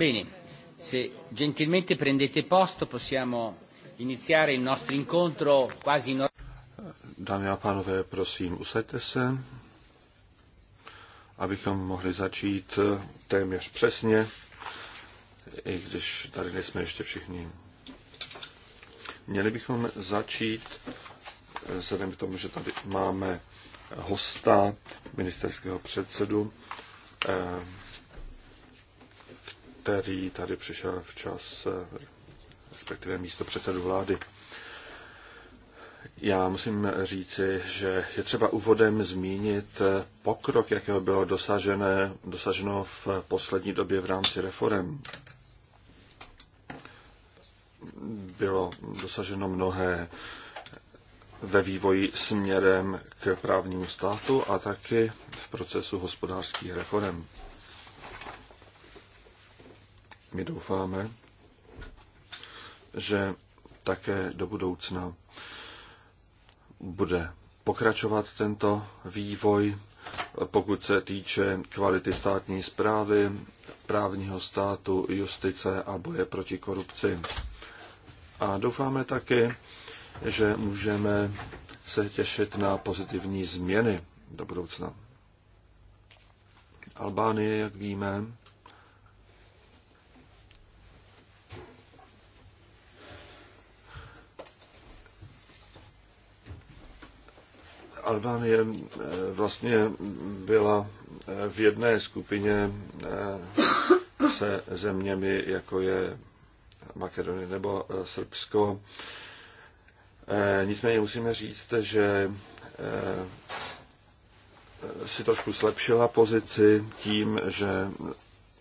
Bene, se gentilmente prendete posto possiamo iniziare il nostro incontro quasi normale. Dámy a pánové, prosím, usaďte se, abychom mohli začít eh, téměř přesně, i když tady nejsme ještě všichni. Měli bychom začít, eh, vzhledem k tomu, že tady máme hosta ministerského předsedu, eh, který tady přišel včas, respektive místo předsedu vlády. Já musím říci, že je třeba úvodem zmínit pokrok, jakého bylo dosažené, dosaženo v poslední době v rámci reform. Bylo dosaženo mnohé ve vývoji směrem k právnímu státu a taky v procesu hospodářských reform. My doufáme, že také do budoucna bude pokračovat tento vývoj, pokud se týče kvality státní zprávy, právního státu, justice a boje proti korupci. A doufáme taky, že můžeme se těšit na pozitivní změny do budoucna. Albánie, jak víme, Albánie eh, vlastně byla eh, v jedné skupině eh, se zeměmi, jako je Makedonie nebo Srbsko. Nicméně musíme říct, že si trošku slepšila pozici tím, že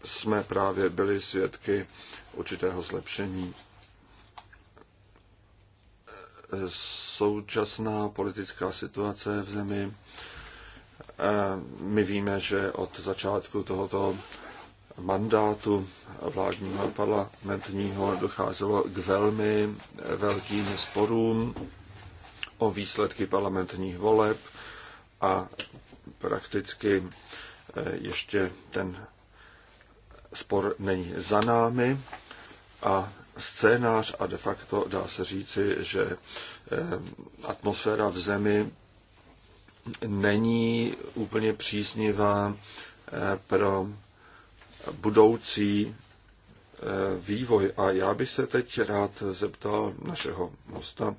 jsme právě byli svědky určitého zlepšení současná politická situace v zemi. My víme, že od začátku tohoto mandátu vládního parlamentního docházelo k velmi velkým sporům o výsledky parlamentních voleb a prakticky eh, ještě ten spor není za námi a scénář a de facto dá se říci, že eh, atmosféra v zemi není úplně příznivá eh, pro budoucí eh, vývoj. A já bych se teď rád zeptal našeho hosta,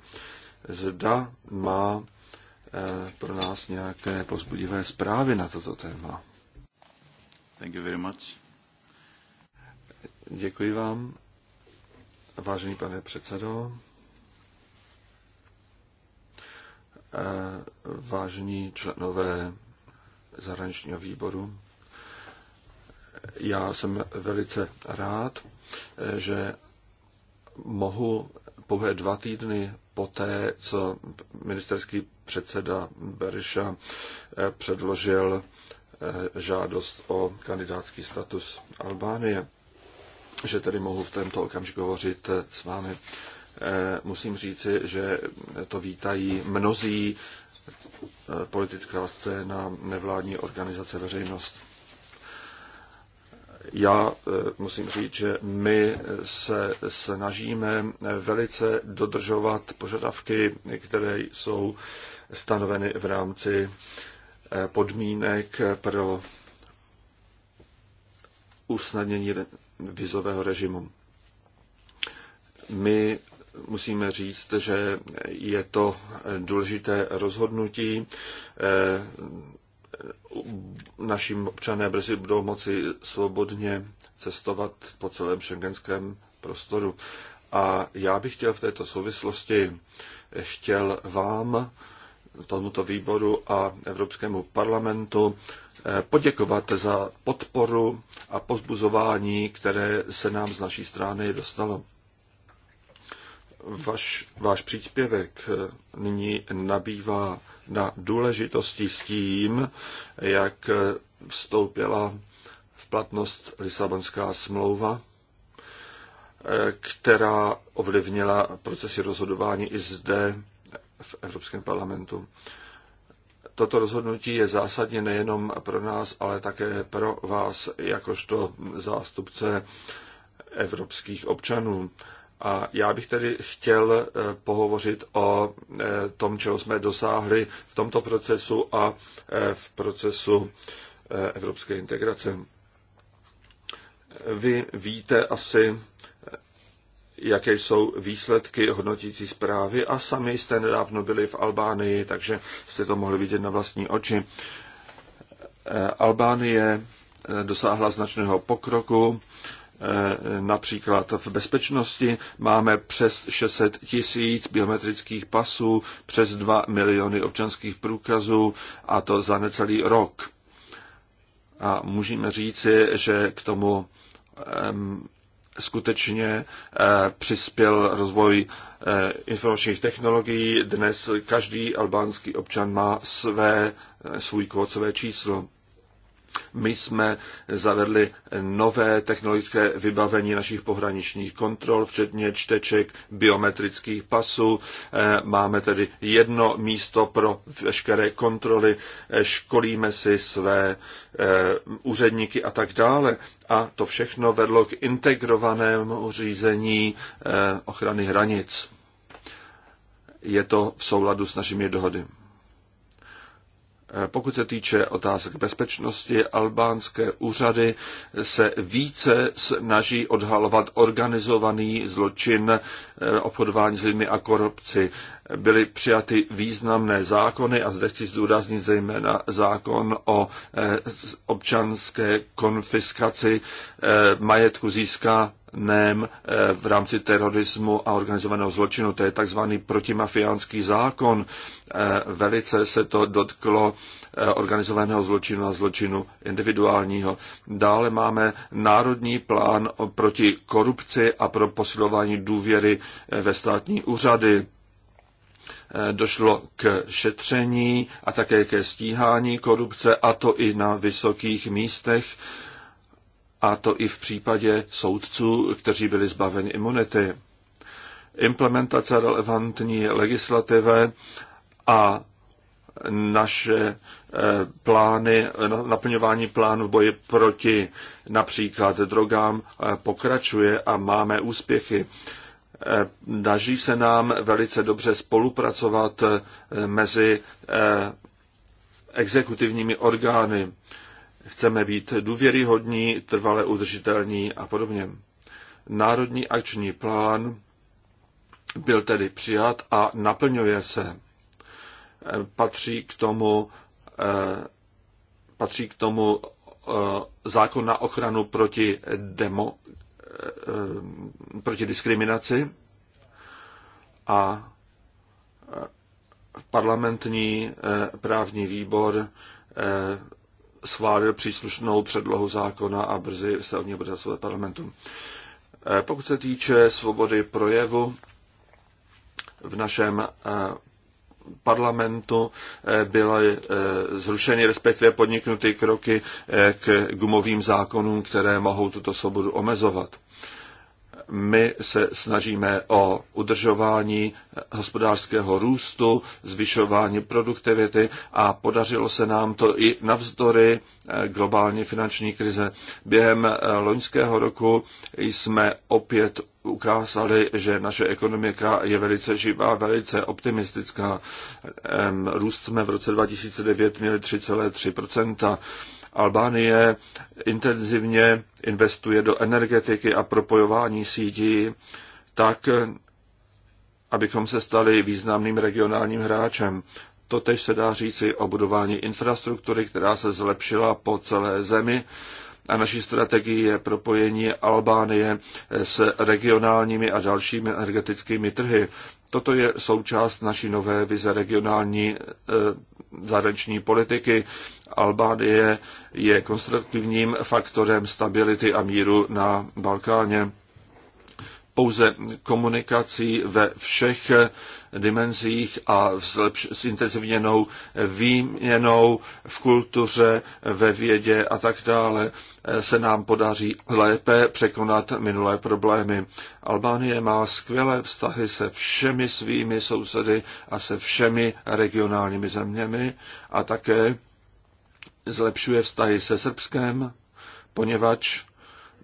zda má pro nás nějaké pozbudivé zprávy na toto téma. Thank you very much. Děkuji vám. Vážený pane předsedo, eh, vážení členové zahraničního výboru, já jsem velice rád, eh, že mohu pouhé dva týdny poté, co ministerský předseda Berša eh, předložil žádost o kandidátský status Albánie že tedy mohu v tomto okamžiku hovořit eh, s vámi. Eh, musím říci, že to vítají mnozí eh, politická scéna, nevládní organizace, veřejnost. Já musím říct, že my se snažíme velice dodržovat požadavky, které jsou stanoveny v rámci podmínek pro usnadnění vizového režimu. My musíme říct, že je to důležité rozhodnutí. Eh, Našim občané brzy budou moci svobodně cestovat po celém šengenském prostoru. A já bych chtěl v této souvislosti eh, chtěl vám, tomuto výboru a Evropskému parlamentu Eh, poděkovat za podporu a pozbuzování, které se nám z naší strany dostalo. Vaš, váš příspěvek eh, nyní nabývá na důležitosti s tím, jak eh, vstoupila v platnost Lisabonská smlouva, která ovlivnila procesy rozhodování i zde v Evropském parlamentu toto rozhodnutí je zásadně nejenom pro nás, ale také pro vás jakožto zástupce evropských občanů. A já bych tedy chtěl eh, pohovořit o eh, tom, čeho jsme dosáhli v tomto procesu a eh, v procesu evropské integrace. Vy víte asi, jaké jsou výsledky hodnotící zprávy a sami jste nedávno byli v Albánii, takže jste to mohli vidět na vlastní oči. Eh, Albánie eh, dosáhla značného pokroku, eh, například v bezpečnosti. Máme přes 600 tisíc biometrických pasů, přes 2 miliony občanských průkazů a to za necelý rok. A můžeme říci, že k tomu skutečně eh, přispěl rozvoj eh, informačních technologií. Dnes každý albánský občan má své, eh, svůj kód, své číslo. My jsme zavedli nové technologické vybavení našich pohraničních kontrol, včetně čteček biometrických pasů. Eh, máme tedy jedno místo pro veškeré kontroly, eh, školíme si své eh, úředníky a tak dále. A to všechno vedlo k integrovanému řízení ochrany hranic. Je to v souladu s našimi dohodami. Eh, pokud se týče otázek bezpečnosti, albánské úřady se více snaží odhalovat organizovaný zločin, eh, obchodování s lidmi a korupci. Byly přijaty významné zákony a zde chci zdůraznit zejména zákon o eh, občanské konfiskaci majetku získá nem eh, v rámci terorismu a organizovaného zločinu. To je takzvaný protimafiánský zákon. Eh, velice se to dotklo eh, organizovaného zločinu a zločinu individuálního. Dále máme národní plán proti korupci a pro posilování důvěry ve státní úřady došlo k šetření a také ke stíhání korupce, a to i na vysokých místech a to i v případě soudců, kteří byli zbaveni imunity. Implementace relevantní legislativy a naše eh, plány, no, naplňování plánu v boji proti například drogám eh, pokračuje a máme úspěchy. Eh, daří se nám velice dobře spolupracovat mezi exekutivními orgány. Chceme být důvěryhodní, trvale udržitelní a podobně. Národní akční plán byl tedy přijat a naplňuje se. Patří k tomu, eh, patří k tomu eh, zákon na ochranu proti, demo, eh, proti diskriminaci a parlamentní právní výbor schválil příslušnou předlohu zákona a brzy se o ní bude hlasovat parlamentu. Eh, pokud se týče svobody projevu, v našem eh, parlamentu eh, byly zrušeny, respektive podniknuty kroky k gumovým zákonům, které mohou tuto svobodu omezovat my se snažíme o udržování hospodářského růstu, zvyšování produktivity a podařilo se nám to i navzdory eh, globální finanční krize. Během eh, loňského roku jsme opět ukázali, že naše ekonomika je velice živá, velice optimistická. Růst jsme v roce 2009 měli 3,3%. Albánie intenzivně investuje do energetiky a propojování sítí tak, abychom se stali významným regionálním hráčem. Totež se dá říci o budování infrastruktury, která se zlepšila po celé zemi a naší strategií je propojení Albánie s regionálními a dalšími energetickými trhy. Toto je součást naší nové vize regionální e, zahraniční politiky, Albánie je konstruktivním faktorem stability a míru na Balkáně. Pouze komunikací ve všech dimenzích a s intenzivněnou výměnou v kultuře, ve vědě a tak dále se nám podaří lépe překonat minulé problémy. Albánie má skvělé vztahy se všemi svými sousedy a se všemi regionálními zeměmi a také zlepšuje vztahy se Srbskem, poněvadž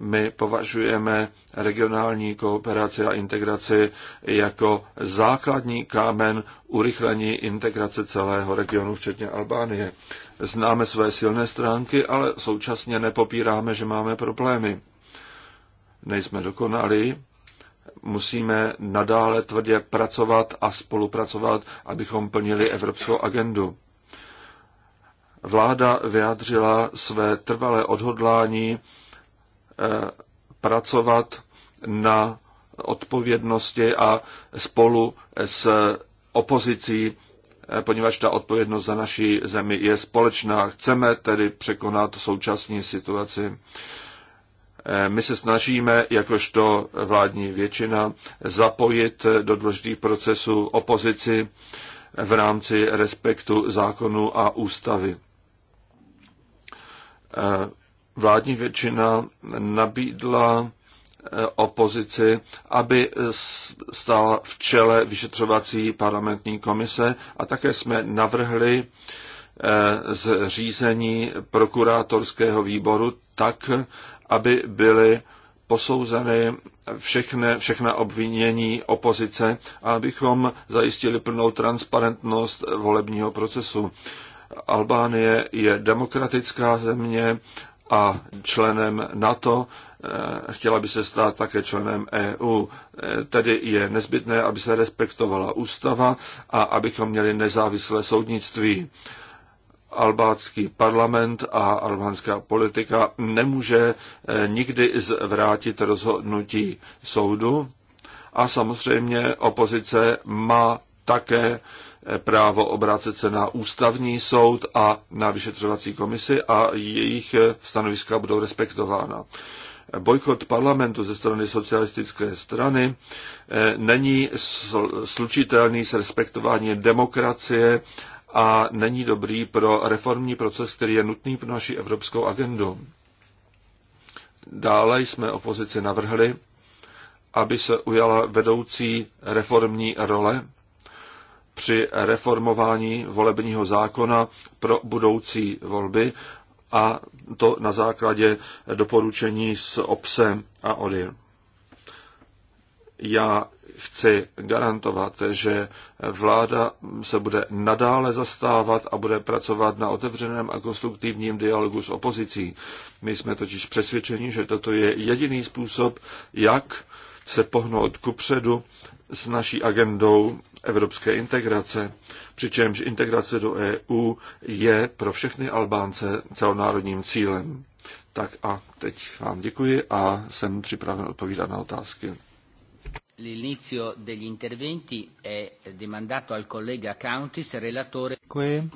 my považujeme regionální kooperaci a integraci jako základní kámen urychlení integrace celého regionu, včetně Albánie. Známe své silné stránky, ale současně nepopíráme, že máme problémy. Nejsme dokonalí, musíme nadále tvrdě pracovat a spolupracovat, abychom plnili evropskou agendu. Vláda vyjádřila své trvalé odhodlání eh, pracovat na odpovědnosti a spolu s opozicí, eh, poněvadž ta odpovědnost za naší zemi je společná. Chceme tedy překonat současní situaci. Eh, my se snažíme, jakožto vládní většina, zapojit do důležitých procesů opozici v rámci respektu zákonu a ústavy. Eh, vládní většina nabídla eh, opozici, aby eh, stála v čele vyšetřovací parlamentní komise a také jsme navrhli zřízení prokurátorského výboru tak, aby byly posouzeny všechny, všechna obvinění opozice a abychom zajistili plnou transparentnost volebního procesu. Albánie je demokratická země a členem NATO, eh, chtěla by se stát také členem EU. Eh, tedy je nezbytné, aby se respektovala ústava a abychom měli nezávislé soudnictví. Albánský parlament a albánská politika nemůže eh, nikdy zvrátit rozhodnutí soudu a samozřejmě opozice má také právo obrátit se na ústavní soud a na vyšetřovací komisi a jejich stanoviska budou respektována. Bojkot parlamentu ze strany socialistické strany eh, není slučitelný s respektováním demokracie a není dobrý pro reformní proces, který je nutný pro naši evropskou agendu. Dále jsme opozici navrhli, aby se ujala vedoucí reformní role při reformování volebního zákona pro budoucí volby a to na základě doporučení s OPSE a ODIR. Já chci garantovat, že vláda se bude nadále zastávat a bude pracovat na otevřeném a konstruktivním dialogu s opozicí. My jsme totiž přesvědčeni, že toto je jediný způsob, jak se pohnout kupředu s naší agendou evropské integrace, přičemž integrace do EU je pro všechny Albánce celonárodním cílem. Tak a teď vám děkuji a jsem připraven odpovídat na otázky. L'inizio degli interventi è demandato al collega Countis, relatore. Děkuji.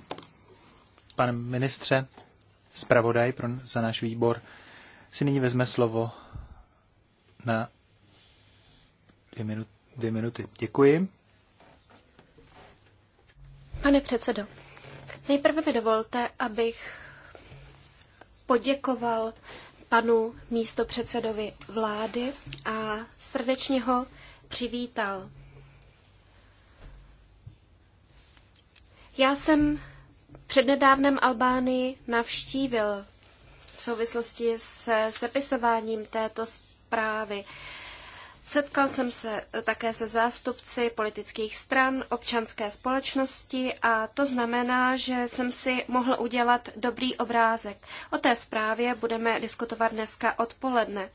Pane ministře, zpravodaj pro, za náš výbor, si nyní vezme slovo na dvě minuty Dvě minuty. Děkuji. Pane předsedo, nejprve mi dovolte, abych poděkoval panu místopředsedovi vlády a srdečně ho přivítal. Já jsem přednedávnem Albánii navštívil v souvislosti se sepisováním této zprávy. Setkal jsem se eh, také se zástupci politických stran, občanské společnosti a to znamená, že jsem si mohl udělat dobrý obrázek. O té zprávě budeme diskutovat dneska odpoledne.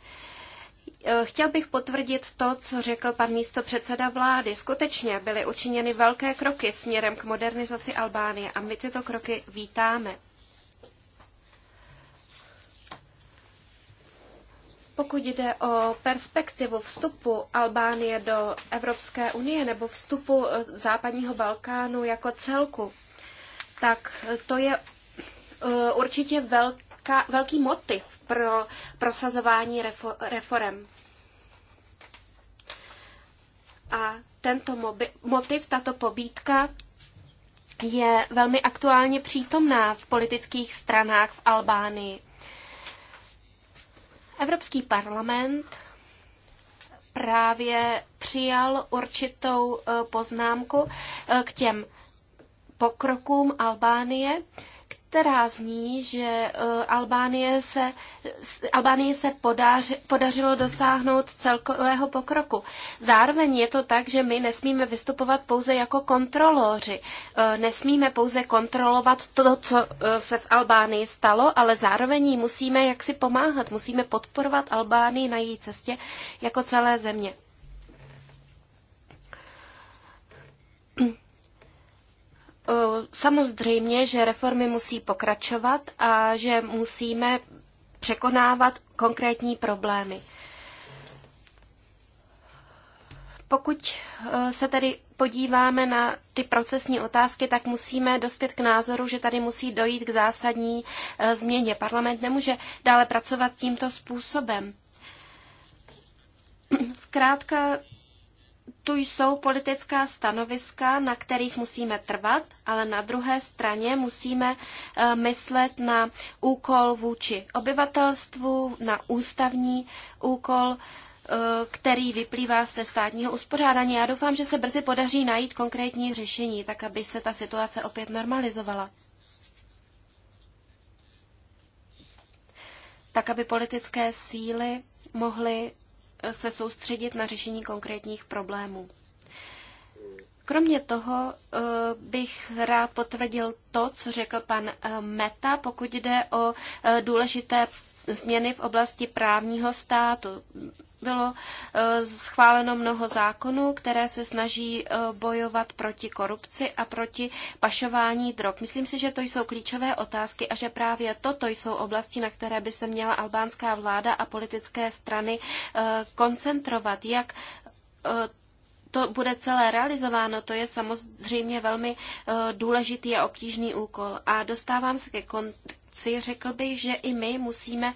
Eh, chtěl bych potvrdit to, co řekl pan místo předseda vlády. Skutečně byly učiněny velké kroky směrem k modernizaci Albánie a my tyto kroky vítáme. Pokud jde o perspektivu vstupu Albánie do Evropské unie nebo vstupu eh, západního Balkánu jako celku, tak to je eh, určitě velká, velký motiv pro prosazování reform. A tento motiv, tato pobídka je velmi aktuálně přítomná v politických stranách v Albánii. Evropský parlament právě přijal určitou eh, poznámku eh, k těm pokrokům Albánie která zní, že eh, Albánie se, Albánie se podař, podařilo dosáhnout celkového pokroku. Zároveň je to tak, že my nesmíme vystupovat pouze jako kontroloři. Eh, nesmíme pouze kontrolovat to, co eh, se v Albánii stalo, ale zároveň musíme jaksi pomáhat. Musíme podporovat Albánii na její cestě jako celé země. Eh, samozřejmě, že reformy musí pokračovat a že musíme překonávat konkrétní problémy. Pokud eh, se tedy podíváme na ty procesní otázky, tak musíme dospět k názoru, že tady musí dojít k zásadní eh, změně. Parlament nemůže dále pracovat tímto způsobem. Zkrátka tu jsou politická stanoviska, na kterých musíme trvat, ale na druhé straně musíme eh, myslet na úkol vůči obyvatelstvu, na ústavní úkol, eh, který vyplývá z té státního uspořádání. Já doufám, že se brzy podaří najít konkrétní řešení, tak aby se ta situace opět normalizovala. Tak, aby politické síly mohly se soustředit na řešení konkrétních problémů. Kromě toho eh, bych rád potvrdil to, co řekl pan eh, Meta, pokud jde o eh, důležité změny v oblasti právního státu bylo eh, schváleno mnoho zákonů, které se snaží eh, bojovat proti korupci a proti pašování drog. Myslím si, že to jsou klíčové otázky a že právě toto jsou oblasti, na které by se měla albánská vláda a politické strany eh, koncentrovat, jak to bude celé realizováno, to je samozřejmě velmi důležitý a obtížný úkol. A dostávám se ke konci. Řekl bych, že i my musíme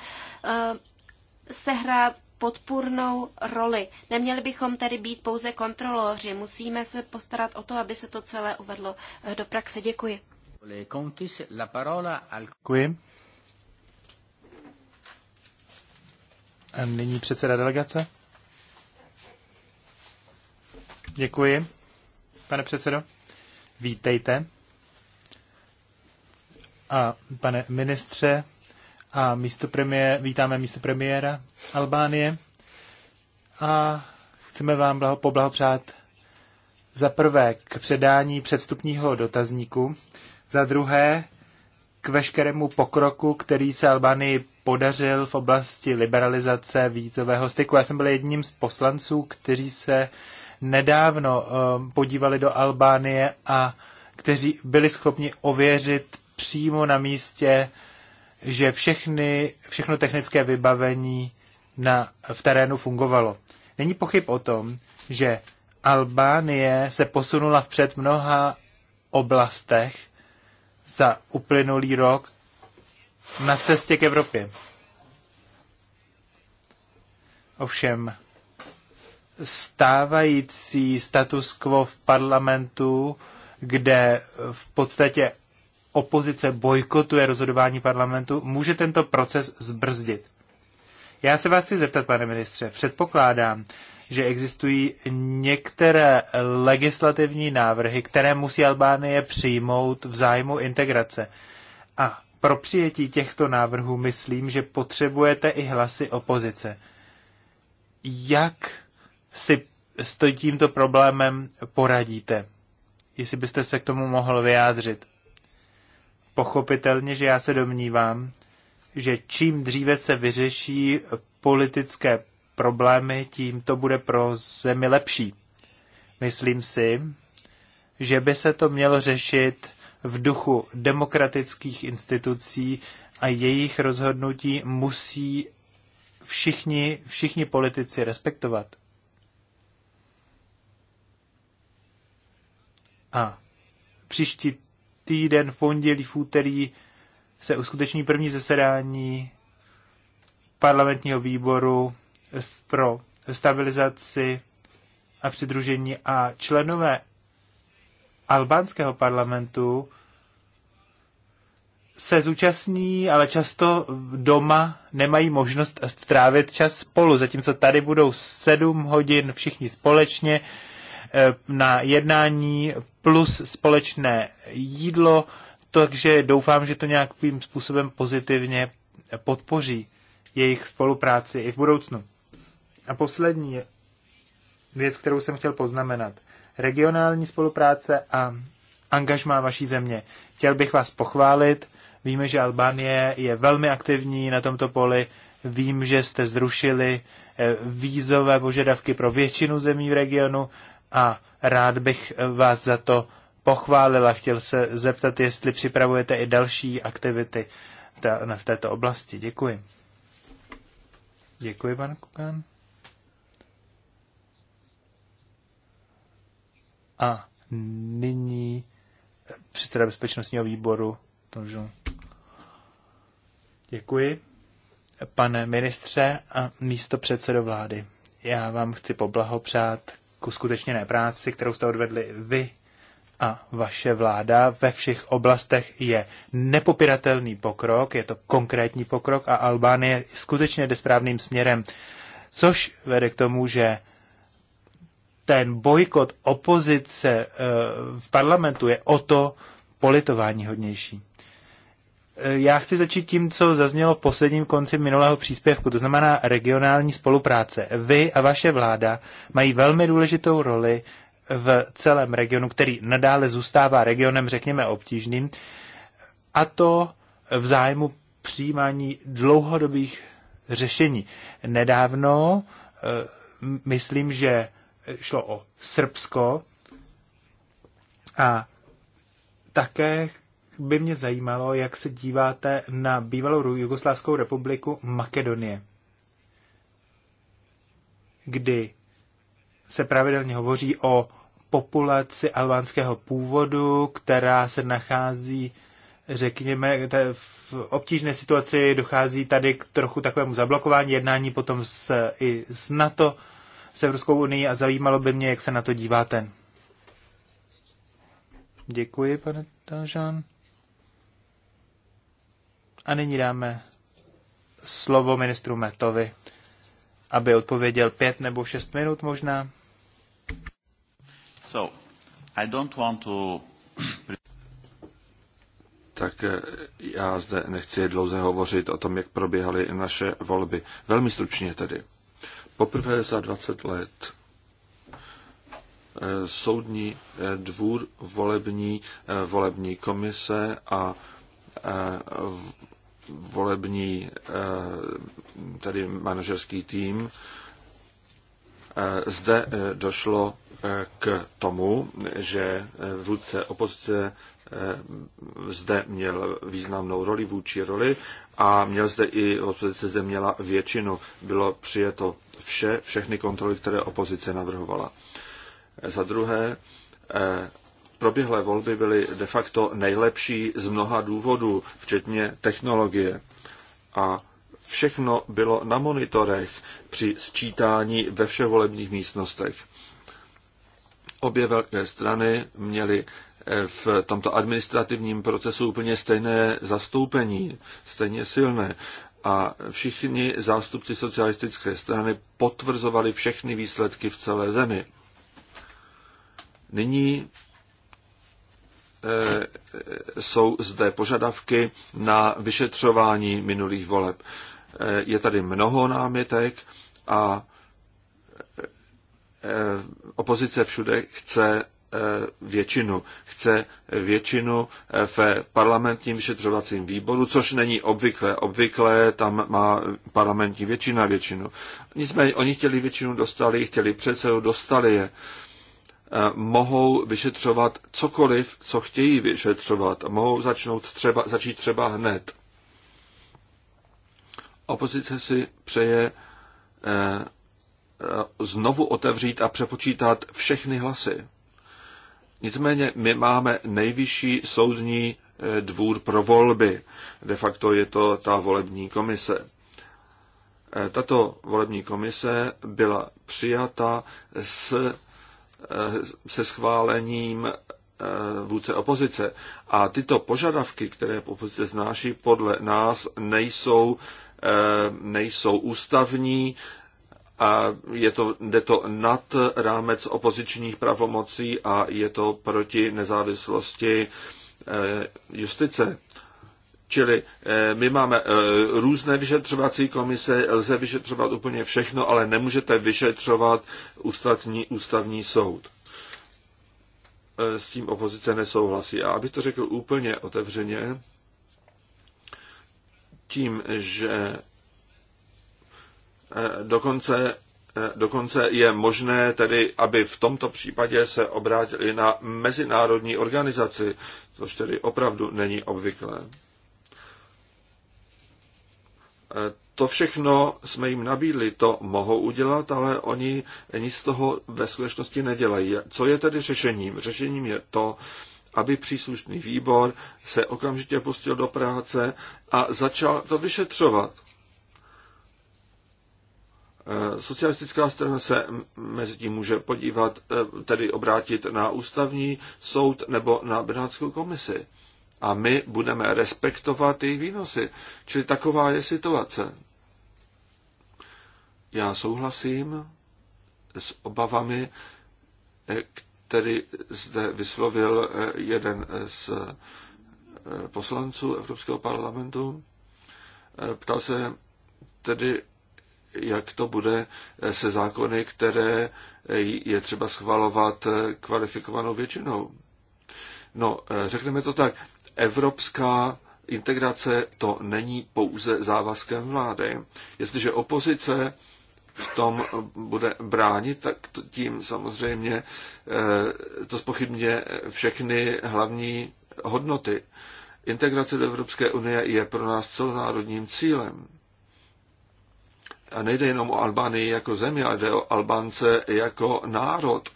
sehrát podpůrnou roli. Neměli bychom tedy být pouze kontroloři. Musíme se postarat o to, aby se to celé uvedlo eh, do praxe. Děkuji. Děkuji. A nyní předseda delegace. Děkuji, pane předsedo. Vítejte. A pane ministře, a místo premiér, vítáme místo premiéra Albánie a chceme vám blaho, poblahopřát za prvé k předání předstupního dotazníku, za druhé k veškerému pokroku, který se Albánii podařil v oblasti liberalizace vízového styku. Já jsem byl jedním z poslanců, kteří se nedávno um, podívali do Albánie a kteří byli schopni ověřit přímo na místě že všechny, všechno technické vybavení na, v terénu fungovalo. Není pochyb o tom, že Albánie se posunula vpřed mnoha oblastech za uplynulý rok na cestě k Evropě. Ovšem, stávající status quo v parlamentu, kde v podstatě opozice bojkotuje rozhodování parlamentu, může tento proces zbrzdit. Já se vás chci zeptat, pane ministře, předpokládám, že existují některé legislativní návrhy, které musí Albánie přijmout v zájmu integrace. A pro přijetí těchto návrhů myslím, že potřebujete i hlasy opozice. Jak si s tímto problémem poradíte? Jestli byste se k tomu mohl vyjádřit pochopitelně, že já se domnívám, že čím dříve se vyřeší politické problémy, tím to bude pro zemi lepší. Myslím si, že by se to mělo řešit v duchu demokratických institucí a jejich rozhodnutí musí všichni, všichni politici respektovat. A příští týden v pondělí, v úterý se uskuteční první zasedání parlamentního výboru pro stabilizaci a přidružení a členové albánského parlamentu se zúčastní, ale často doma nemají možnost strávit čas spolu, zatímco tady budou sedm hodin všichni společně Eh, na jednání plus společné jídlo, takže doufám, že to nějakým způsobem pozitivně podpoří jejich spolupráci i v budoucnu. A poslední věc, kterou jsem chtěl poznamenat. Regionální spolupráce a angažmá vaší země. Chtěl bych vás pochválit. Víme, že Albánie je velmi aktivní na tomto poli. Vím, že jste zrušili eh, vízové požadavky pro většinu zemí v regionu a rád bych vás za to a Chtěl se zeptat, jestli připravujete i další aktivity v této oblasti. Děkuji. Děkuji, pan Kukan. A nyní předseda bezpečnostního výboru. Tožu. Děkuji, pane ministře a místo předsedo vlády. Já vám chci poblahopřát ku skutečně práci, kterou jste odvedli vy a vaše vláda ve všech oblastech je nepopiratelný pokrok, je to konkrétní pokrok a Albánie skutečně jde správným směrem, což vede k tomu, že ten bojkot opozice eh, v parlamentu je o to politování hodnější. Eh, já chci začít tím, co zaznělo v posledním konci minulého příspěvku, to znamená regionální spolupráce. Vy a vaše vláda mají velmi důležitou roli v celém regionu, který nadále zůstává regionem, řekněme, obtížným, a to v zájmu přijímání dlouhodobých řešení. Nedávno, eh, myslím, že šlo o Srbsko a také by mě zajímalo, jak se díváte na bývalou Jugoslávskou republiku Makedonie, kdy se pravidelně hovoří o populaci albánského původu, která se nachází, řekněme, v obtížné situaci dochází tady k trochu takovému zablokování jednání potom s, i s NATO, s Evropskou unii a zajímalo by mě, jak se na to díváte. Děkuji, pane Tanžan. A nyní dáme slovo ministru Metovi, aby odpověděl pět nebo šest minut možná. So, I don't want to... Tak eh, já zde nechci dlouze hovořit o tom, jak probíhaly naše volby. Velmi stručně tedy. Poprvé za 20 let eh, soudní eh, dvůr, volební, volební komise a volební, eh, tedy manažerský tým, eh, zde eh, došlo k tomu, že vůdce opozice zde měl významnou roli, vůči roli a měl zde i, opozice zde měla většinu. Bylo přijeto vše, všechny kontroly, které opozice navrhovala. Za druhé, proběhlé volby byly de facto nejlepší z mnoha důvodů, včetně technologie. A všechno bylo na monitorech při sčítání ve volebních místnostech. Obě velké strany měly eh, v tomto administrativním procesu úplně stejné zastoupení, stejně silné. A všichni zástupci socialistické strany potvrzovali všechny výsledky v celé zemi. Nyní Eh, jsou zde požadavky na vyšetřování minulých voleb. Eh, je tady mnoho námětek a eh, opozice všude chce většinu. Chce většinu v parlamentním vyšetřovacím výboru, což není obvyklé. Obvyklé tam má parlamentní většina většinu. Nicméně oni chtěli většinu, dostali chtěli předsedu, dostali je. Eh, mohou vyšetřovat cokoliv, co chtějí vyšetřovat. Mohou začnout třeba, začít třeba hned. Opozice si přeje eh, znovu otevřít a přepočítat všechny hlasy. Nicméně my máme nejvyšší soudní eh, dvůr pro volby. De facto je to ta volební komise. Tato volební komise byla přijata s Eh, se schválením eh, vůdce opozice. A tyto požadavky, které opozice znáší, podle nás nejsou, eh, nejsou ústavní a je to, jde to nad rámec opozičních pravomocí a je to proti nezávislosti justice. Čili eh, my máme eh, různé vyšetřovací komise, lze vyšetřovat úplně všechno, ale nemůžete vyšetřovat ústavní, ústavní soud. Eh, s tím opozice nesouhlasí. A abych to řekl úplně otevřeně, tím, že dokonce, dokonce je možné tedy, aby v tomto případě se obrátili na mezinárodní organizaci, což tedy opravdu není obvyklé. Eh, to všechno jsme jim nabídli, to mohou udělat, ale oni nic z toho ve skutečnosti nedělají. Co je tedy řešením? Řešením je to, aby příslušný výbor se okamžitě pustil do práce a začal to vyšetřovat. Eh, socialistická strana se mezi tím může podívat, eh, tedy obrátit na ústavní soud nebo na Benátskou komisi a my budeme respektovat jejich výnosy. Čili taková je situace. Já souhlasím s obavami, eh, který zde vyslovil eh, jeden z eh, poslanců Evropského parlamentu. Ptal se tedy, jak to bude se zákony, které je třeba schvalovat kvalifikovanou většinou. No, řekneme to tak, Evropská integrace to není pouze závazkem vlády. Jestliže opozice v tom bude bránit, tak tím samozřejmě eh, to spochybně všechny hlavní hodnoty. Integrace do Evropské unie je pro nás celonárodním cílem. A nejde jenom o Albánii jako zemi, ale jde o Albánce jako národ.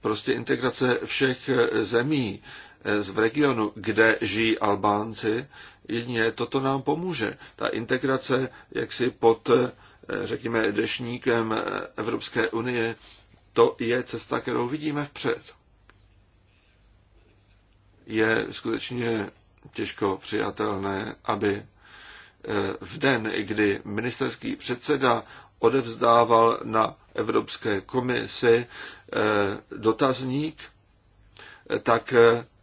Prostě integrace všech eh, zemí v regionu, kde žijí Albánci, jedině toto nám pomůže. Ta integrace jaksi pod, eh, řekněme, dešníkem eh, Evropské unie, to je cesta, kterou vidíme vpřed. Je skutečně těžko přijatelné, aby eh, v den, kdy ministerský předseda odevzdával na Evropské komisi dotazník, tak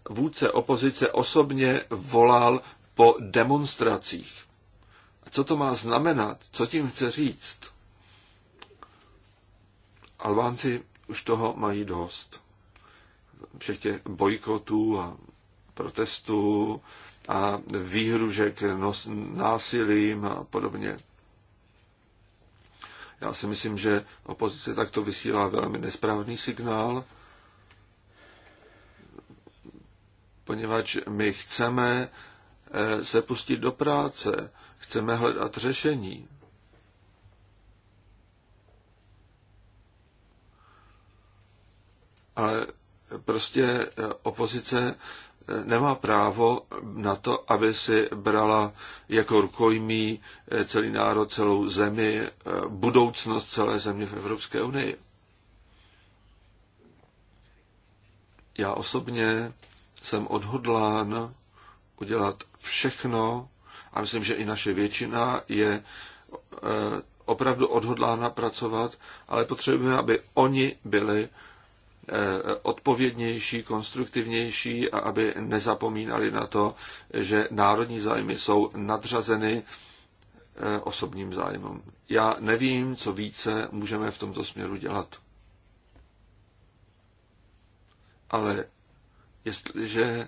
vůdce opozice osobně volal po demonstracích. Co to má znamenat? Co tím chce říct? Albánci už toho mají dost. Všech těch bojkotů a protestů a výhružek nos, násilím a podobně. Já si myslím, že opozice takto vysílá velmi nesprávný signál poněvadž my chceme eh, se pustit do práce, chceme hledat řešení. Ale prostě eh, opozice eh, nemá právo na to, aby si brala jako rukojmí celý národ, celou zemi, budoucnost celé země v Evropské unii. Já osobně jsem odhodlán udělat všechno, a myslím, že i naše většina je e, opravdu odhodlána pracovat, ale potřebujeme, aby oni byli e, odpovědnější, konstruktivnější a aby nezapomínali na to, že národní zájmy jsou nadřazeny e, osobním zájmům. Já nevím, co více můžeme v tomto směru dělat. Ale Jestliže e,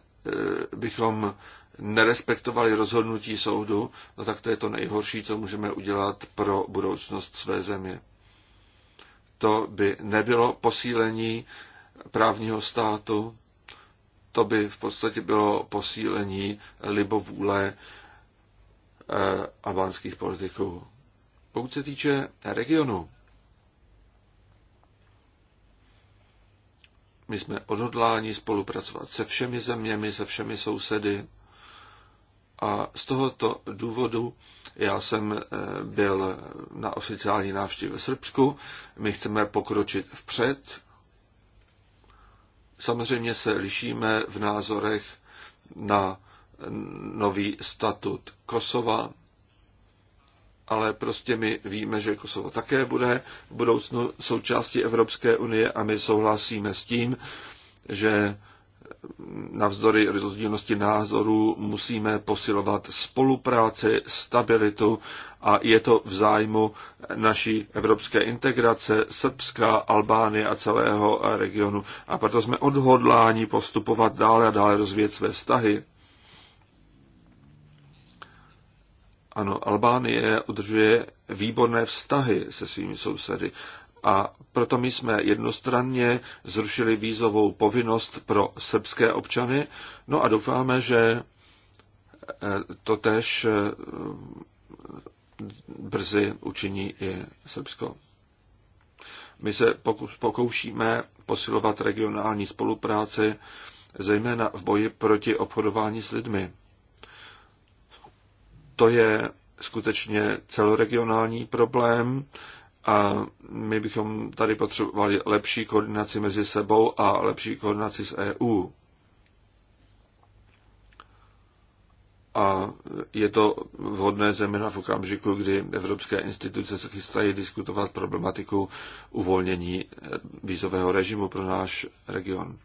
bychom nerespektovali rozhodnutí soudu, no tak to je to nejhorší, co můžeme udělat pro budoucnost své země. To by nebylo posílení právního státu, to by v podstatě bylo posílení libovůle e, albánských politiků. Pokud se týče regionu, My jsme odhodláni spolupracovat se všemi zeměmi, se všemi sousedy. A z tohoto důvodu já jsem eh, byl na oficiální návštěvě v Srbsku. My chceme pokročit vpřed. Samozřejmě se lišíme v názorech na nový statut Kosova ale prostě my víme, že Kosovo také bude v budoucnu součástí Evropské unie a my souhlasíme s tím, že navzdory rozdílnosti názorů musíme posilovat spolupráci, stabilitu a je to v zájmu naší evropské integrace Srbska, Albánie a celého regionu. A proto jsme odhodláni postupovat dále a dále rozvíjet své vztahy. Ano, Albánie udržuje výborné vztahy se svými sousedy a proto my jsme jednostranně zrušili vízovou povinnost pro srbské občany, no a doufáme, že eh, to tež eh, brzy učiní i Srbsko. My se pokoušíme posilovat regionální spolupráci, zejména v boji proti obchodování s lidmi to je skutečně celoregionální problém a my bychom tady potřebovali lepší koordinaci mezi sebou a lepší koordinaci s EU. A je to vhodné zejména v okamžiku, kdy evropské instituce se chystají diskutovat problematiku uvolnění vízového režimu pro náš region.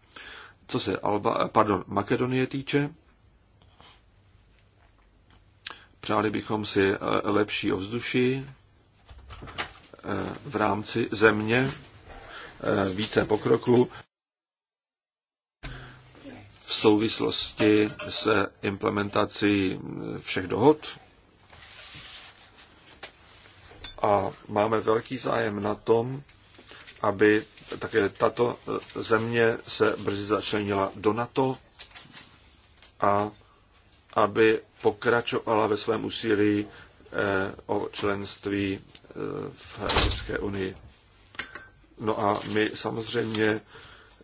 Co se Alba, pardon, Makedonie týče, Přáli bychom si eh, lepší ovzduší eh, v rámci země, eh, více pokroku v souvislosti s implementací mm, všech dohod. A máme velký zájem na tom, aby také tato země se brzy začlenila do NATO a aby pokračovala ve svém úsilí eh, o členství eh, v Evropské unii. No a my samozřejmě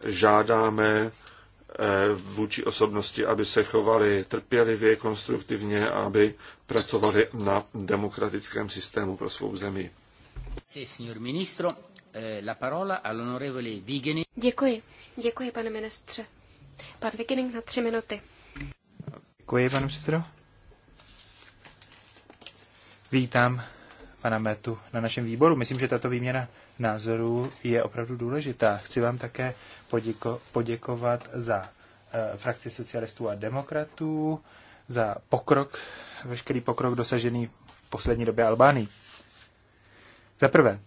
žádáme eh, vůči osobnosti, aby se chovali trpělivě, konstruktivně a aby pracovali na demokratickém systému pro svou zemi. Děkuji. Děkuji, pane ministře. Pan Vigening na tři minuty. Děkuji, pane předsedo vítám pana Metu na našem výboru. Myslím, že tato výměna názorů je opravdu důležitá. Chci vám také poděko- poděkovat za uh, frakci socialistů a demokratů, za pokrok, veškerý pokrok dosažený v poslední době Albánii. Za prvé,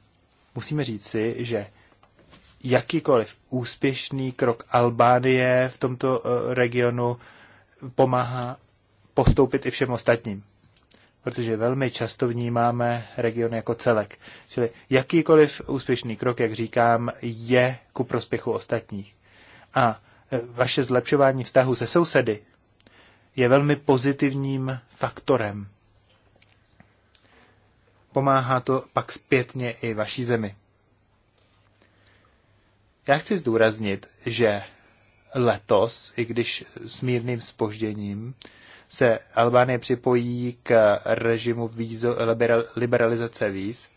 musíme říci, že jakýkoliv úspěšný krok Albánie v tomto eh, regionu pomáhá postoupit i všem ostatním protože velmi často vnímáme region jako celek. Čili jakýkoliv úspěšný krok, jak říkám, je ku prospěchu ostatních. A e, vaše zlepšování vztahu se sousedy je velmi pozitivním faktorem. Pomáhá to pak zpětně i vaší zemi. Já chci zdůraznit, že letos, i když s mírným spožděním, se Albánie připojí k režimu vízo, liberalizace víz.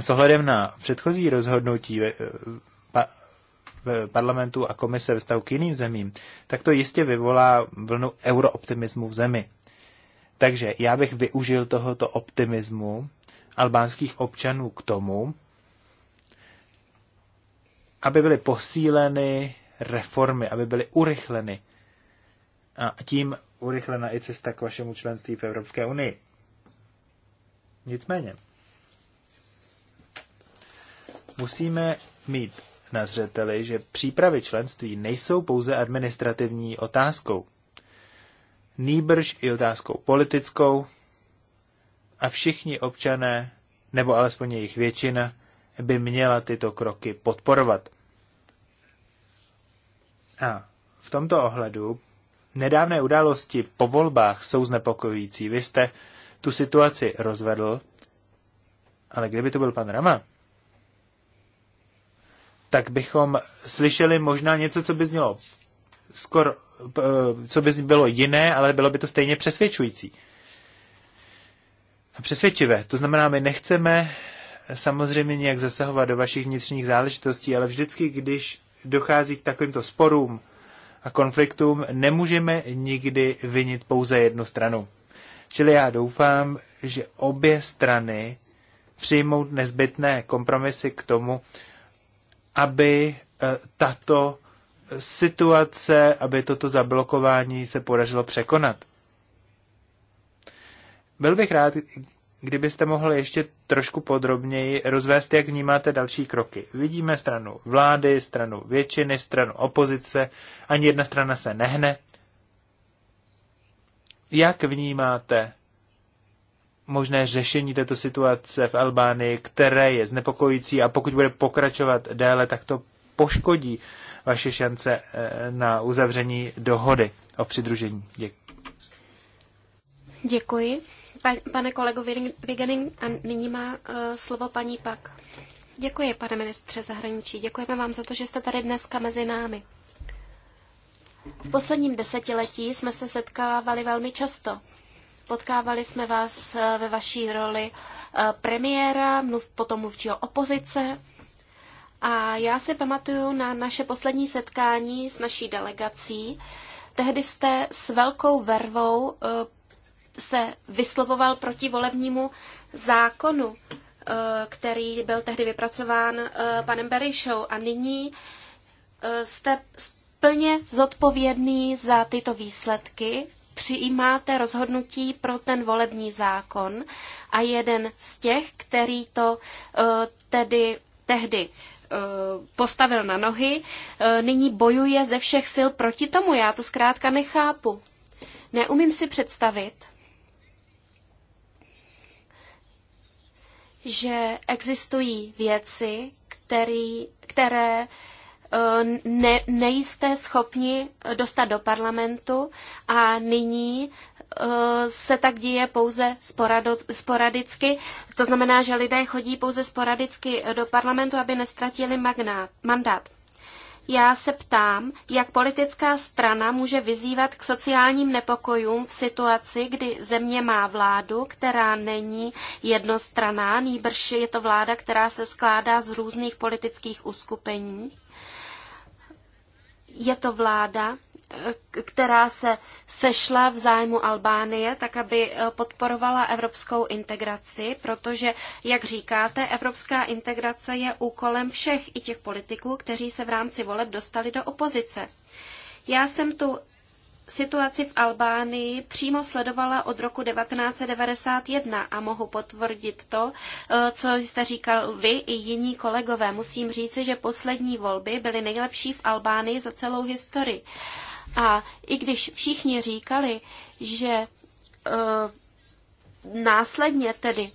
S ohledem na předchozí rozhodnutí eh, parlamentu a komise ve vztahu k jiným zemím, tak to jistě vyvolá vlnu eurooptimismu v zemi. Takže já bych využil tohoto optimismu albánských občanů k tomu, aby byly posíleny reformy, aby byly urychleny a tím urychlena i cesta k vašemu členství v Evropské unii. Nicméně, musíme mít na zřeteli, že přípravy členství nejsou pouze administrativní otázkou. Nýbrž i otázkou politickou a všichni občané, nebo alespoň jejich většina, by měla tyto kroky podporovat. A v tomto ohledu nedávné události po volbách jsou znepokojující. Vy jste tu situaci rozvedl, ale kdyby to byl pan Rama, tak bychom slyšeli možná něco, co by znělo skoro, eh, co by bylo jiné, ale bylo by to stejně přesvědčující. A přesvědčivé. To znamená, my nechceme samozřejmě nějak zasahovat do vašich vnitřních záležitostí, ale vždycky, když dochází k takovýmto sporům, a konfliktům nemůžeme nikdy vinit pouze jednu stranu. Čili já doufám, že obě strany přijmou nezbytné kompromisy k tomu, aby eh, tato situace, aby toto zablokování se podařilo překonat. Byl bych rád, kdybyste mohl ještě trošku podrobněji rozvést, jak vnímáte další kroky. Vidíme stranu vlády, stranu většiny, stranu opozice, ani jedna strana se nehne. Jak vnímáte možné řešení této situace v Albánii, které je znepokojící a pokud bude pokračovat déle, tak to poškodí vaše šance eh, na uzavření dohody o přidružení. Děkuji. Děkuji pane kolego Vigening, a nyní má uh, slovo paní Pak. Děkuji, pane ministře zahraničí. Děkujeme vám za to, že jste tady dneska mezi námi. V posledním desetiletí jsme se setkávali velmi často. Potkávali jsme vás eh, ve vaší roli eh, premiéra, mluv, potom mluvčího opozice. A já si pamatuju na naše poslední setkání s naší delegací. Tehdy jste s velkou vervou se vyslovoval proti volebnímu zákonu, eh, který byl tehdy vypracován eh, panem Berišou a nyní eh, jste plně zodpovědný za tyto výsledky, přijímáte rozhodnutí pro ten volební zákon a jeden z těch, který to tedy tehdy postavil na nohy, nyní bojuje ze všech sil proti tomu. Já to zkrátka nechápu. Neumím si představit, že existují věci, který, které eh, ne, nejste schopni dostat do parlamentu a nyní eh, se tak děje pouze sporado, sporadicky. To znamená, že lidé chodí pouze sporadicky do parlamentu, aby nestratili magnát, mandát. Já se ptám, jak politická strana může vyzývat k sociálním nepokojům v situaci, kdy země má vládu, která není jednostraná, nýbrž je to vláda, která se skládá z různých politických uskupení. Je to vláda, eh, která se sešla v zájmu Albánie, tak aby eh, podporovala evropskou integraci, protože, jak říkáte, evropská integrace je úkolem všech i těch politiků, kteří se v rámci voleb dostali do opozice. Já jsem tu situaci v Albánii přímo sledovala od roku 1991 a mohu potvrdit to, eh, co jste říkal vy i jiní kolegové. Musím říci, že poslední volby byly nejlepší v Albánii za celou historii. A i když všichni říkali, že e, následně tedy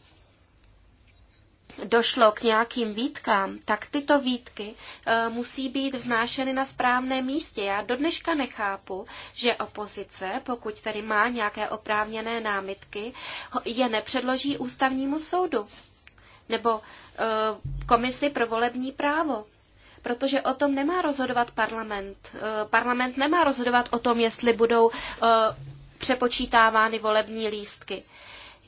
došlo k nějakým výtkám, tak tyto výtky eh, musí být vznášeny na správné místě. Já do dneška nechápu, že opozice, pokud tedy má nějaké oprávněné námitky, je nepředloží ústavnímu soudu nebo eh, komisi pro volební právo protože o tom nemá rozhodovat parlament. Eh, parlament nemá rozhodovat o tom, jestli budou přepočítávány volební lístky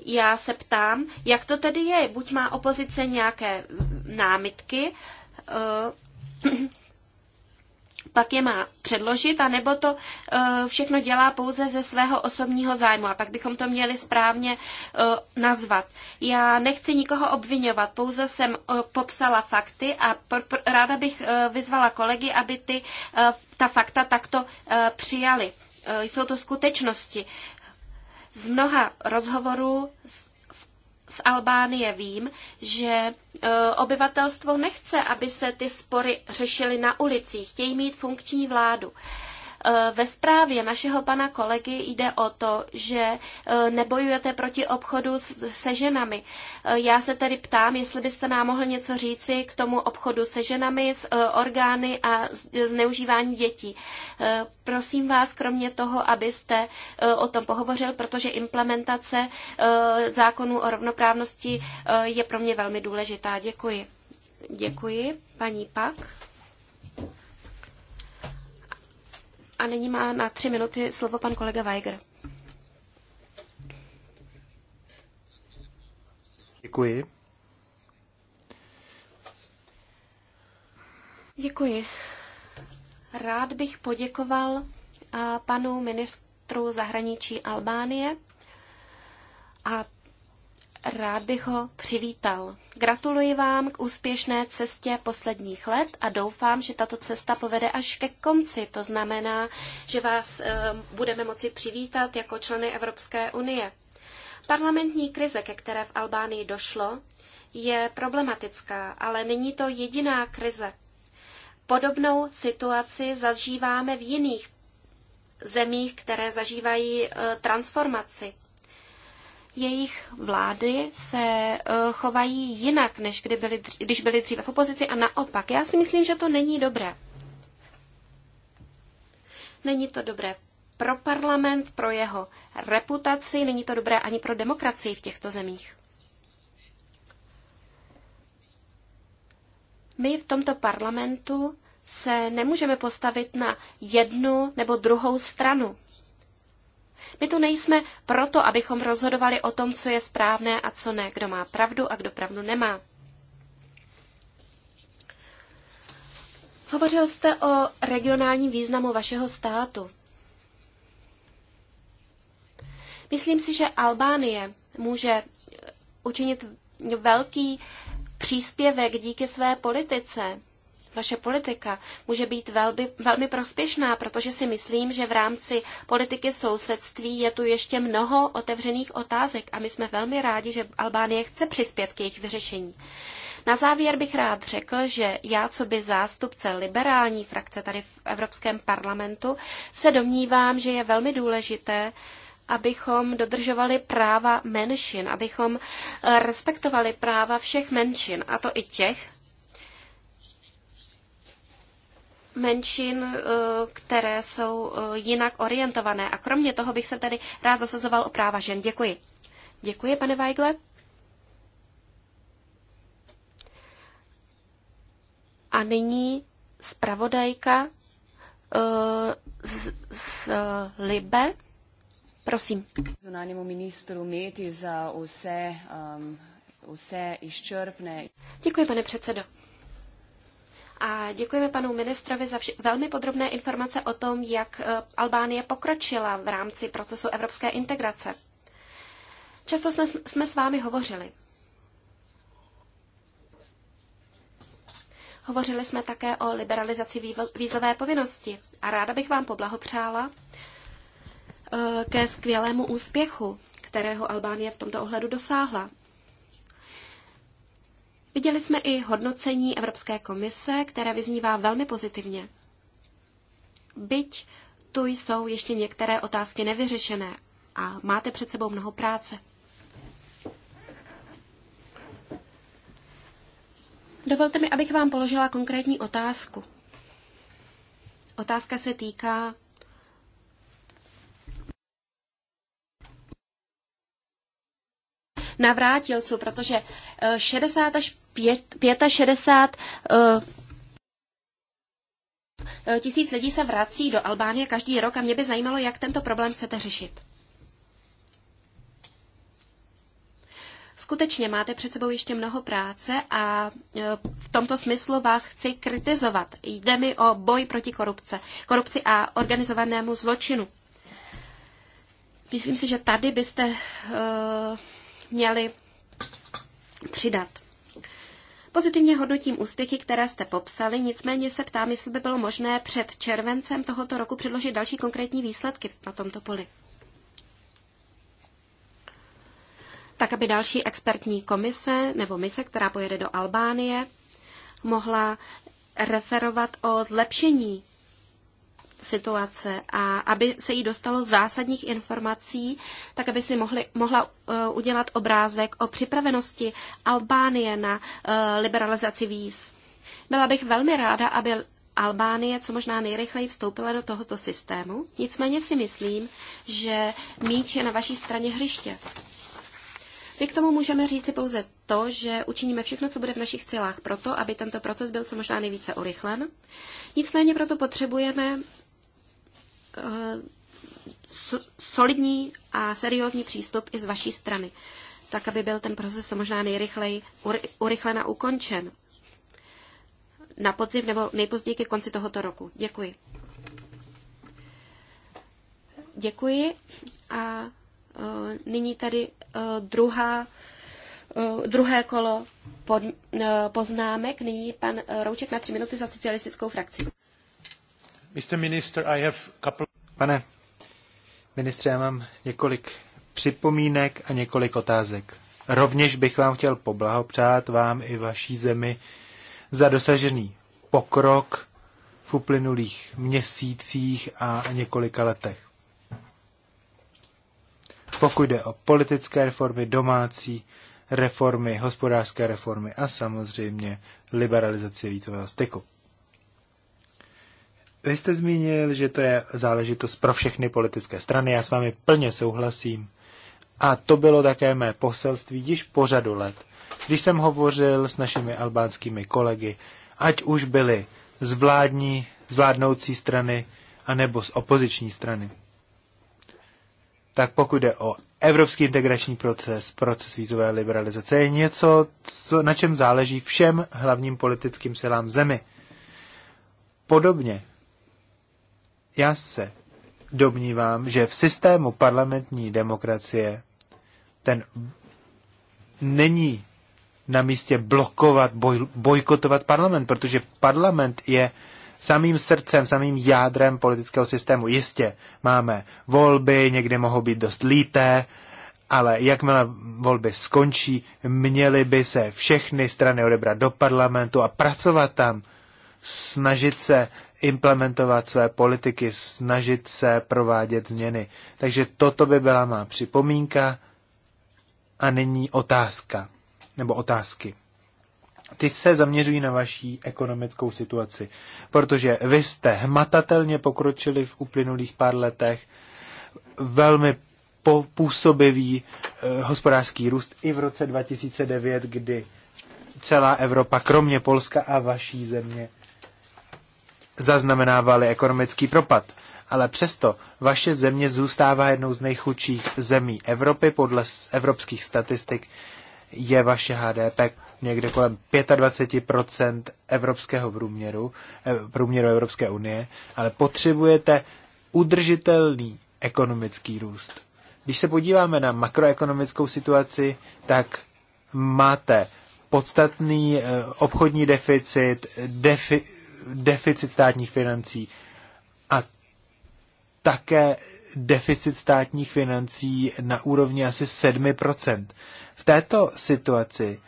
já se ptám, jak to tedy je. Buď má opozice nějaké námitky, eh, pak je má předložit, anebo to eh, všechno dělá pouze ze svého osobního zájmu. A pak bychom to měli správně eh, nazvat. Já nechci nikoho obvinovat, pouze jsem popsala fakty a ráda bych vyzvala kolegy, aby ty, ta fakta takto přijali. Jsou to skutečnosti. Z mnoha rozhovorů z Albánie vím, že e, obyvatelstvo nechce, aby se ty spory řešily na ulicích, chtějí mít funkční vládu. Eh, ve zprávě našeho pana kolegy jde o to, že eh, nebojujete proti obchodu se ženami. Eh, já se tedy ptám, jestli byste nám mohl něco říci k tomu obchodu se ženami, s orgány a zneužívání dětí. Prosím vás, kromě toho, abyste o tom pohovořil, protože implementace zákonů o rovnoprávnosti je pro mě velmi důležitá. Děkuji. Děkuji, paní Pak. A nyní má na tři minuty slovo pan kolega Weiger. Děkuji. Děkuji. Rád bych poděkoval panu ministru zahraničí Albánie a rád bych ho přivítal. Gratuluji vám k úspěšné cestě posledních let a doufám, že tato cesta povede až ke konci. To znamená, že vás e, budeme moci přivítat jako členy Evropské unie. Parlamentní krize, ke které v Albánii došlo, je problematická, ale není to jediná krize. Podobnou situaci zažíváme v jiných zemích, které zažívají eh, transformaci jejich vlády se eh, chovají jinak, než kdy byli, když byli dříve v opozici a naopak. Já si myslím, že to není dobré. Není to dobré pro parlament, pro jeho reputaci, není to dobré ani pro demokracii v těchto zemích. My v tomto parlamentu se nemůžeme postavit na jednu nebo druhou stranu. My tu nejsme proto, abychom rozhodovali o tom, co je správné a co ne, kdo má pravdu a kdo pravdu nemá. Hovořil jste o regionálním významu vašeho státu. Myslím si, že Albánie může učinit velký příspěvek díky své politice, vaše politika může být velmi, velmi prospěšná, protože si myslím, že v rámci politiky sousedství je tu ještě mnoho otevřených otázek a my jsme velmi rádi, že Albánie chce přispět k jejich vyřešení. Na závěr bych rád řekl, že já, co by zástupce liberální frakce tady v Evropském parlamentu, se domnívám, že je velmi důležité, abychom dodržovali práva menšin, abychom eh, respektovali práva všech menšin, a to i těch, menšin, eh, které jsou eh, jinak orientované. A kromě toho bych se tady rád zasazoval o práva žen. Děkuji. Děkuji, pane Weigle. A nyní zpravodajka eh, z, z Libe. Prosím. Zunanemu ministru Měti za vše, um, vše Děkuji, pane předsedo a děkujeme panu ministrovi za velmi podrobné informace o tom, jak eh, Albánie pokročila v rámci procesu evropské integrace. Často jsme, jsme s vámi hovořili. Hovořili jsme také o liberalizaci vízové povinnosti a ráda bych vám poblahopřála eh, ke skvělému úspěchu, kterého Albánie v tomto ohledu dosáhla. Viděli jsme i hodnocení Evropské komise, které vyznívá velmi pozitivně. Byť tu jsou ještě některé otázky nevyřešené a máte před sebou mnoho práce. Dovolte mi, abych vám položila konkrétní otázku. Otázka se týká navrátilců, protože 60 eh, až 5, 65 eh, tisíc lidí se vrací do Albánie každý rok a mě by zajímalo, jak tento problém chcete řešit. Skutečně máte před sebou ještě mnoho práce a eh, v tomto smyslu vás chci kritizovat. Jde mi o boj proti korupce, korupci a organizovanému zločinu. Myslím si, že tady byste uh, měli přidat. Pozitivně hodnotím úspěchy, které jste popsali, nicméně se ptám, jestli by bylo možné před červencem tohoto roku předložit další konkrétní výsledky na tomto poli. Tak, aby další expertní komise nebo mise, která pojede do Albánie, mohla referovat o zlepšení situace a aby se jí dostalo zásadních informací, tak aby si mohli, mohla uh, udělat obrázek o připravenosti Albánie na uh, liberalizaci víz. Byla bych velmi ráda, aby Albánie co možná nejrychleji vstoupila do tohoto systému. Nicméně si myslím, že míč je na vaší straně hřiště. My k tomu můžeme říci pouze to, že učiníme všechno, co bude v našich cílách proto, aby tento proces byl co možná nejvíce urychlen. Nicméně proto potřebujeme Eh, solidní a seriózní přístup i z vaší strany, tak aby byl ten proces co možná nejrychleji urychlen a ukončen na podzim nebo nejpozději ke konci tohoto roku. Děkuji. Děkuji a eh, nyní tady eh, druhá, druhé kolo pod, poznámek. Nyní pan Rouček na tři minuty za socialistickou frakci. Minister, Pane ministře, já mám několik připomínek a několik otázek. Rovněž bych vám chtěl poblahopřát vám i vaší zemi za dosažený pokrok v uplynulých měsících a několika letech. Pokud jde o politické reformy, domácí reformy, hospodářské reformy a samozřejmě liberalizaci vícového styku. Vy jste zmínil, že to je záležitost pro všechny politické strany, já s vámi plně souhlasím. A to bylo také mé poselství již po řadu let, když jsem hovořil s našimi albánskými kolegy, ať už byli z vládní, z vládnoucí strany, anebo z opoziční strany. Tak pokud jde o evropský integrační proces, proces vízové liberalizace, je něco, co, na čem záleží všem hlavním politickým silám zemi. Podobně já se domnívám, že v systému parlamentní demokracie ten není na místě blokovat, boj, bojkotovat parlament, protože parlament je samým srdcem, samým jádrem politického systému. Jistě máme volby, někdy mohou být dost líté, ale jakmile volby skončí, měly by se všechny strany odebrat do parlamentu a pracovat tam, snažit se implementovat své politiky, snažit se provádět změny. Takže toto by byla má připomínka a nyní otázka, nebo otázky. Ty se zaměřují na vaší ekonomickou situaci, protože vy jste hmatatelně pokročili v uplynulých pár letech, velmi působivý e, eh, hospodářský růst i v roce 2009, kdy celá Evropa, kromě Polska a vaší země, zaznamenávali ekonomický propad. Ale přesto vaše země zůstává jednou z nejchudších zemí Evropy. Podle evropských statistik je vaše HDP někde kolem 25% evropského průměru, eh, průměru Evropské unie, ale potřebujete udržitelný ekonomický růst. Když se podíváme na makroekonomickou situaci, tak máte podstatný eh, obchodní deficit, defi, deficit státních financí a také deficit státních financí na úrovni asi 7%. V této situaci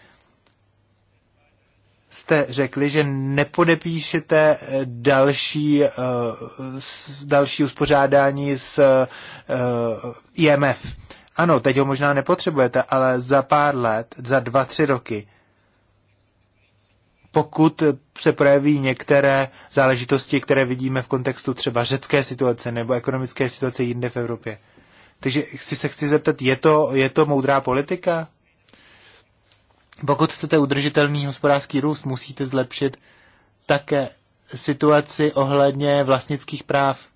jste řekli, že nepodepíšete eh, další, eh, další uspořádání s eh, IMF. Ano, teď ho možná nepotřebujete, ale za pár let, za dva, tři roky pokud se projeví některé záležitosti, které vidíme v kontextu třeba řecké situace nebo ekonomické situace jinde v Evropě. Takže chci se chci zeptat, je to, je to moudrá politika? Pokud chcete udržitelný hospodářský růst, musíte zlepšit také situaci ohledně vlastnických práv.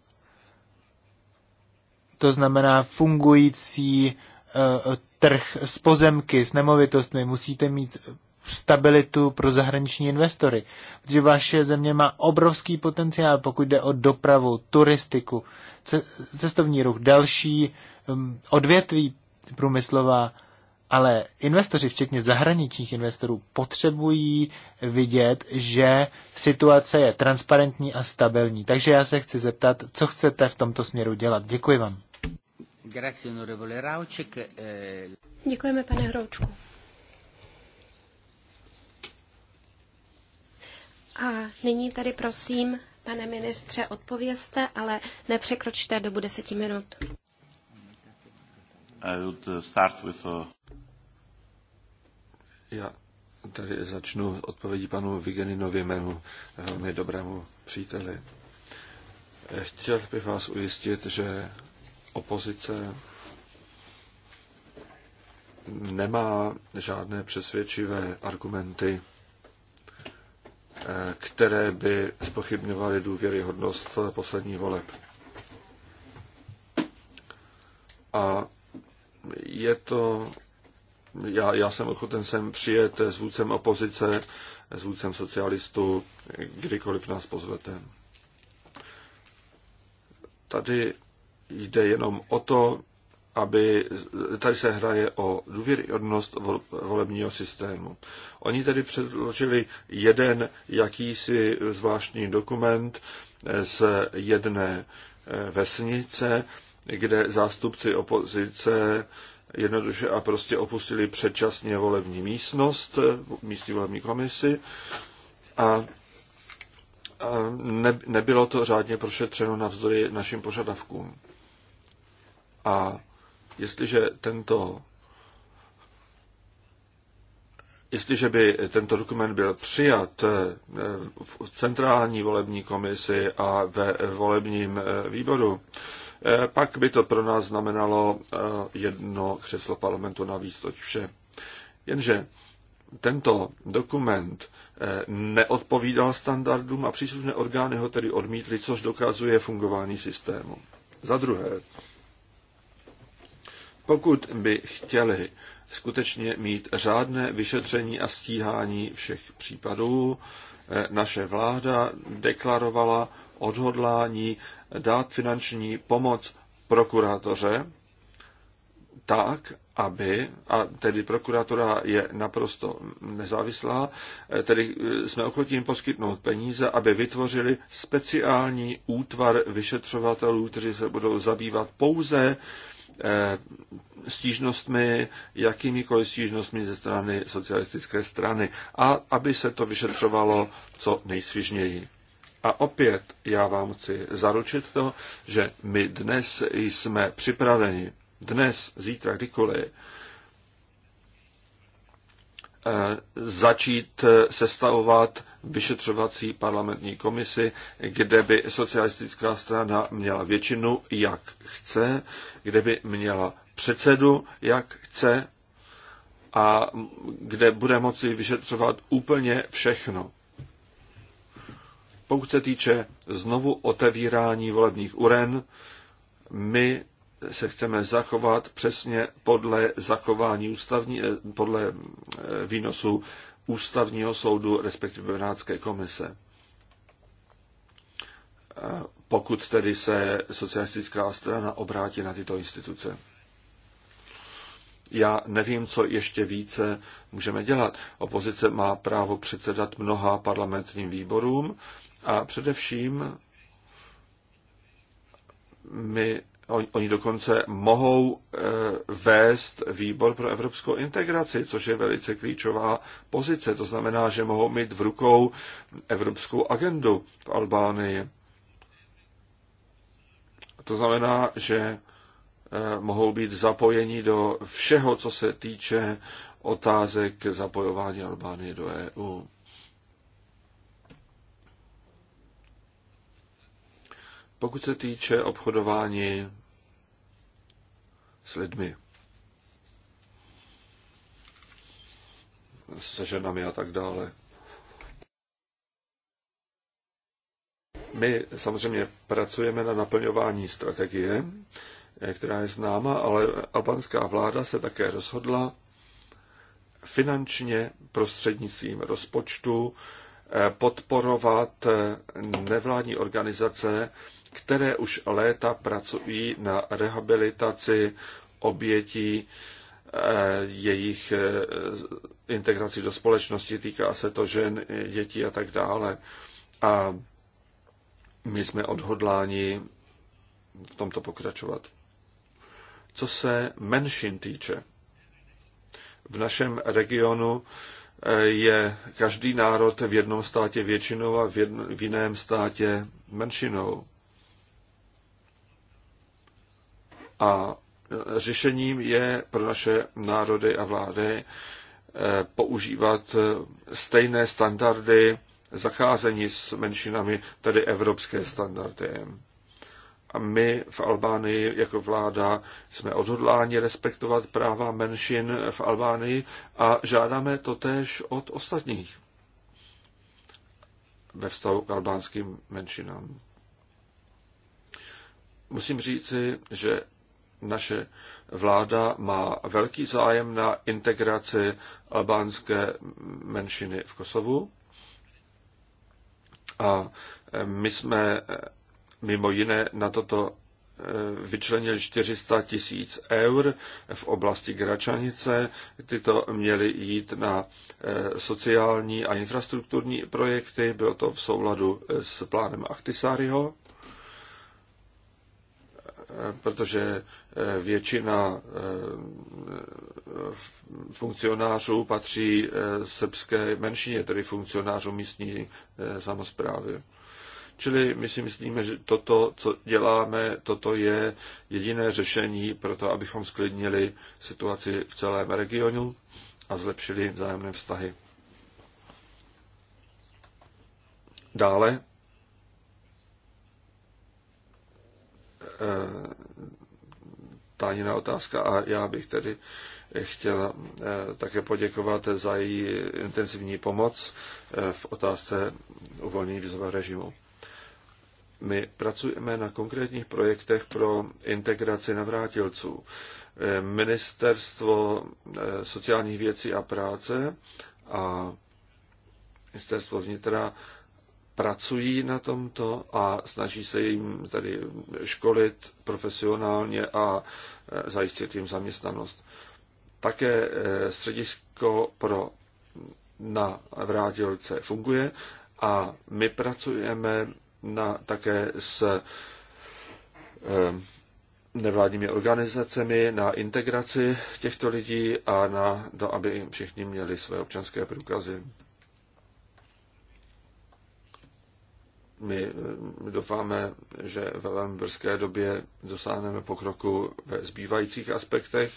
To znamená fungující uh, trh s pozemky, s nemovitostmi. Musíte mít stabilitu pro zahraniční investory. Protože vaše země má obrovský potenciál, pokud jde o dopravu, turistiku, cestovní ruch, další um, odvětví průmyslová, ale investoři, včetně zahraničních investorů, potřebují vidět, že situace je transparentní a stabilní. Takže já se chci zeptat, co chcete v tomto směru dělat. Děkuji vám. Eh, Děkujeme, pane Hroučku. A nyní tady prosím, pane ministře, odpovězte, ale nepřekročte dobu deseti minut. Uh, uh, Já tady začnu odpovědí panu Vigeninovi, mému eh, velmi dobrému příteli. Eh, chtěl bych vás ujistit, že opozice nemá žádné přesvědčivé argumenty které by spochybňovaly důvěryhodnost posledních voleb. A je to, já, já jsem ochoten sem přijet s vůdcem opozice, s vůdcem socialistů, kdykoliv nás pozvete. Tady jde jenom o to, aby tady se hraje o důvěryhodnost volebního systému. Oni tedy předložili jeden jakýsi zvláštní dokument z jedné eh, vesnice, kde zástupci opozice jednoduše a prostě opustili předčasně volební místnost, eh, místní volební komisi a ne, nebylo to řádně prošetřeno navzdory našim požadavkům. A Jestliže tento Jestliže by tento dokument byl přijat eh, v centrální volební komisi a ve volebním eh, výboru, eh, pak by to pro nás znamenalo jedno křeslo parlamentu navíc, toť vše. Jenže tento dokument neodpovídal standardům a příslušné orgány ho tedy odmítly, což dokazuje fungování systému. Za druhé, pokud by chtěli skutečně mít řádné vyšetření a stíhání všech případů, eh, naše vláda deklarovala odhodlání dát finanční pomoc prokurátoře tak, aby, a tedy prokuratura je naprosto nezávislá, eh, tedy eh, jsme ochotní jim poskytnout peníze, aby vytvořili speciální útvar vyšetřovatelů, kteří se budou zabývat pouze Eh, stížnostmi, jakýmikoliv stížnostmi ze strany socialistické strany a aby se to vyšetřovalo co nejsvižněji. A opět já vám chci zaručit to, že my dnes jsme připraveni, dnes, zítra, kdykoliv, eh, začít eh, sestavovat vyšetřovací parlamentní komisi, kde by socialistická strana měla většinu, jak chce, kde by měla předsedu, jak chce a kde bude moci vyšetřovat úplně všechno. Pokud se týče znovu otevírání volebních uren, my se chceme zachovat přesně podle zachování ústavní, eh, podle eh, výnosu ústavního soudu, respektive Benátské komise. Pokud tedy se socialistická strana obrátí na tyto instituce. Já nevím, co ještě více můžeme dělat. Opozice má právo předsedat mnoha parlamentním výborům a především my on, oni dokonce mohou e, vést výbor pro evropskou integraci, což je velice klíčová pozice. To znamená, že mohou mít v rukou evropskou agendu v Albánii. To znamená, že e, mohou být zapojeni do všeho, co se týče otázek zapojování Albánie do EU. Pokud se týče obchodování s lidmi. se ženami a tak dále. My samozřejmě pracujeme na naplňování strategie, která je známa, ale albanská vláda se také rozhodla finančně prostřednictvím rozpočtu podporovat nevládní organizace, které už léta pracují na rehabilitaci obětí eh, jejich eh, integraci do společnosti, týká se to žen, dětí a tak dále. A my jsme odhodláni v tomto pokračovat. Co se menšin týče, v našem regionu eh, je každý národ v jednom státě většinou a v, jedn, v jiném státě menšinou. A e, řešením je pro naše národy a vlády e, používat e, stejné standardy zacházení s menšinami, tedy evropské standardy. A my v Albánii jako vláda jsme odhodláni respektovat práva menšin v Albánii a žádáme to též od ostatních ve vztahu k albánským menšinám. Musím říci, že naše vláda má velký zájem na integraci albánské menšiny v Kosovu. A e, my jsme e, mimo jiné na toto e, vyčlenili 400 tisíc eur v oblasti Gračanice. Tyto měly jít na sociální a infrastrukturní projekty. Bylo to v souladu s plánem Achtisáriho, protože Eh, většina eh, funkcionářů patří eh, srbské menšině, tedy funkcionářů místní samozprávy. Čili my si myslíme, že toto, co děláme, toto je jediné řešení pro to, abychom sklidnili situaci v celém regionu a zlepšili vzájemné vztahy. Dále tajná otázka a já bych tedy chtěl eh, také poděkovat za její intenzivní pomoc eh, v otázce uvolnění vizového režimu. My pracujeme na konkrétních projektech pro integraci navrátilců. Eh, ministerstvo sociálních věcí a práce a ministerstvo vnitra pracují na tomto a snaží se jim tady školit profesionálně a e, zajistit jim zaměstnanost. Také e, středisko pro na vrátilce funguje a my pracujeme na, také s e, nevládními organizacemi na integraci těchto lidí a na to, aby všichni měli své občanské průkazy. my doufáme, že ve velmi brzké době dosáhneme pokroku ve zbývajících aspektech.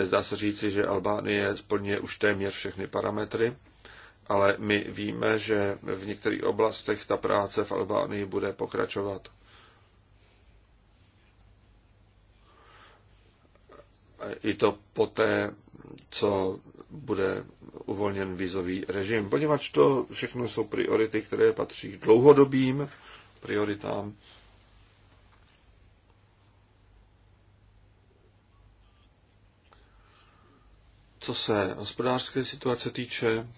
Zdá se říci, že Albánie splňuje už téměř všechny parametry, ale my víme, že v některých oblastech ta práce v Albánii bude pokračovat. I to poté, co bude uvolněn vízový režim, poněvadž to všechno jsou priority, které patří k dlouhodobým prioritám. Co se hospodářské situace týče,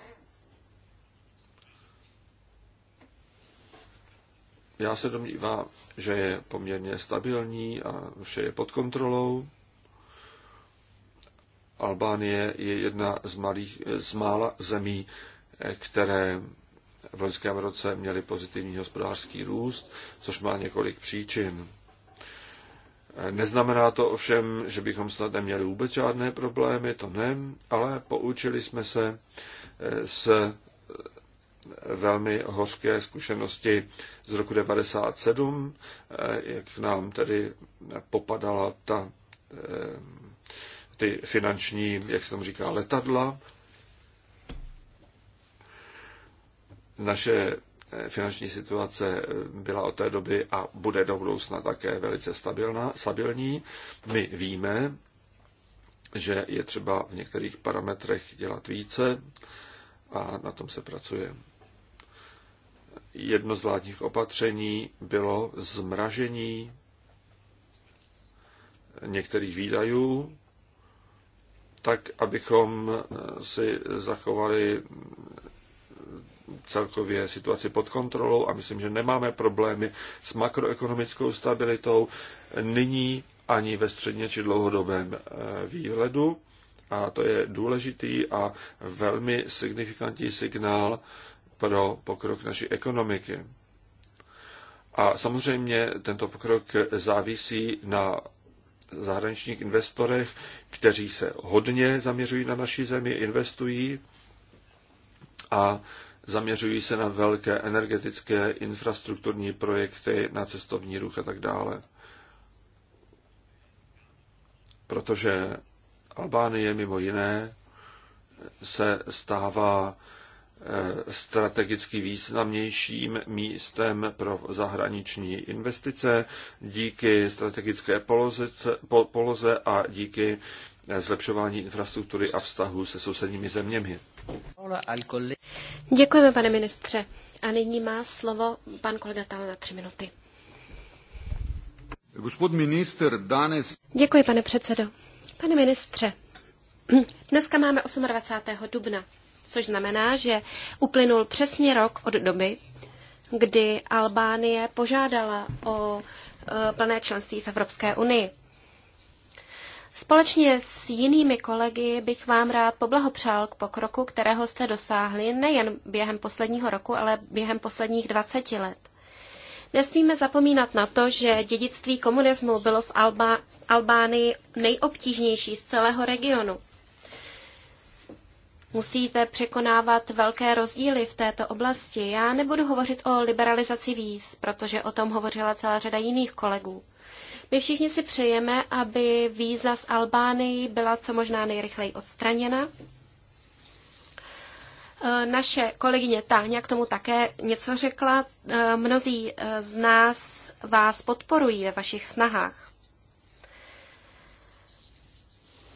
já se domnívám, že je poměrně stabilní a vše je pod kontrolou. Albánie je jedna z, malých, z mála zemí, eh, které v loňském roce měly pozitivní hospodářský růst, což má několik příčin. Eh, neznamená to ovšem, že bychom snad neměli vůbec žádné problémy, to ne, ale poučili jsme se s eh, velmi hořké zkušenosti z roku 1997, jak nám tedy popadala ta ty finanční, jak se tomu říká, letadla. Naše eh, finanční situace eh, byla od té doby a bude do budoucna také velice stabilná, stabilní. My víme, že je třeba v některých parametrech dělat více a na tom se pracuje. Jedno z vládních opatření bylo zmražení některých výdajů tak abychom eh, si zachovali eh, celkově situaci pod kontrolou a myslím, že nemáme problémy s makroekonomickou stabilitou nyní ani ve středně či dlouhodobém eh, výhledu. A to je důležitý a velmi signifikantní signál pro pokrok naší ekonomiky. A samozřejmě tento pokrok závisí na zahraničních investorech, kteří se hodně zaměřují na naši zemi, investují a zaměřují se na velké energetické infrastrukturní projekty, na cestovní ruch a tak dále. Protože Albánie mimo jiné se stává Eh, strategicky významnějším místem pro zahraniční investice díky strategické poloze, a díky eh, zlepšování infrastruktury a vztahu se sousedními zeměmi. Děkujeme, pane ministře. A nyní má slovo pan kolega Tal na tři minuty. Gospod minister, danes... Děkuji, pane předsedo. Pane ministře, dneska máme 28. dubna což znamená, že uplynul přesně rok od doby, kdy Albánie požádala o e, plné členství v Evropské unii. Společně s jinými kolegy bych vám rád poblahopřál k pokroku, kterého jste dosáhli nejen během posledního roku, ale během posledních 20 let. Nesmíme zapomínat na to, že dědictví komunismu bylo v Alba- Albánii nejobtížnější z celého regionu musíte překonávat velké rozdíly v této oblasti. Já nebudu hovořit o liberalizaci víz, protože o tom hovořila celá řada jiných kolegů. My všichni si přejeme, aby víza z Albánii byla co možná nejrychleji odstraněna. Eh, naše kolegyně Táňa k tomu také něco řekla. Eh, mnozí eh, z nás vás podporují ve vašich snahách.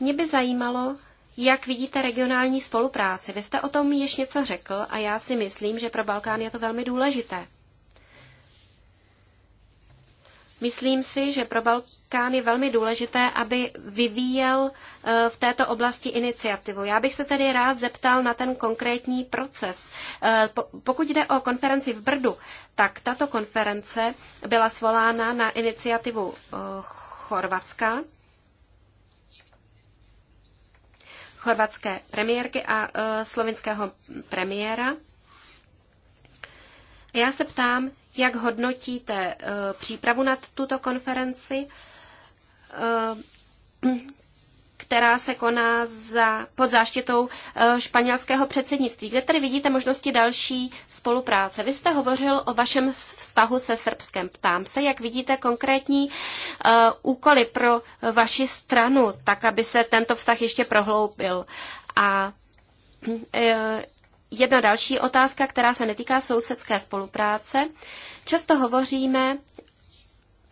Mě by zajímalo, jak vidíte regionální spolupráci. Vy jste o tom již něco řekl a já si myslím, že pro Balkán je to velmi důležité. Myslím si, že pro Balkán je velmi důležité, aby vyvíjel eh, v této oblasti iniciativu. Já bych se tedy rád zeptal na ten konkrétní proces. Eh, pokud jde o konferenci v Brdu, tak tato konference byla svolána na iniciativu eh, Chorvatska chorvatské premiérky a e, slovinského premiéra. Já se ptám, jak hodnotíte e, přípravu na tuto konferenci? E, která se koná za, pod záštitou eh, španělského předsednictví. Kde tady vidíte možnosti další spolupráce? Vy jste hovořil o vašem vztahu se Srbskem. Ptám se, jak vidíte konkrétní uh, úkoly pro vaši stranu, tak aby se tento vztah ještě prohloubil. A uh, jedna další otázka, která se netýká sousedské spolupráce. Často hovoříme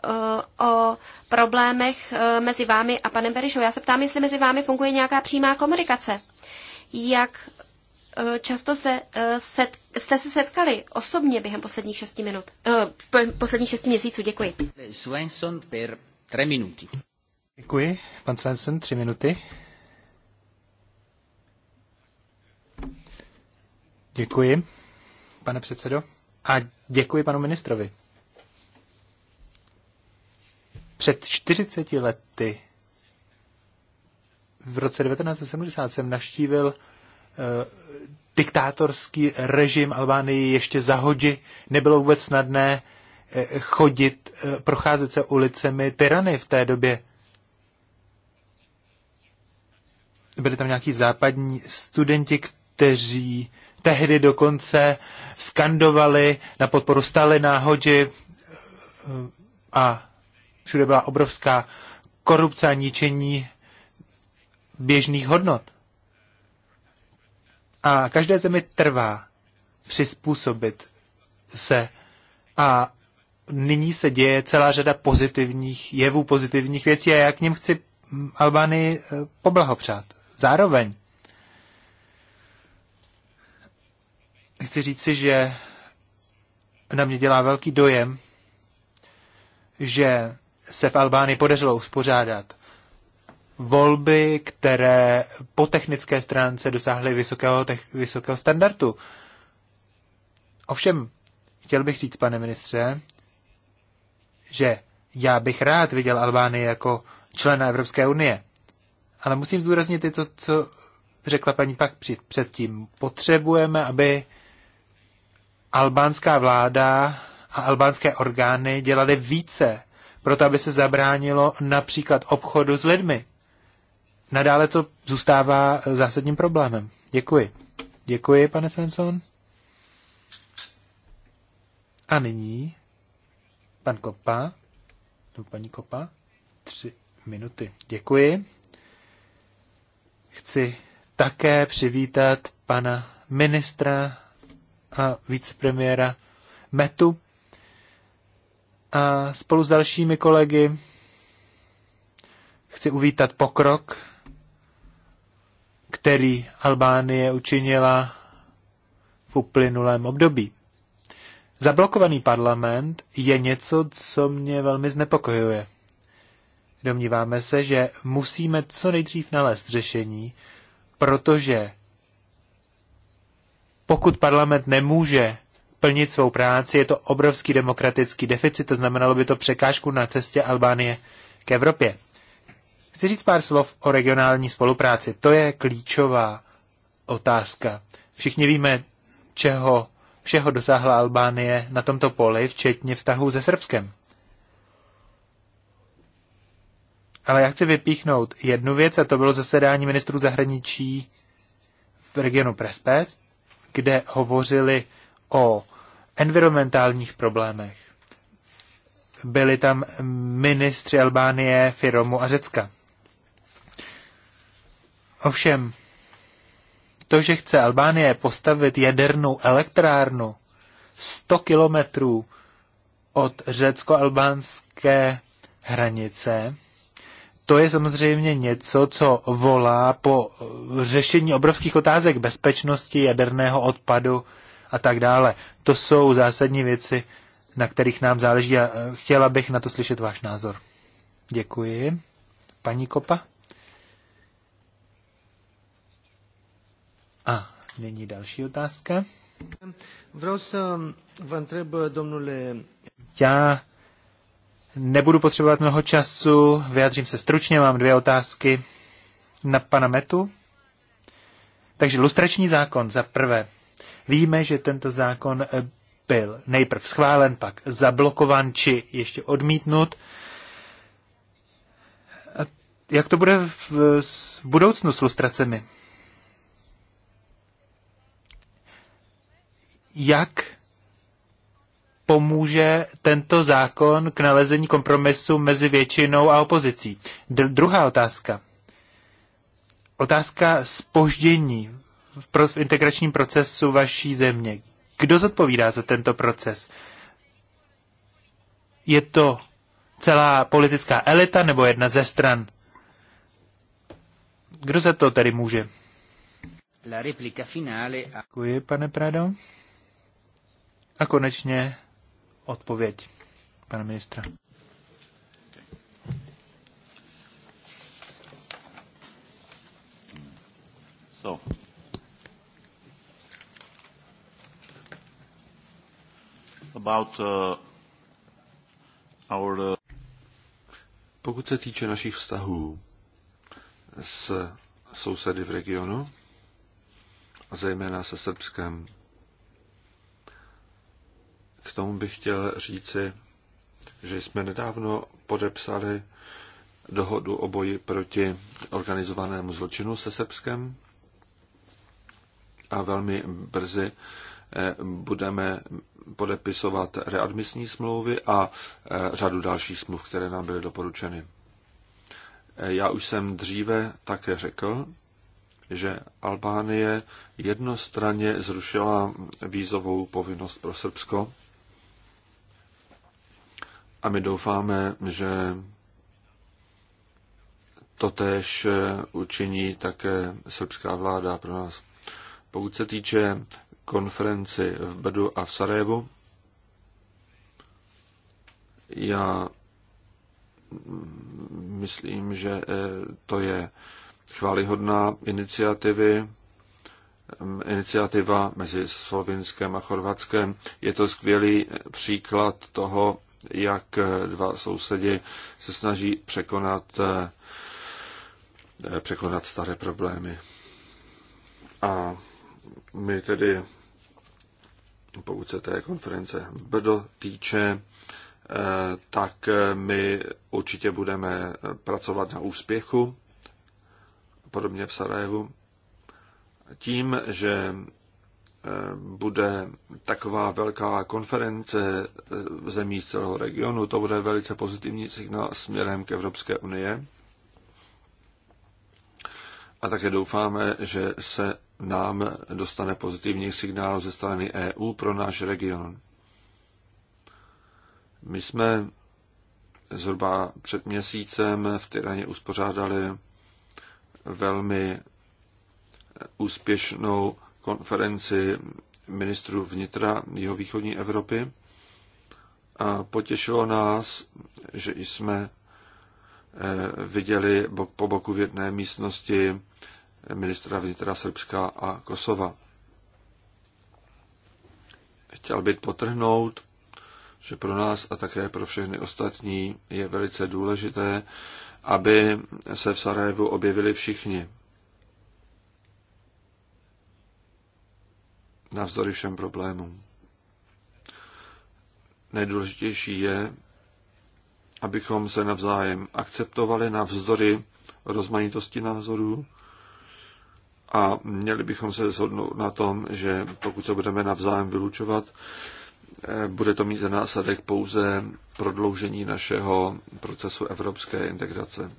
Eh, o problémech eh, mezi vámi a panem Berišou. Já se ptám, jestli mezi vámi funguje nějaká přímá komunikace. Jak eh, často se, set, jste se setkali osobně během posledních šesti minut, Uh, posledních šesti měsíců? Děkuji. Svensson per tre minuty. Děkuji. Pan Svensson, tři minuty. Děkuji, pane předsedo. A děkuji panu ministrovi. Před 40 lety v roce 1970 jsem navštívil eh, diktátorský režim Albánie ještě za hodži. Nebylo vůbec snadné eh, chodit, eh, procházet se ulicemi tyrany v té době. Byli tam nějaký západní studenti, kteří tehdy dokonce skandovali na podporu Stalina, Hodži eh, a všude byla obrovská korupce a ničení běžných hodnot. A každé zemi trvá přizpůsobit se. A nyní se děje celá řada pozitivních jevů, pozitivních věcí a já k ním chci Albány eh, poblahopřát. Zároveň chci říci, že na mě dělá velký dojem, že se v Albánii podařilo uspořádat volby, které po technické stránce dosáhly vysokého, te- vysokého standardu. Ovšem, chtěl bych říct, pane ministře, že já bych rád viděl Albánii jako člena Evropské unie. Ale musím zdůraznit i to, co řekla paní pak předtím. Potřebujeme, aby albánská vláda a albánské orgány dělali více proto aby se zabránilo například obchodu s lidmi. Nadále to zůstává zásadním problémem. Děkuji. Děkuji, pane Svensson. A nyní pan Kopa, nebo paní Kopa, tři minuty. Děkuji. Chci také přivítat pana ministra a vicepremiéra Metu. A spolu s dalšími kolegy chci uvítat pokrok, který Albánie učinila v uplynulém období. Zablokovaný parlament je něco, co mě velmi znepokojuje. Domníváme se, že musíme co nejdřív nalézt řešení, protože pokud parlament nemůže plnit svou práci. Je to obrovský demokratický deficit, to znamenalo by to překážku na cestě Albánie k Evropě. Chci říct pár slov o regionální spolupráci. To je klíčová otázka. Všichni víme, čeho všeho dosáhla Albánie na tomto poli, včetně vztahu se Srbskem. Ale já chci vypíchnout jednu věc, a to bylo zasedání ministrů zahraničí v regionu Prespes, kde hovořili o environmentálních problémech. Byli tam ministři Albánie, Firomu a Řecka. Ovšem, to, že chce Albánie postavit jadernou elektrárnu 100 kilometrů od řecko-albánské hranice, to je samozřejmě něco, co volá po řešení obrovských otázek bezpečnosti jaderného odpadu a tak dále. To jsou zásadní věci, na kterých nám záleží a eh, chtěla bych na to slyšet váš názor. Děkuji. Paní Kopa? A nyní další otázka. Já nebudu potřebovat mnoho času, vyjádřím se stručně, mám dvě otázky na pana Metu. Takže lustrační zákon za prvé. Víme, že tento zákon byl nejprv schválen, pak zablokovan či ještě odmítnut. A jak to bude v, v budoucnu s lustracemi? Jak pomůže tento zákon k nalezení kompromisu mezi většinou a opozicí? Dr- druhá otázka. Otázka spoždění v integračním procesu vaší země. Kdo zodpovídá za tento proces? Je to celá politická elita nebo jedna ze stran? Kdo za to tedy může? La replika finale a... Děkuji, pane Prado. A konečně odpověď pana ministra. So, about uh, our... Uh, Pokud se týče našich vztahů s sousedy v regionu, a zejména se Srbskem, k tomu bych chtěl říci, že jsme nedávno podepsali dohodu o boji proti organizovanému zločinu se Srbskem a velmi brzy eh, budeme podepisovat readmisní smlouvy a e, řadu dalších smluv, které nám byly doporučeny. E, já už jsem dříve také řekl, že Albánie jednostranně zrušila vízovou povinnost pro Srbsko a my doufáme, že totéž e, učiní také srbská vláda pro nás. Pokud se týče konferenci v Brdu a v Sarajevu. Já myslím, že eh, to je chválihodná iniciativy, mm, iniciativa mezi Slovinskem a Chorvatskem. Je to skvělý eh, příklad toho, jak eh, dva sousedi se snaží překonat, překonat staré problémy. A my tedy pokud se té konference Brdo týče, eh, tak eh, my určitě budeme eh, pracovat na úspěchu, podobně v Sarajevu, tím, že bude taková velká konference zemí z celého regionu, to bude velice pozitivní signál směrem k Evropské unie. A také doufáme, že se nám dostane pozitivní signál ze strany EU pro náš region. My jsme zhruba před měsícem v Tyraně uspořádali velmi úspěšnou konferenci ministrů vnitra jihovýchodní Evropy. A potěšilo nás, že jsme Eh, viděli po boku v jedné místnosti ministra vnitra Srbska a Kosova. Chtěl bych potrhnout, že pro nás a také pro všechny ostatní je velice důležité, aby se v Sarajevu objevili všichni. Navzdory všem problémům. Nejdůležitější je, abychom se navzájem akceptovali navzdory rozmanitosti názorů a měli bychom se shodnout na tom, že pokud se budeme navzájem vylučovat, eh, bude to mít za následek pouze prodloužení našeho procesu evropské integrace.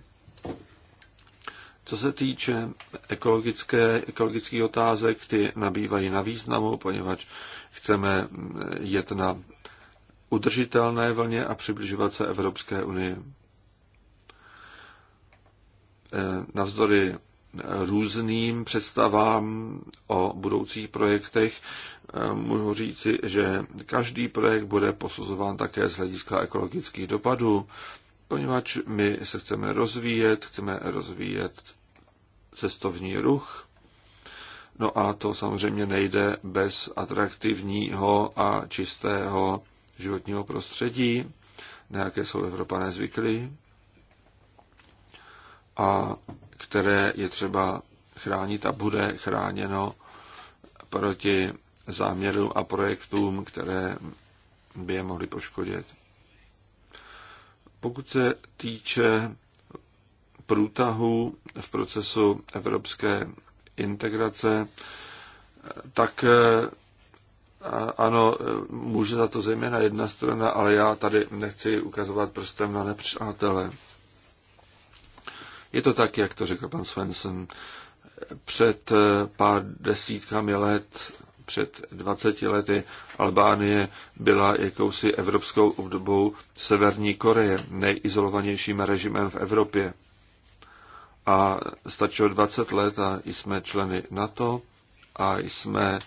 Co se týče ekologické, ekologických otázek, ty nabývají na významu, poněvadž chceme jet na udržitelné vlně a přibližovat se Evropské unii. E, navzdory různým představám o budoucích projektech e, můžu říci, že každý projekt bude posuzován také z hlediska ekologických dopadů, poněvadž my se chceme rozvíjet, chceme rozvíjet cestovní ruch. No a to samozřejmě nejde bez atraktivního a čistého životního prostředí, na jaké jsou Evropané zvyklí, a které je třeba chránit a bude chráněno proti záměrům a projektům, které by je mohly poškodit. Pokud se týče průtahu v procesu evropské integrace, tak ano, e, může za to zejména jedna strana, ale já tady nechci ukazovat prstem na nepřátele. Je to tak, jak to řekl pan Svensson. Před e, pár desítkami let, před 20 lety, Albánie byla jakousi evropskou obdobou Severní Koreje, nejizolovanějším režimem v Evropě. A stačilo 20 let a jsme členy NATO a jsme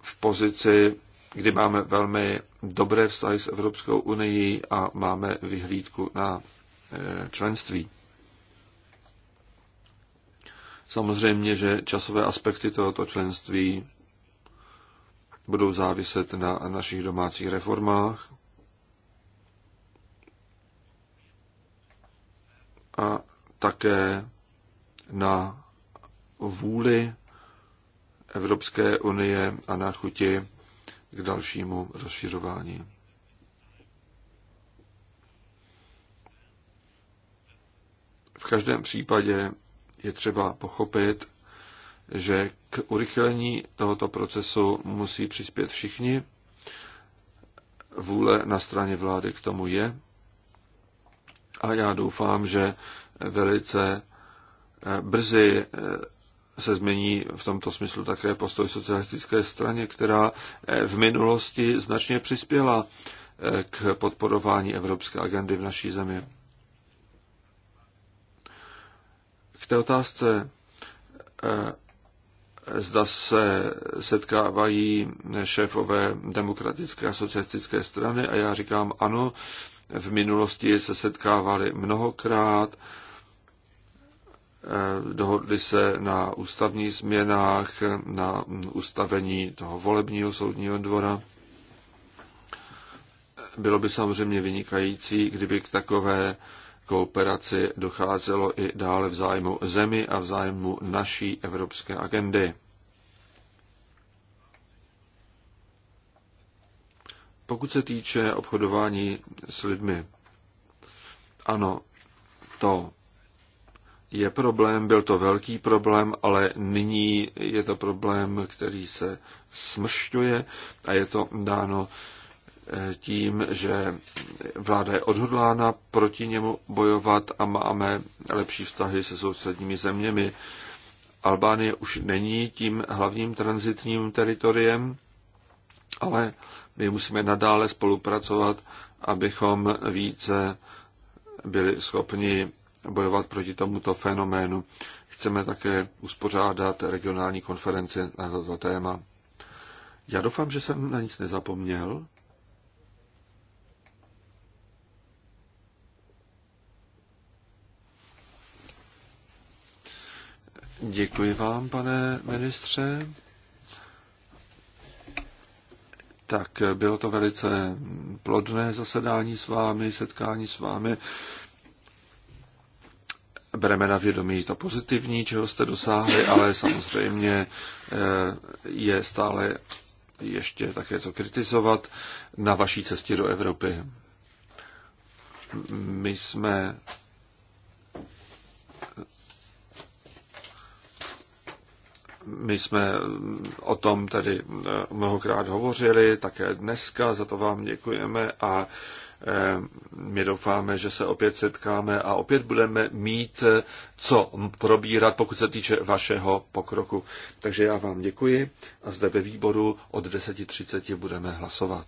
v pozici, kdy máme velmi dobré vztahy s Evropskou unii a máme vyhlídku na e, členství. Samozřejmě, že časové aspekty tohoto členství budou záviset na našich domácích reformách a také na vůli Evropské unie a na chuti k dalšímu rozšiřování. V každém případě je třeba pochopit, že k urychlení tohoto procesu musí přispět všichni. Vůle na straně vlády k tomu je. A já doufám, že velice brzy se změní v tomto smyslu také postoj socialistické straně, která eh, v minulosti značně přispěla eh, k podporování evropské agendy v naší zemi. K té otázce, eh, zda se setkávají šéfové demokratické a socialistické strany a já říkám ano, v minulosti se setkávali mnohokrát, Eh, dohodli se na ústavních změnách, na ustavení toho volebního soudního dvora. Eh, bylo by samozřejmě vynikající, kdyby k takové kooperaci docházelo i dále v zájmu zemi a v zájmu naší evropské agendy. Pokud se týče obchodování s lidmi, ano, to je problém, byl to velký problém, ale nyní je to problém, který se smršťuje a je to dáno eh, tím, že vláda je odhodlána proti němu bojovat a máme lepší vztahy se sousedními zeměmi. Albánie už není tím hlavním transitním teritoriem, ale my musíme nadále spolupracovat, abychom více byli schopni bojovat proti tomuto fenoménu. Chceme také uspořádat regionální konference na toto téma. Já doufám, že jsem na nic nezapomněl. Děkuji vám, pane ministře. Tak bylo to velice plodné zasedání s vámi, setkání s vámi bereme na vědomí to pozitivní, čeho jste dosáhli, ale samozřejmě eh, je stále ještě také co kritizovat na vaší cestě do Evropy. My jsme My jsme o tom tedy mnohokrát hovořili, také dneska, za to vám děkujeme a Eh, my doufáme, že se opět setkáme a opět budeme mít eh, co probírat, pokud se týče vašeho pokroku. Takže já vám děkuji a zde ve výboru od 10.30 budeme hlasovat.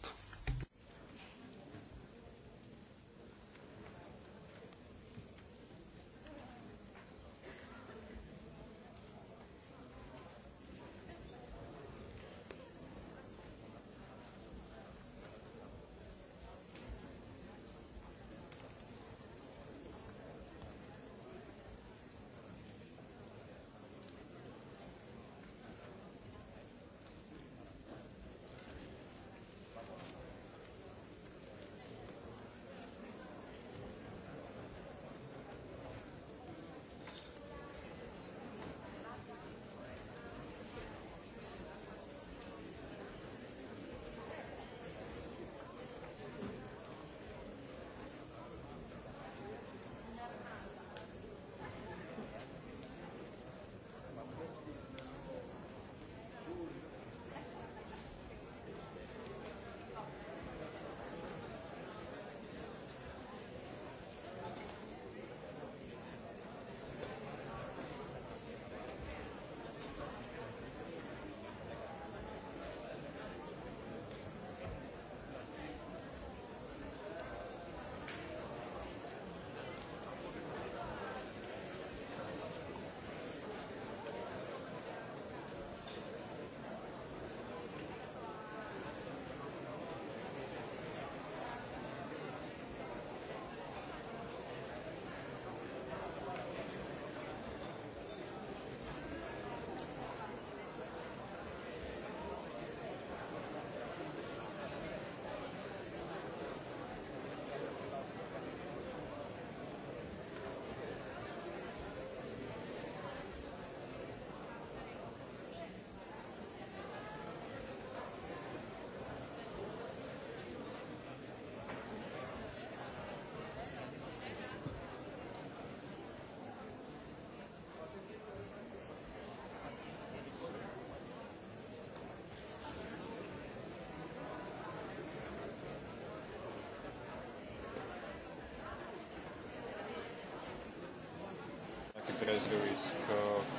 trezvěli k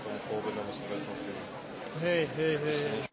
tomu původnému světu. Hej, hej, hej.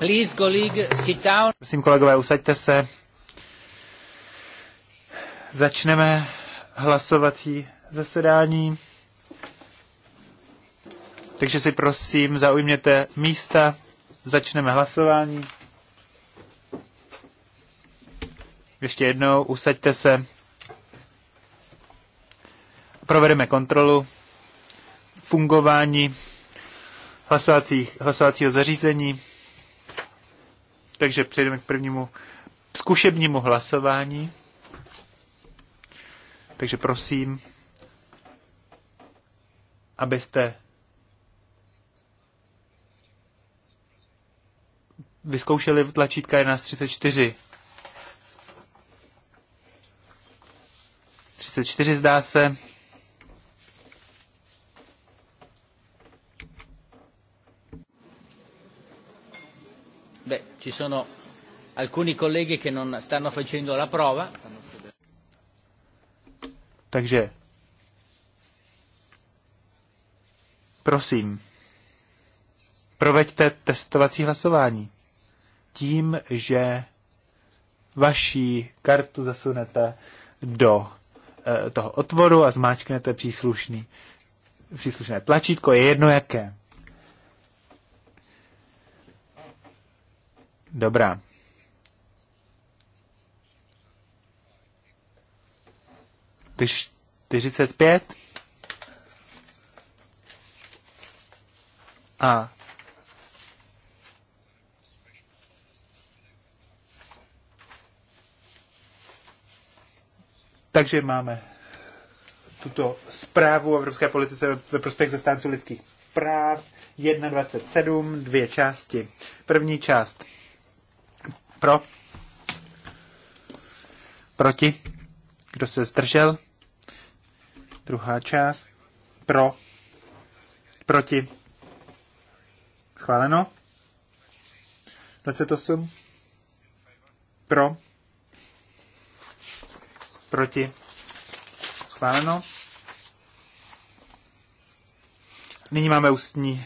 Please, colleague, sit down. Prosím, kolegové, usaďte se. Začneme hlasovací zasedání. Takže si prosím, zaujměte místa. Začneme hlasování. Ještě jednou, usaďte se. Provedeme kontrolu fungování hlasovací, hlasovacího zařízení. Takže přejdeme k prvnímu zkušebnímu hlasování. Takže prosím, abyste vyzkoušeli tlačítka 1134. 34 zdá se. sono alcuni colleghi che non stanno facendo la prova. Takže prosím, proveďte testovací hlasování tím, že vaší kartu zasunete do eh, toho otvoru a zmáčknete příslušný, příslušné tlačítko, je jedno jaké. Dobrá. Ty 45 a Takže máme tuto zprávu o evropské politice ve prospěch zastánců lidských práv 1.27, dvě části. První část pro? Proti? Kdo se zdržel? Druhá část. Pro? Proti? Schváleno? 28. Pro? Proti? Schváleno? Nyní máme ústní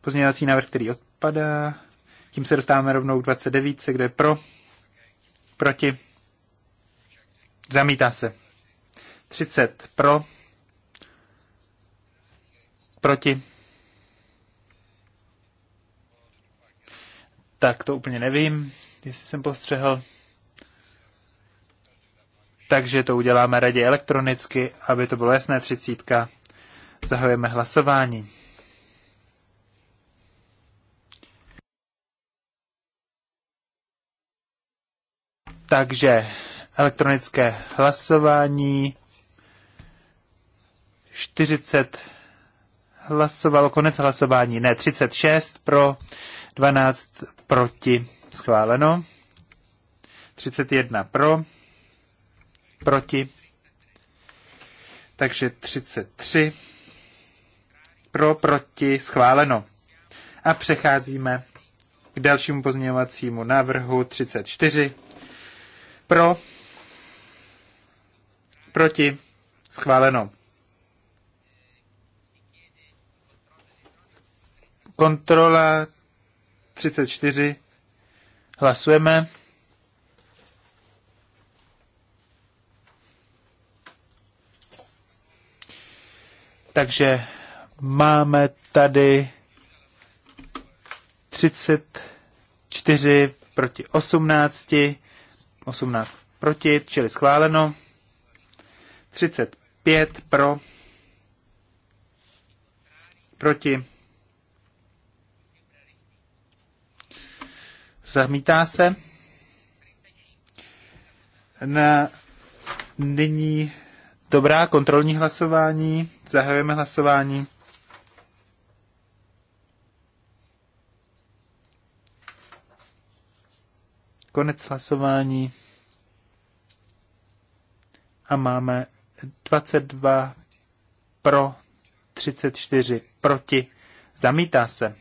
pozměňovací návrh, který odpadá. Tím se dostáváme rovnou k 29, kde pro, proti, zamítá se. 30 pro, proti. Tak to úplně nevím, jestli jsem postřehl. Takže to uděláme raději elektronicky, aby to bylo jasné třicítka. Zahajujeme hlasování. Takže elektronické hlasování. 40 hlasovalo, konec hlasování, ne, 36 pro, 12 proti, schváleno. 31 pro, proti, takže 33 pro, proti, schváleno. A přecházíme k dalšímu pozměňovacímu návrhu 34 pro. Proti. Schváleno. Kontrola 34. Hlasujeme. Takže máme tady 34 proti 18. 18 proti, čili schváleno. 35 pro, proti. Zamítá se. Na nyní dobrá kontrolní hlasování. Zahajujeme hlasování. Konec hlasování. A máme 22 pro, 34 proti. Zamítá se.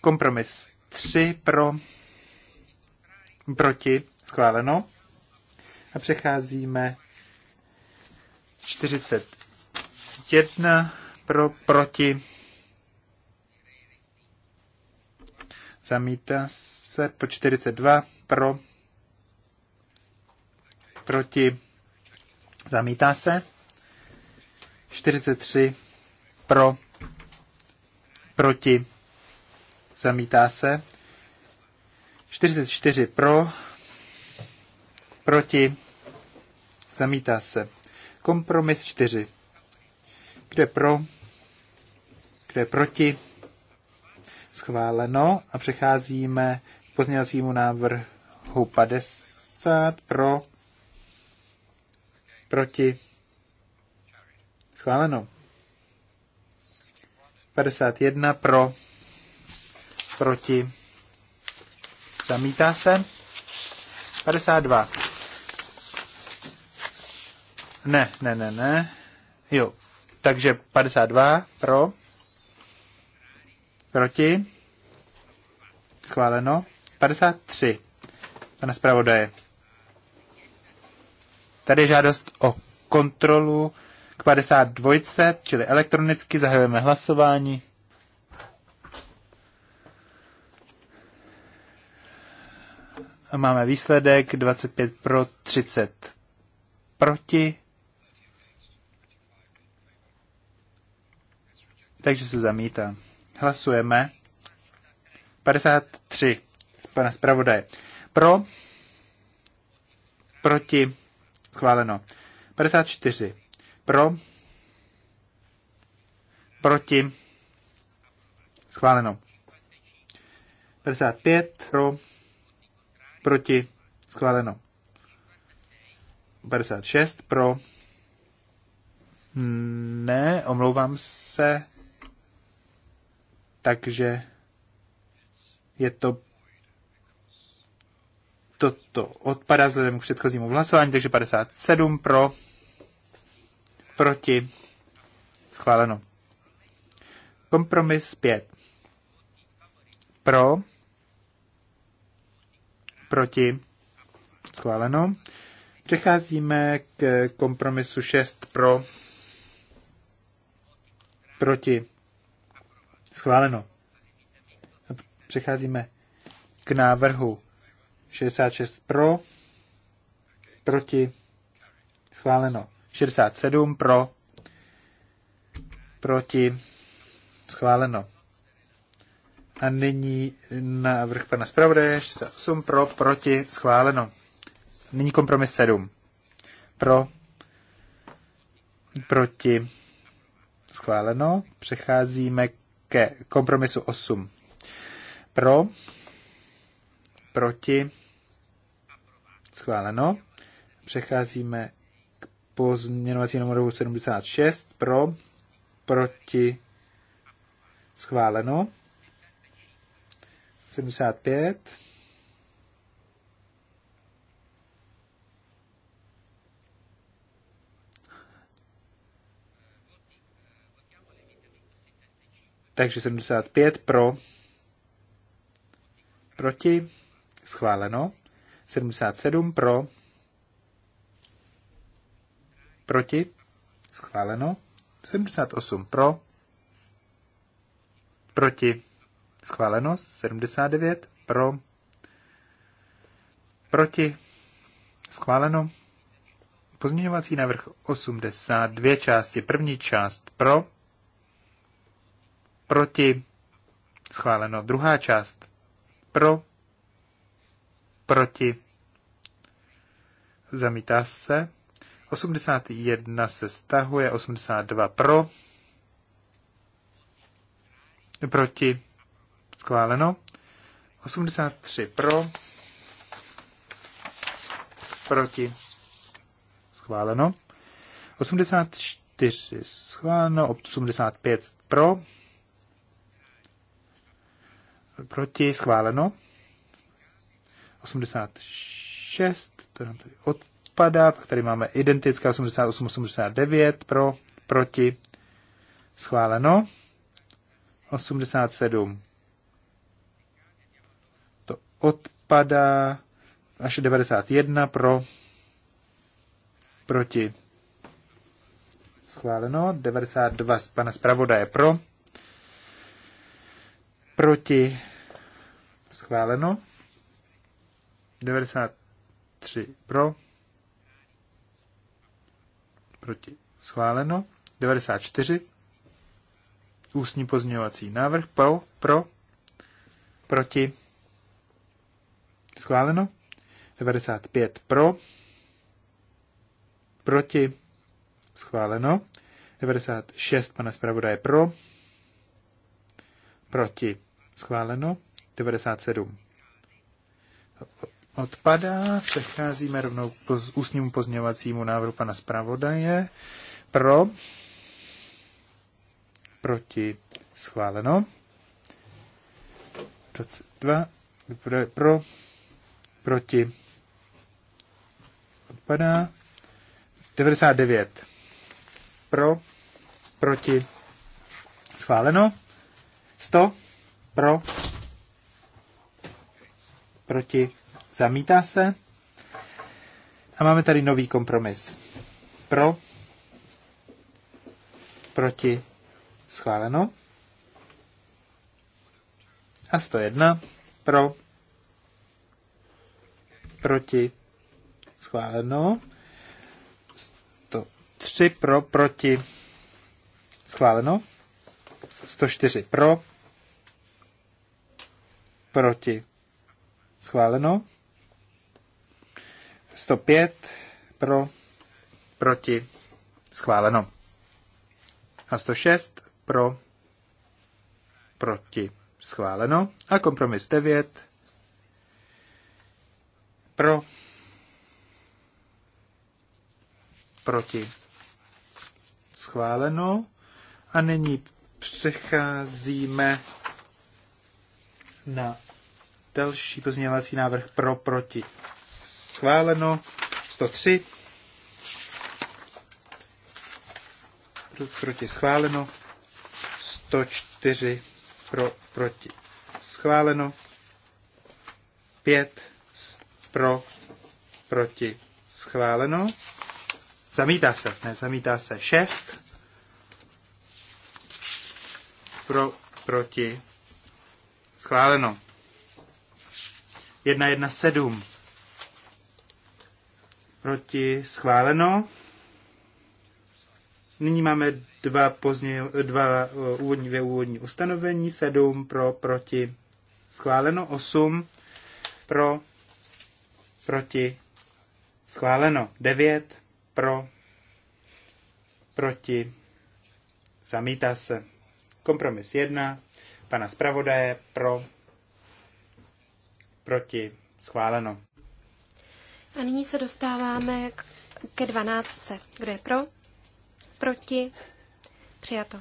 Kompromis 3 pro, proti. Schváleno. A přecházíme 41 pro, proti Zamítá se po 42 pro, proti, zamítá se. 43 pro, proti, zamítá se. 44 pro, proti, zamítá se. Kompromis 4. Kde pro, kde proti, schváleno a přecházíme k pozměňovacímu návrhu 50 pro, proti, schváleno. 51 pro, proti, zamítá se. 52. Ne, ne, ne, ne. Jo, takže 52 pro, Proti? Schváleno. 53. Pane zpravodaje. Tady je žádost o kontrolu k 52, čili elektronicky zahajujeme hlasování. A máme výsledek 25 pro 30 proti. Takže se zamítá. Hlasujeme. 53. Pane zpravodaj. Pro. Proti. Schváleno. 54. Pro. Proti. Schváleno. 55. Pro. Proti. Schváleno. 56. Pro. Hmm, ne, omlouvám se. Takže je to toto odpadá vzhledem k předchozímu hlasování, takže 57 pro, proti, schváleno. Kompromis 5. Pro, proti, schváleno. Přecházíme k kompromisu 6 pro, proti, Schváleno. Přecházíme k návrhu 66 pro, proti, schváleno. 67 pro, proti, schváleno. A nyní návrh pana zpravodaje, 68 pro, proti, schváleno. Nyní kompromis 7. Pro, proti, schváleno. Přecházíme ke kompromisu 8. Pro, proti, schváleno. Přecházíme k pozměňovacímu návrhu 76. Pro, proti, schváleno. 75 Takže 75 pro, proti, schváleno. 77 pro, proti, schváleno. 78 pro, proti, schváleno. 79 pro, proti, schváleno. Pozměňovací návrh 82 části. První část pro, proti, schváleno. Druhá část, pro, proti, zamítá se. 81 se stahuje, 82 pro, proti, schváleno. 83 pro, proti, schváleno. 84 schváleno, 85 pro, proti, schváleno. 86, to nám tady odpadá, pak tady máme identická 88, 89, pro, proti, schváleno. 87, to odpadá, až 91 pro, proti, schváleno. 92 pana zpravodaje pro, proti, schváleno, 93 pro, proti, schváleno, 94 ústní pozměňovací návrh pro, pro, proti, schváleno, 95 pro, proti, schváleno, 96 pana zpravodaje pro, proti, schváleno, 97. Odpadá, přecházíme rovnou k poz, ústnímu pozměňovacímu návrhu pana zpravodaje. Pro, proti, schváleno. 22, pro, proti, odpadá. 99, pro, proti, schváleno. 100 pro, proti, zamítá se. A máme tady nový kompromis. Pro, proti, schváleno. A 101 pro, proti, schváleno. 103 pro, proti, schváleno. 104 pro, proti, schváleno. 105 pro, proti, schváleno. A 106 pro, proti, schváleno. A kompromis 9 pro, proti, schváleno. A nyní přecházíme na další pozměňovací návrh pro proti. Schváleno 103. Proti schváleno 104 pro proti. Schváleno 5 pro proti. Schváleno. Zamítá se, ne, zamítá se 6 pro proti Schváleno. 117. Proti schváleno. Nyní máme dva, pozdě, dva eh, úvodní, dvě úvodní ustanovení. 7 pro, proti schváleno. 8 pro, proti schváleno. 9 pro, proti zamítá se. Kompromis 1 pana zpravodaje pro, proti, schváleno. A nyní se dostáváme k, ke dvanáctce. Kdo je pro? Proti? Přijato.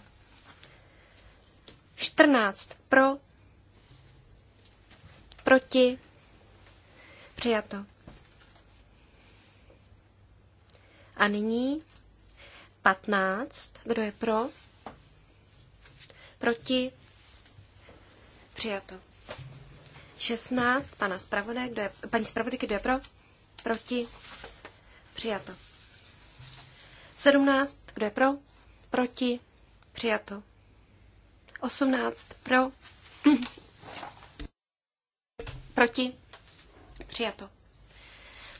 14 pro, proti, přijato. A nyní 15, kdo je pro, proti, Přijato. 16. Pana zpravodaj, kdo je, paní zpravodajky, kdo je pro? Proti? Přijato. 17. Kdo je pro? Proti? Přijato. 18. Pro? Proti? Přijato.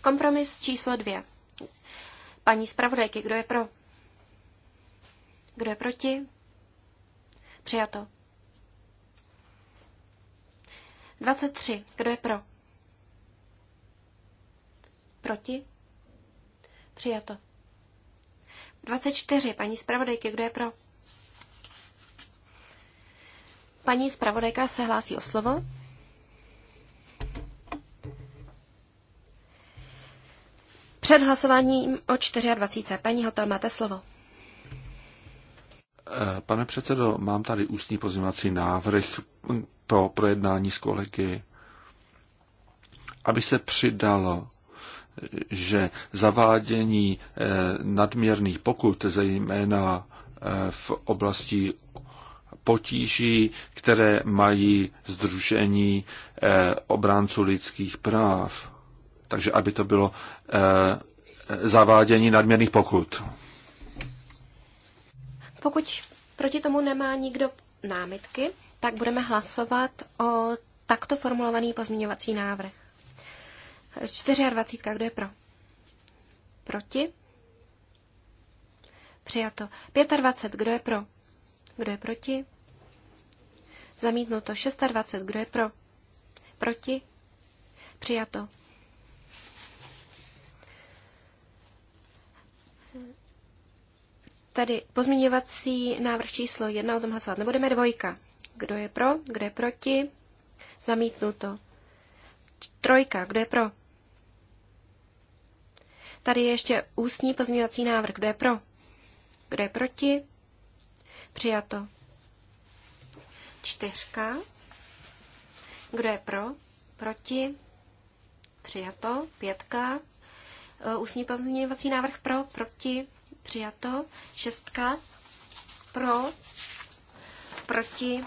Kompromis číslo 2. Paní zpravodajky, kdo je pro? Kdo je proti? Přijato. 23. Kdo je pro? Proti? Přijato. 24. Paní zpravodajky, kdo je pro? Paní zpravodajka se hlásí o slovo. Před hlasováním o 24. Paní Hotel, máte slovo. Eh, pane předsedo, mám tady ústní pozměňovací návrh pro projednání s kolegy, aby se přidalo, že zavádění eh, nadměrných pokut, zejména eh, v oblasti potíží, které mají združení eh, obránců lidských práv. Takže aby to bylo zavádění nadměrných pokut. Pokud proti tomu nemá nikdo námitky, tak budeme hlasovat o takto formulovaný pozměňovací návrh. 24. Kdo je pro? Proti? Přijato. 25. Kdo je pro? Kdo je proti? Zamítnuto. 26. Kdo je pro? Proti? Přijato. Tady pozměňovací návrh číslo jedna o tom hlasovat nebudeme. Dvojka. Kdo je pro? Kdo je proti? Zamítnuto. Trojka. Kdo je pro? Tady je ještě ústní pozměňovací návrh. Kdo je pro? Kdo je proti? Přijato. Čtyřka. Kdo je pro? Proti? Přijato. Pětka. E, ústní pozměňovací návrh pro? Proti? Přijato. Šestka. Pro. Proti.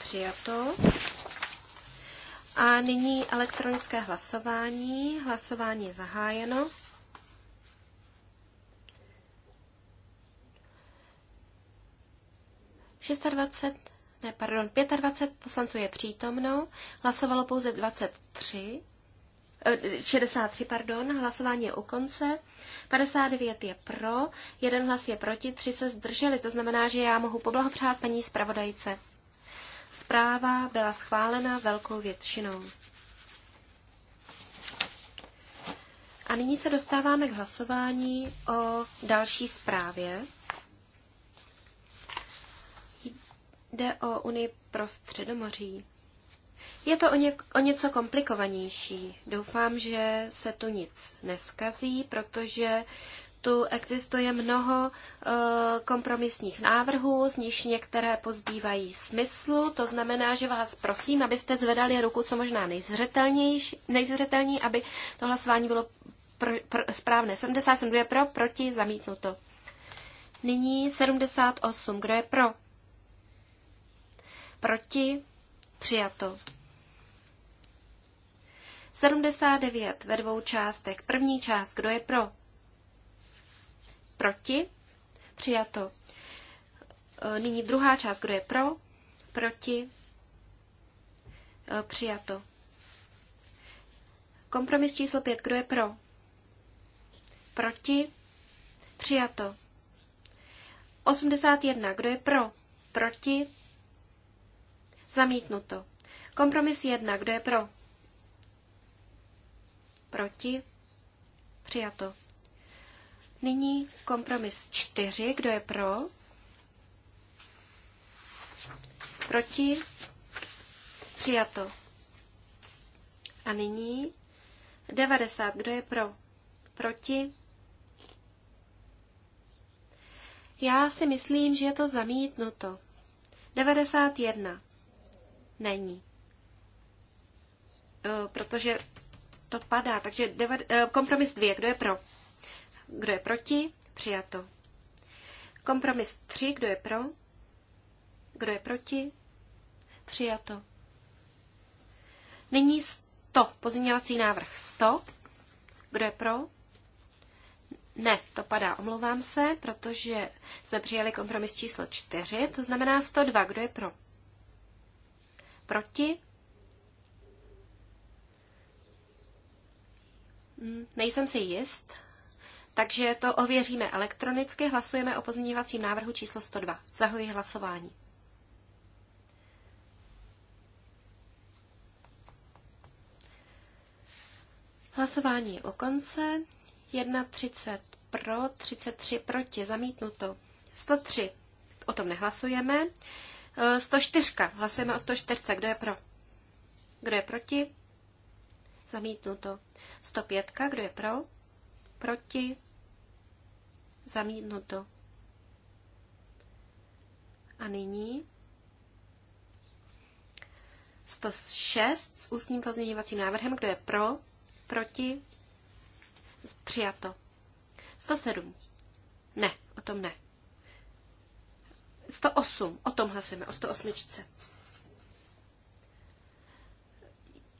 Přijato. A nyní elektronické hlasování. Hlasování je zahájeno. Šestadvacet ne, pardon, 25 poslanců je přítomno, hlasovalo pouze 23 63, pardon, hlasování je u konce, 59 je pro, jeden hlas je proti, tři se zdrželi, to znamená, že já mohu poblahopřát paní zpravodajce. Zpráva byla schválena velkou většinou. A nyní se dostáváme k hlasování o další zprávě. Jde o Unii pro středomoří. Je to o, něk- o něco komplikovanější. Doufám, že se tu nic neskazí, protože tu existuje mnoho e, kompromisních návrhů, z nichž některé pozbývají smyslu. To znamená, že vás prosím, abyste zvedali ruku co možná nejzřetelnější, aby to hlasování bylo pro, pro, správné. 72 pro, proti, zamítnuto. Nyní 78. Kdo je pro? Proti? Přijato. 79 ve dvou částech. První část, kdo je pro? Proti? Přijato. E, nyní druhá část, kdo je pro? Proti? E, přijato. Kompromis číslo 5, kdo je pro? Proti? Přijato. 81, kdo je pro? Proti? Zamítnuto. Kompromis 1, kdo je pro? Proti? Přijato. Nyní kompromis 4. Kdo je pro? Proti? Přijato. A nyní 90. Kdo je pro? Proti? Já si myslím, že je to zamítnuto. 91. Není. E, protože to padá. Takže deva, eh, kompromis dvě, Kdo je pro? Kdo je proti? Přijato. Kompromis tři, Kdo je pro? Kdo je proti? Přijato. Nyní 100. Pozměňovací návrh 100. Kdo je pro? Ne, to padá, omlouvám se, protože jsme přijali kompromis číslo 4, to znamená 102. Kdo je pro? Proti? Mm, nejsem si jist, takže to ověříme elektronicky. Hlasujeme o pozměňovacím návrhu číslo 102. Zahoji hlasování. Hlasování je u konce. 31 pro, 33 proti, zamítnuto. 103. O tom nehlasujeme. 104. E, Hlasujeme o 104. Kdo je pro? Kdo je proti? Zamítnuto. 105. Kdo je pro? Proti? Zamítnuto. A nyní 106 s ústním pozměňovacím návrhem. Kdo je pro? Proti? Přijato. 107. Ne, o tom ne. 108. O tom hlasujeme, o 108.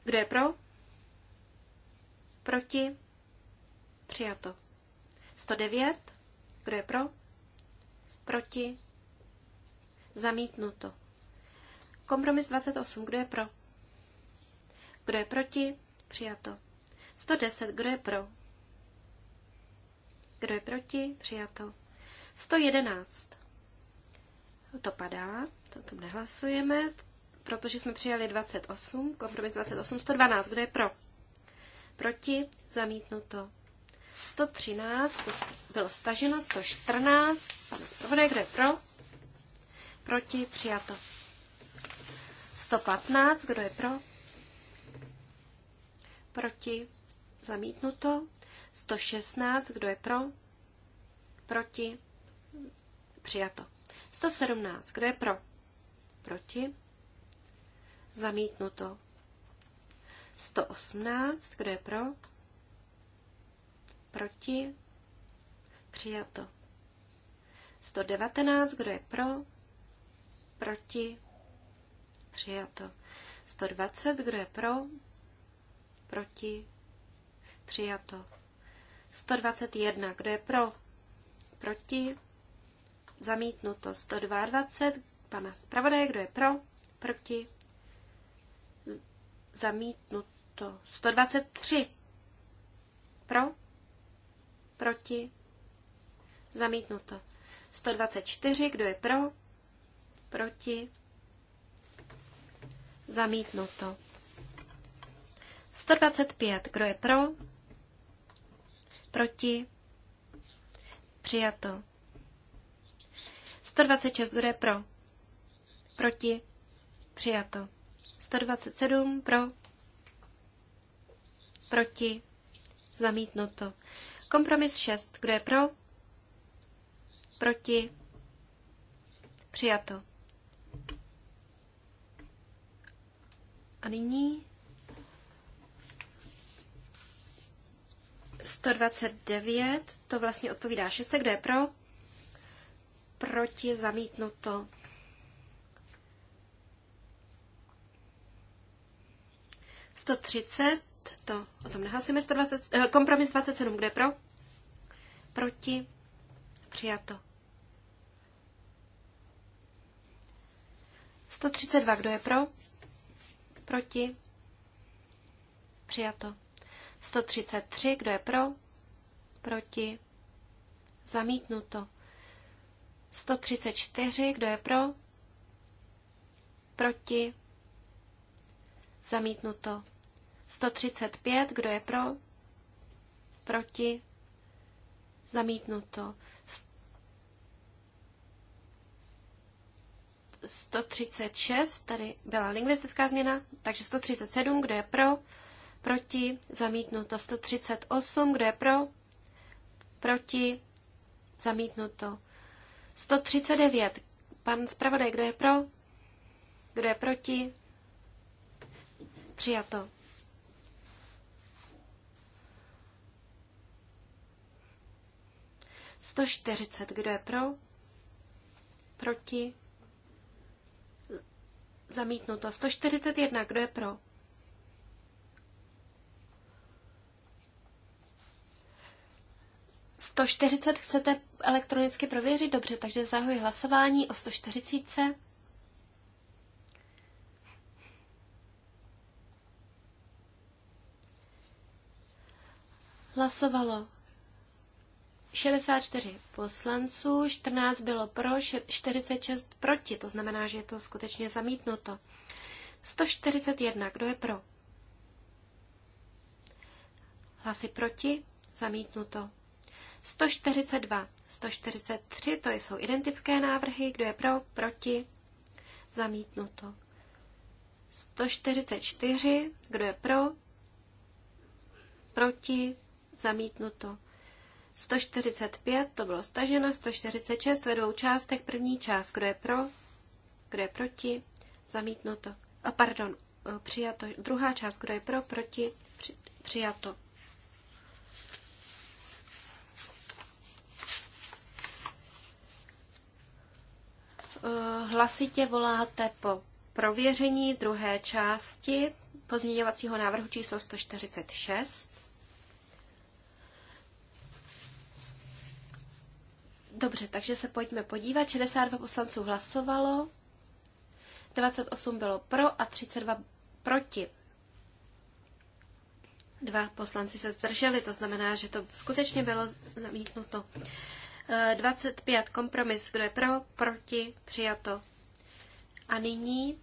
Kdo je pro? Proti? Přijato. 109. Kdo je pro? Proti? Zamítnuto. Kompromis 28. Kdo je pro? Kdo je proti? Přijato. 110. Kdo je pro? Kdo je proti? Přijato. 111. To padá, to tom nehlasujeme, protože jsme přijali 28, kompromis 28, 112. Kdo je pro? proti, zamítnuto. 113, to bylo staženo, 114, pane zpravodaj, kdo je pro, proti, přijato. 115, kdo je pro, proti, zamítnuto. 116, kdo je pro, proti, přijato. 117, kdo je pro, proti, zamítnuto. 118. Kdo je pro? Proti? Přijato. 119. Kdo je pro? Proti? Přijato. 120. Kdo je pro? Proti? Přijato. 121. Kdo je pro? Proti? Zamítnuto. 122. Pana zpravodaje. Kdo je pro? Proti? Zamítnuto. 123. Pro? Proti? Zamítnuto. 124. Kdo je pro? Proti? Zamítnuto. 125. Kdo je pro? Proti? Přijato. 126. Kdo je pro? Proti? Přijato. 127 pro, proti, zamítnuto. Kompromis 6, kdo je pro, proti, přijato. A nyní 129, to vlastně odpovídá 6, kdo je pro, proti, zamítnuto. 130, to o tom nehlasujeme, 120, eh, kompromis 27, kde pro? Proti, přijato. 132, kdo je pro? Proti, přijato. 133, kdo je pro? Proti, zamítnuto. 134, kdo je pro? Proti, Zamítnuto. 135. Kdo je pro? Proti? Zamítnuto. 136, tady byla lingvistická změna, takže 137, kdo je pro, proti, zamítnuto. 138, kdo je pro, proti, zamítnuto. 139, pan zpravodaj, kdo je pro, kdo je proti, Přijato. Sto čtyřicet. Kdo je pro? Proti? Zamítnuto. Sto čtyřicet jedna. Kdo je pro? Sto čtyřicet chcete elektronicky prověřit? Dobře, takže zahoji hlasování o sto čtyřicítce. Hlasovalo 64 poslanců, 14 bylo pro, 46 proti, to znamená, že je to skutečně zamítnuto. 141, kdo je pro? Hlasy proti, zamítnuto. 142, 143, to jsou identické návrhy, kdo je pro, proti, zamítnuto. 144, kdo je pro, proti, zamítnuto. 145, to bylo staženo, 146 ve dvou částech, první část, kdo je pro, kdo je proti, zamítnuto. A pardon, eh, přijato. Druhá část, kdo je pro, proti, při, přijato. Eh, hlasitě voláte po prověření druhé části pozměňovacího návrhu číslo 146. Dobře, takže se pojďme podívat. 62 poslanců hlasovalo, 28 bylo pro a 32 proti. Dva poslanci se zdrželi, to znamená, že to skutečně bylo zamítnuto. 25 eh, kompromis, kdo je pro, proti, přijato. A nyní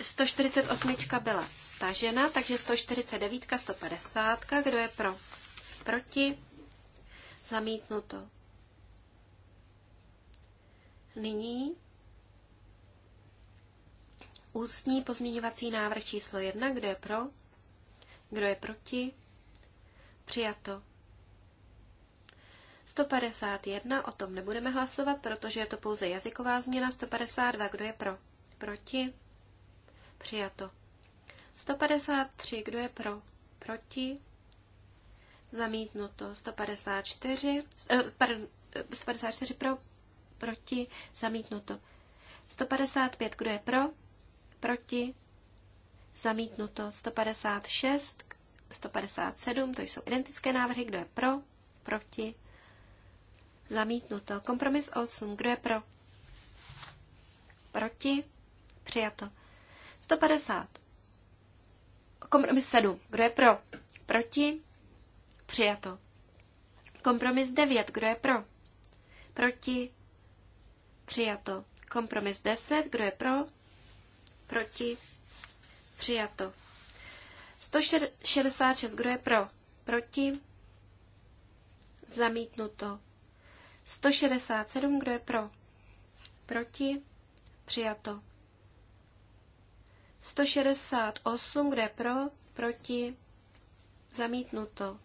148 byla stažena, takže 149, 150, kdo je pro, proti, Zamítnuto. Nyní ústní pozměňovací návrh číslo 1. Kdo je pro? Kdo je proti? Přijato. 151, o tom nebudeme hlasovat, protože je to pouze jazyková změna. 152, kdo je pro? Proti? Přijato. 153, kdo je pro? Proti? zamítnuto 154, eh, pardon, 154 eh, pro, proti, zamítnuto 155, kdo je pro, proti, zamítnuto 156, 157, to jsou identické návrhy, kdo je pro, proti, zamítnuto. Kompromis 8, kdo je pro, proti, přijato. 150. Kompromis 7, kdo je pro, proti, Přijato. Kompromis 9. Kdo je pro? Proti? Přijato. Kompromis 10. Kdo je pro? Proti? Přijato. 166. Kdo je pro? Proti? Zamítnuto. 167. Kdo je pro? Proti? Přijato. 168. Kdo je pro? Proti? Zamítnuto.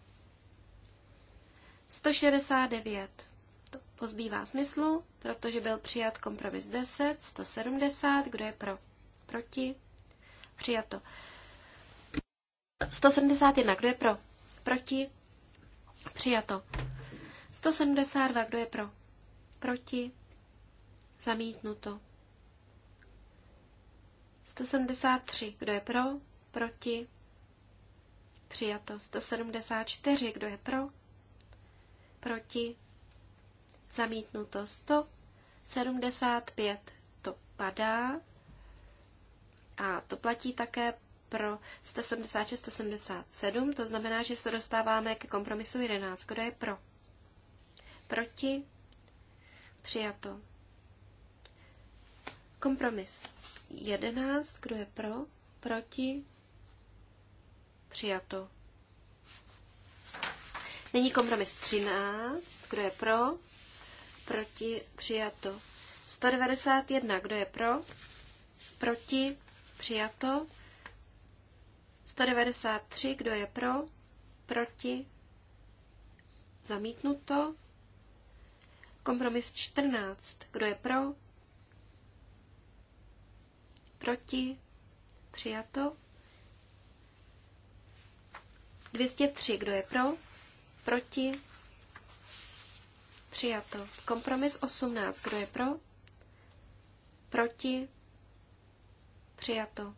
169. To pozbývá smyslu, protože byl přijat kompromis 10, 170, kdo je pro, proti, přijato. 171, kdo je pro, proti, přijato. 172, kdo je pro, proti, zamítnuto. 173, kdo je pro, proti, přijato. 174, kdo je pro, proti, zamítnuto 75 to padá a to platí také pro 176, 177, to znamená, že se dostáváme ke kompromisu 11. Kdo je pro? Proti? Přijato. Kompromis 11. Kdo je pro? Proti? Přijato. Není kompromis 13. Kdo je pro? Proti? Přijato. 191. Kdo je pro? Proti? Přijato. 193. Kdo je pro? Proti? Zamítnuto. Kompromis 14. Kdo je pro? Proti? Přijato. 203. Kdo je pro? Proti? Přijato. Kompromis 18. Kdo je pro? Proti? Přijato.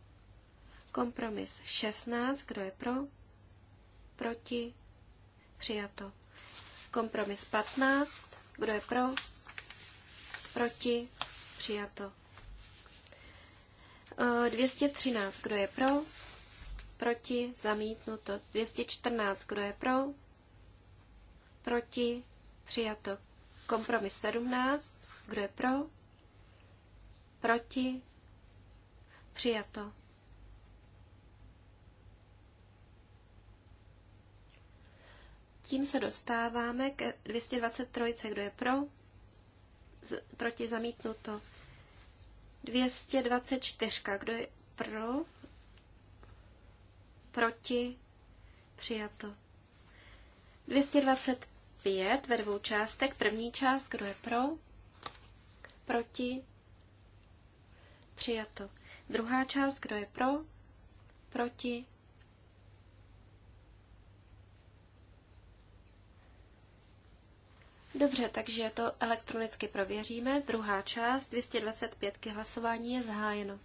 Kompromis 16. Kdo je pro? Proti? Přijato. Kompromis 15. Kdo je pro? Proti? Přijato. 213. Kdo je pro? Proti? Zamítnuto. 214. Kdo je pro? proti, přijato. Kompromis 17, kdo je pro, proti, přijato. Tím se dostáváme k 223, kdo je pro, z, proti zamítnuto. 224, kdo je pro, proti, přijato. 225. 5 ve dvou částech. První část, kdo je pro? Proti? Přijato. Druhá část, kdo je pro? Proti? Dobře, takže to elektronicky prověříme. Druhá část 225 hlasování je zahájeno.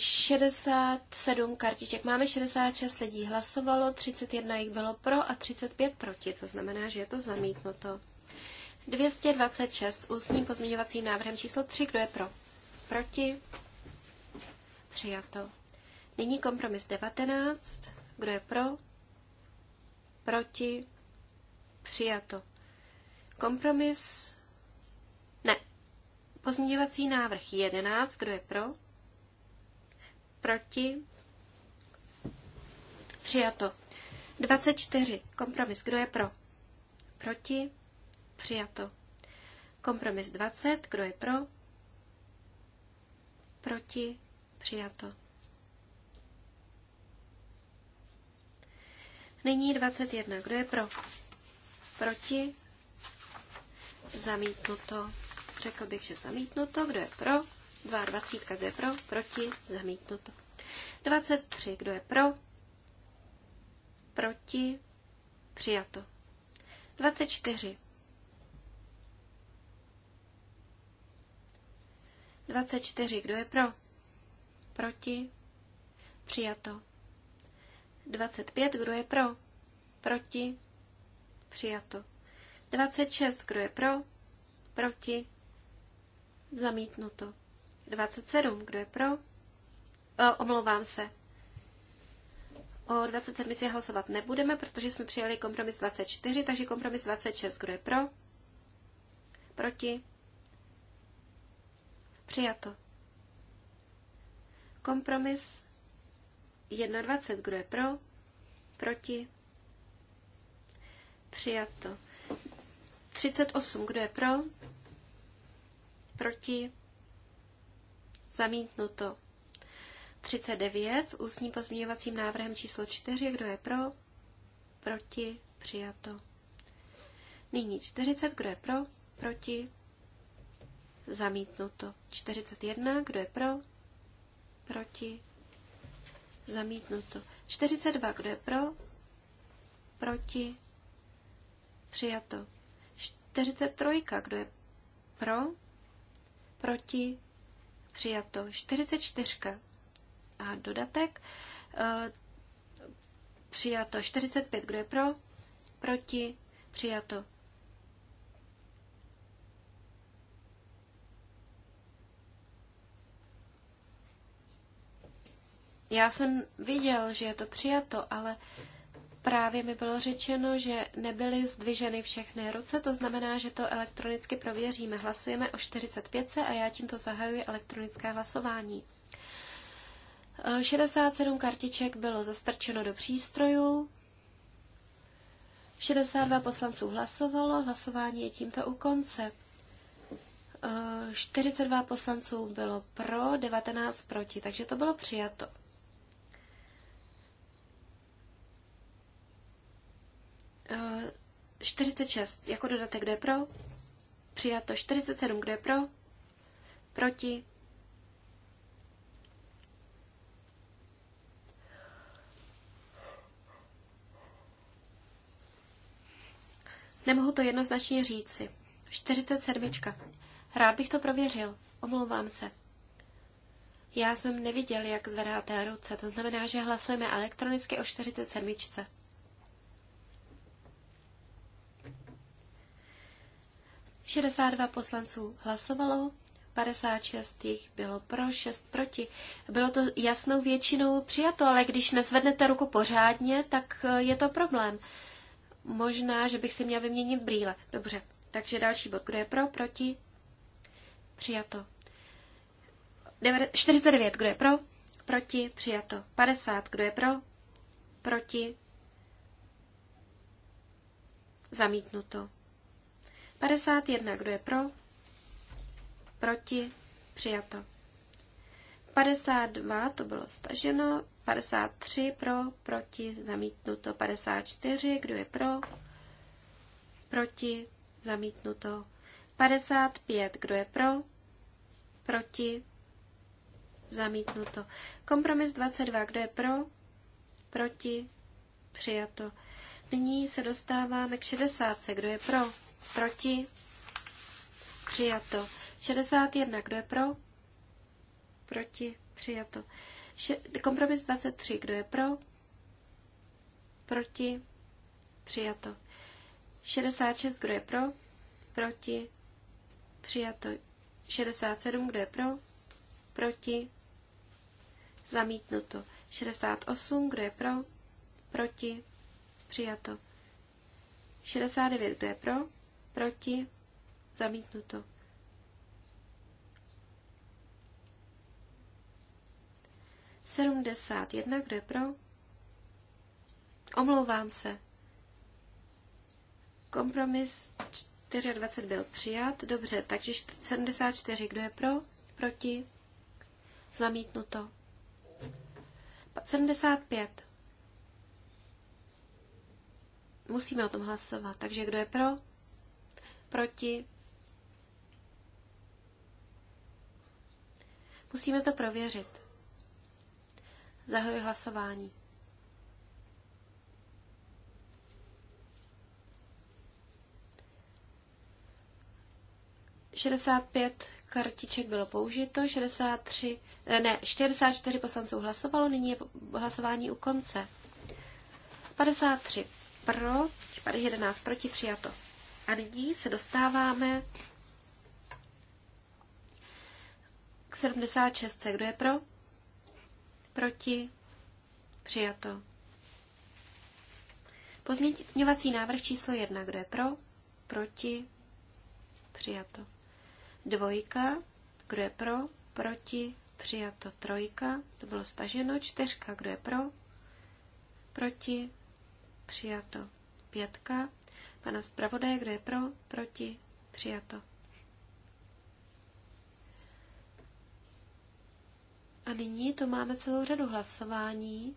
67 kartiček. Máme 66 lidí hlasovalo, 31 jich bylo pro a 35 proti. To znamená, že je to zamítnuto. 226 s ústním pozměňovacím návrhem číslo 3. Kdo je pro? Proti? Přijato. Nyní kompromis 19. Kdo je pro? Proti? Přijato. Kompromis? Ne. Pozměňovací návrh 11. Kdo je pro? proti, přijato. 24. Kompromis. Kdo je pro? Proti? Přijato. Kompromis 20. Kdo je pro? Proti? Přijato. Nyní 21. Kdo je pro? Proti? Zamítnuto. Řekl bych, že zamítnuto. Kdo je pro? 22, kdo je pro, proti, zamítnuto. 23, kdo je pro, proti, přijato. 24. 24, kdo je pro, proti, přijato. 25, kdo je pro, proti, přijato. 26, kdo je pro, proti, zamítnuto. 27. Kdo je pro? O, omlouvám se. O 27 si hlasovat nebudeme, protože jsme přijali kompromis 24, takže kompromis 26. Kdo je pro? Proti? Přijato. Kompromis 21. Kdo je pro? Proti? Přijato. 38. Kdo je pro? Proti? Zamítnuto. 39 s ústním pozměňovacím návrhem číslo 4. Kdo je pro? Proti? Přijato. Nyní 40. Kdo je pro? Proti? Zamítnuto. 41. Kdo je pro? Proti? Zamítnuto. 42. Kdo je pro? Proti? Přijato. 43. Kdo je pro? Proti? přijato 44 a dodatek, eh, přijato 45, kdo je pro, proti, přijato. Já jsem viděl, že je to přijato, ale Právě mi bylo řečeno, že nebyly zdviženy všechny ruce, to znamená, že to elektronicky prověříme. Hlasujeme o 45 a já tímto zahajuji elektronické hlasování. 67 e, kartiček bylo zastrčeno do přístrojů. 62 poslanců hlasovalo, hlasování je tímto u konce. 42 e, poslanců bylo pro, 19 proti, takže to bylo přijato. 46 eh, jako dodatek, kdo je pro? Přijato 47, kdo je pro? Proti? Nemohu to jednoznačně říci. 47. Rád bych to prověřil. Omlouvám se. Já jsem neviděl, jak zvedáte ruce, to znamená, že hlasujeme elektronicky o 47. 62 poslanců hlasovalo, 56 jich bylo pro, 6 proti. Bylo to jasnou většinou přijato, ale když nezvednete ruku pořádně, tak eh, je to problém. Možná, že bych si měla vyměnit brýle. Dobře, takže další bod. Kdo je pro, proti? Přijato. 49, kdo je pro? Proti, přijato. 50, kdo je pro? Proti. Zamítnuto. 51. Kdo je pro? Proti? Přijato. 52. To bylo staženo. 53. Pro? Proti? Zamítnuto. 54. Kdo je pro? Proti? Zamítnuto. 55. Kdo je pro? Proti? Zamítnuto. Kompromis 22. Kdo je pro? Proti? Přijato. Nyní se dostáváme k 60. Kdo je pro? Proti? Přijato. 61. Kdo je pro? Proti? Přijato. Kompromis 23. Kdo je pro? Proti? Přijato. 66. Kdo je pro? Proti? Přijato. 67. Kdo je pro? Proti? Zamítnuto. 68. Kdo je pro? Proti? Přijato. 69. Kdo je pro? proti, zamítnuto. Sedmdesát jedna, kdo je pro? Omlouvám se. Kompromis 24 byl přijat. Dobře, takže 74, kdo je pro? Proti? Zamítnuto. 75. Musíme o tom hlasovat. Takže kdo je pro? proti. Musíme to prověřit. Zahajuji hlasování. Šedesát pět kartiček bylo použito, 63, eh, ne, 44 poslanců hlasovalo, nyní je hlasování u konce. 53 pro, 11 proti, přijato. A nyní se dostáváme k 76. Kdo je pro? Proti? Přijato. Pozměňovací návrh číslo 1. Kdo je pro? Proti? Přijato. Dvojka. Kdo je pro? Proti? Přijato. Trojka. To bylo staženo. Čtyřka. Kdo je pro? Proti? Přijato. Pětka pana zpravodaje, kdo je pro, proti, přijato. A nyní to máme celou řadu hlasování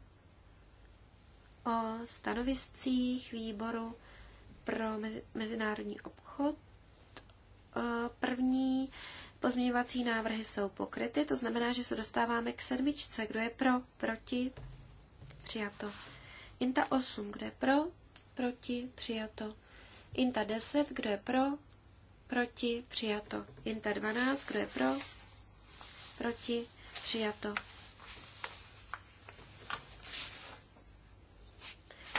o stanoviscích výboru pro mezinárodní obchod. E, první pozměňovací návrhy jsou pokryty, to znamená, že se dostáváme k sedmičce. Kdo je pro, proti, přijato. Inta 8, kdo je pro, proti, přijato. Inta 10, kdo je pro, proti, přijato. Inta 12, kdo je pro, proti, přijato.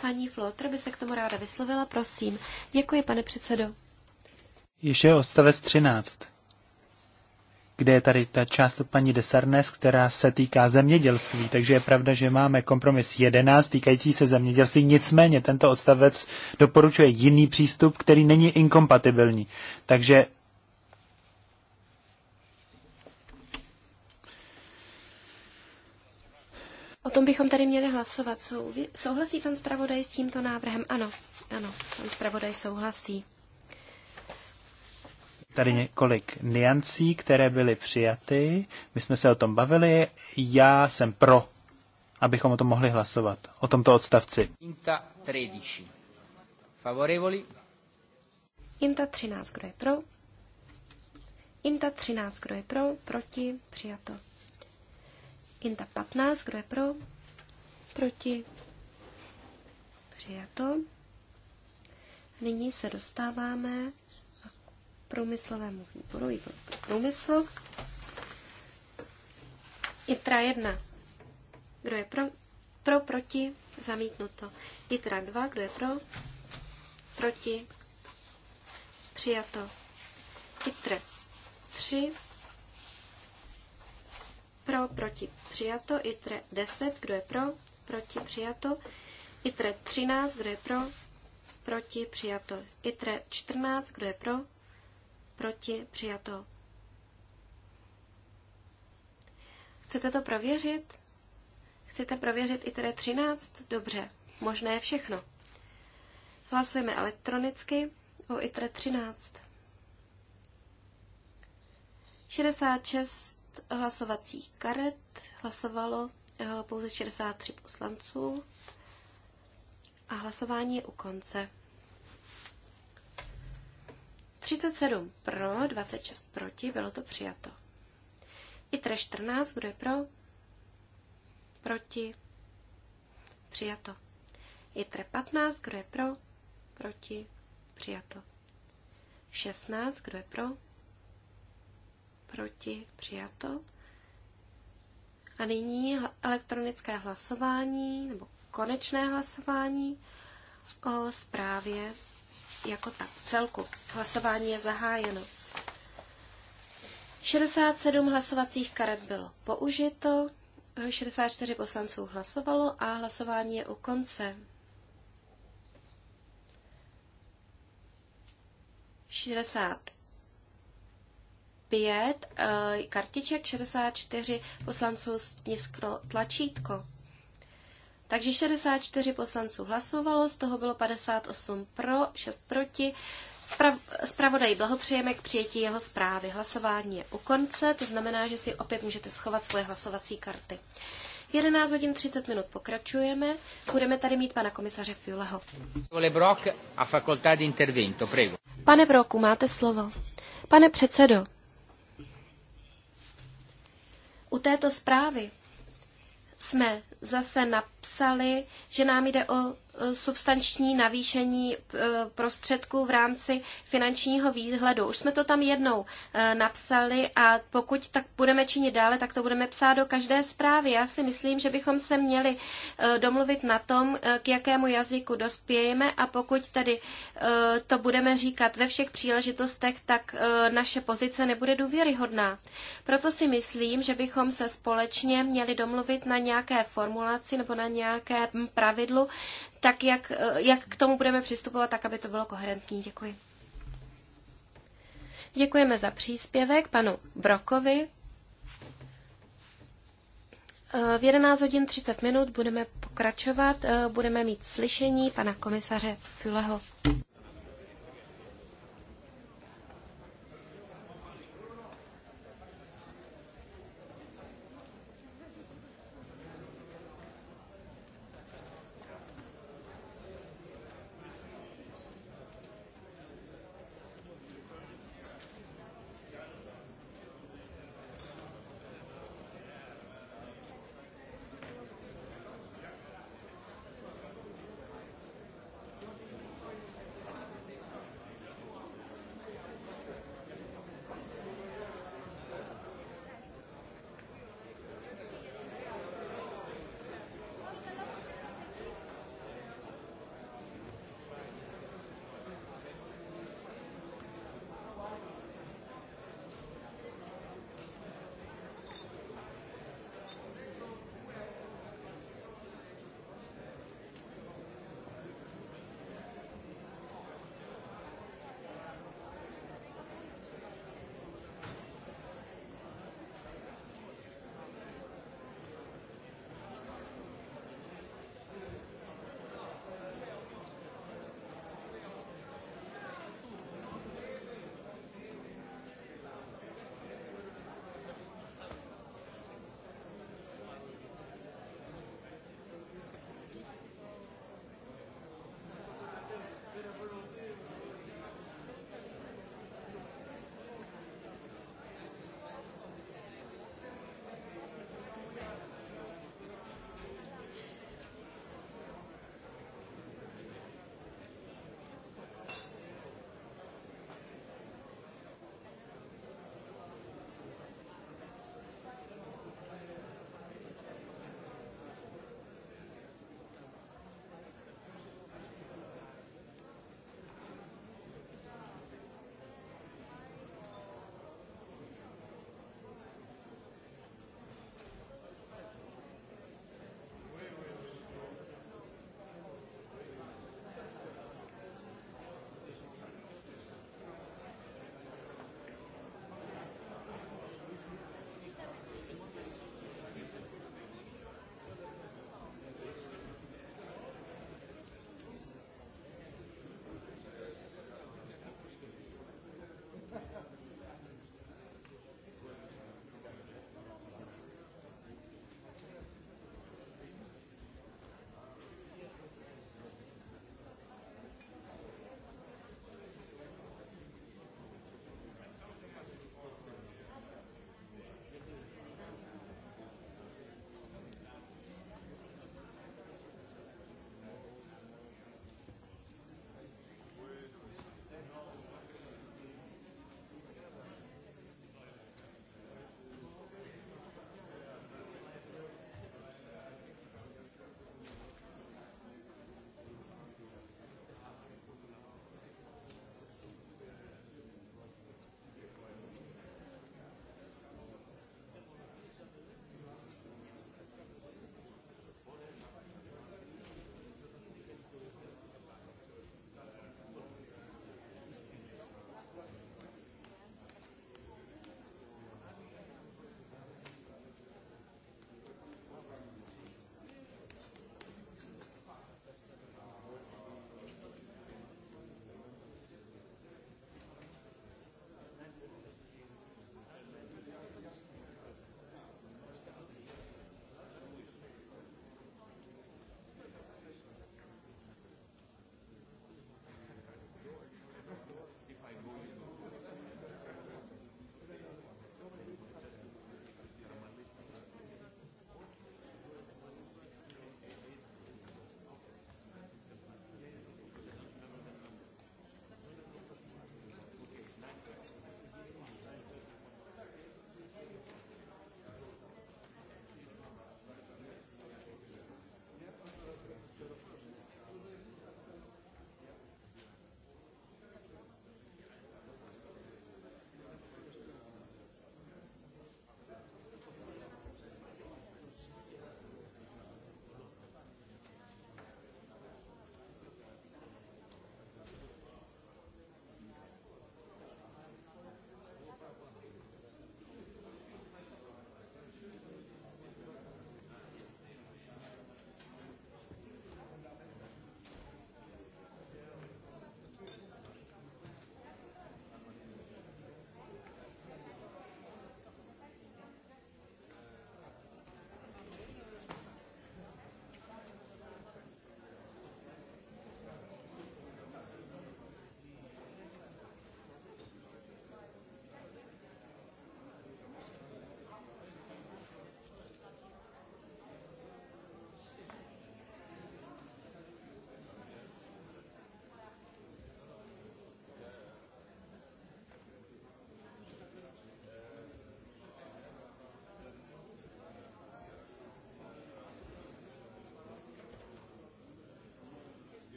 Paní Flotr by se k tomu ráda vyslovila, prosím. Děkuji, pane předsedo. Ještě odstavec 13 kde je tady ta část od paní Desarnes, která se týká zemědělství. Takže je pravda, že máme kompromis 11 týkající se zemědělství, nicméně tento odstavec doporučuje jiný přístup, který není inkompatibilní. Takže O tom bychom tady měli hlasovat. Souhlasí pan zpravodaj s tímto návrhem? Ano, ano, pan zpravodaj souhlasí tady několik niancí, které byly přijaty. My jsme se o tom bavili. Já jsem pro, abychom o tom mohli hlasovat. O tomto odstavci. Inta 13. Favorevoli. Inta 13, kdo je pro? Inta 13, kdo je pro? Proti? Přijato. Inta 15, kdo je pro? Proti? Přijato. Nyní se dostáváme průmyslovému výboru, výboru pro průmysl. Jitra 1. Kdo je pro? Pro, proti, zamítnuto. Jitra 2. Kdo je pro? Proti, přijato. Jitra 3. Pro, proti, přijato. Jitra 10. Kdo je pro? Proti, přijato. Jitra 13, kdo je pro? Proti, přijato. Jitra 14, kdo je pro? proti, přijato. Chcete to prověřit? Chcete prověřit i tedy 13? Dobře, možné všechno. Hlasujeme elektronicky o ITRE 13. 66 hlasovacích karet hlasovalo eh, pouze 63 poslanců a hlasování je u konce. 37 pro, 26 proti, bylo to přijato. ITRE 14, kdo je pro? Proti. Přijato. ITRE 15, kdo je pro? Proti. Přijato. 16, kdo je pro? Proti. Přijato. A nyní elektronické hlasování, nebo konečné hlasování o zprávě jako tak celku. Hlasování je zahájeno. 67 hlasovacích karet bylo použito, 64 poslanců hlasovalo a hlasování je u konce. 65 eh, kartiček, 64 poslanců stisklo tlačítko. Takže 64 poslanců hlasovalo, z toho bylo 58 pro, 6 proti. Sprav, spravodaj blahopřejeme k přijetí jeho zprávy. Hlasování je u konce, to znamená, že si opět můžete schovat svoje hlasovací karty. V 11 hodin 30 minut pokračujeme. Budeme tady mít pana komisaře Fiuleho. Pane Broku, máte slovo. Pane předsedo, u této zprávy jsme zase napsali, že nám jde o substanční navýšení eh, prostředků v rámci finančního výhledu. Už jsme to tam jednou eh, napsali a pokud tak budeme činit dále, tak to budeme psát do každé zprávy. Já si myslím, že bychom se měli eh, domluvit na tom, k jakému jazyku dospějeme a pokud tedy to budeme říkat ve všech příležitostech, tak naše pozice nebude důvěryhodná. Proto si myslím, že bychom se společně měli domluvit na nějaké formulaci nebo na nějaké pravidlu, tak jak, eh, jak k tomu budeme přistupovat, tak aby to bylo koherentní. Děkuji. Děkujeme za příspěvek panu Brokovi. Eh, v 11 hodin 30 minut budeme pokračovat, eh, budeme mít slyšení pana komisaře Füleho.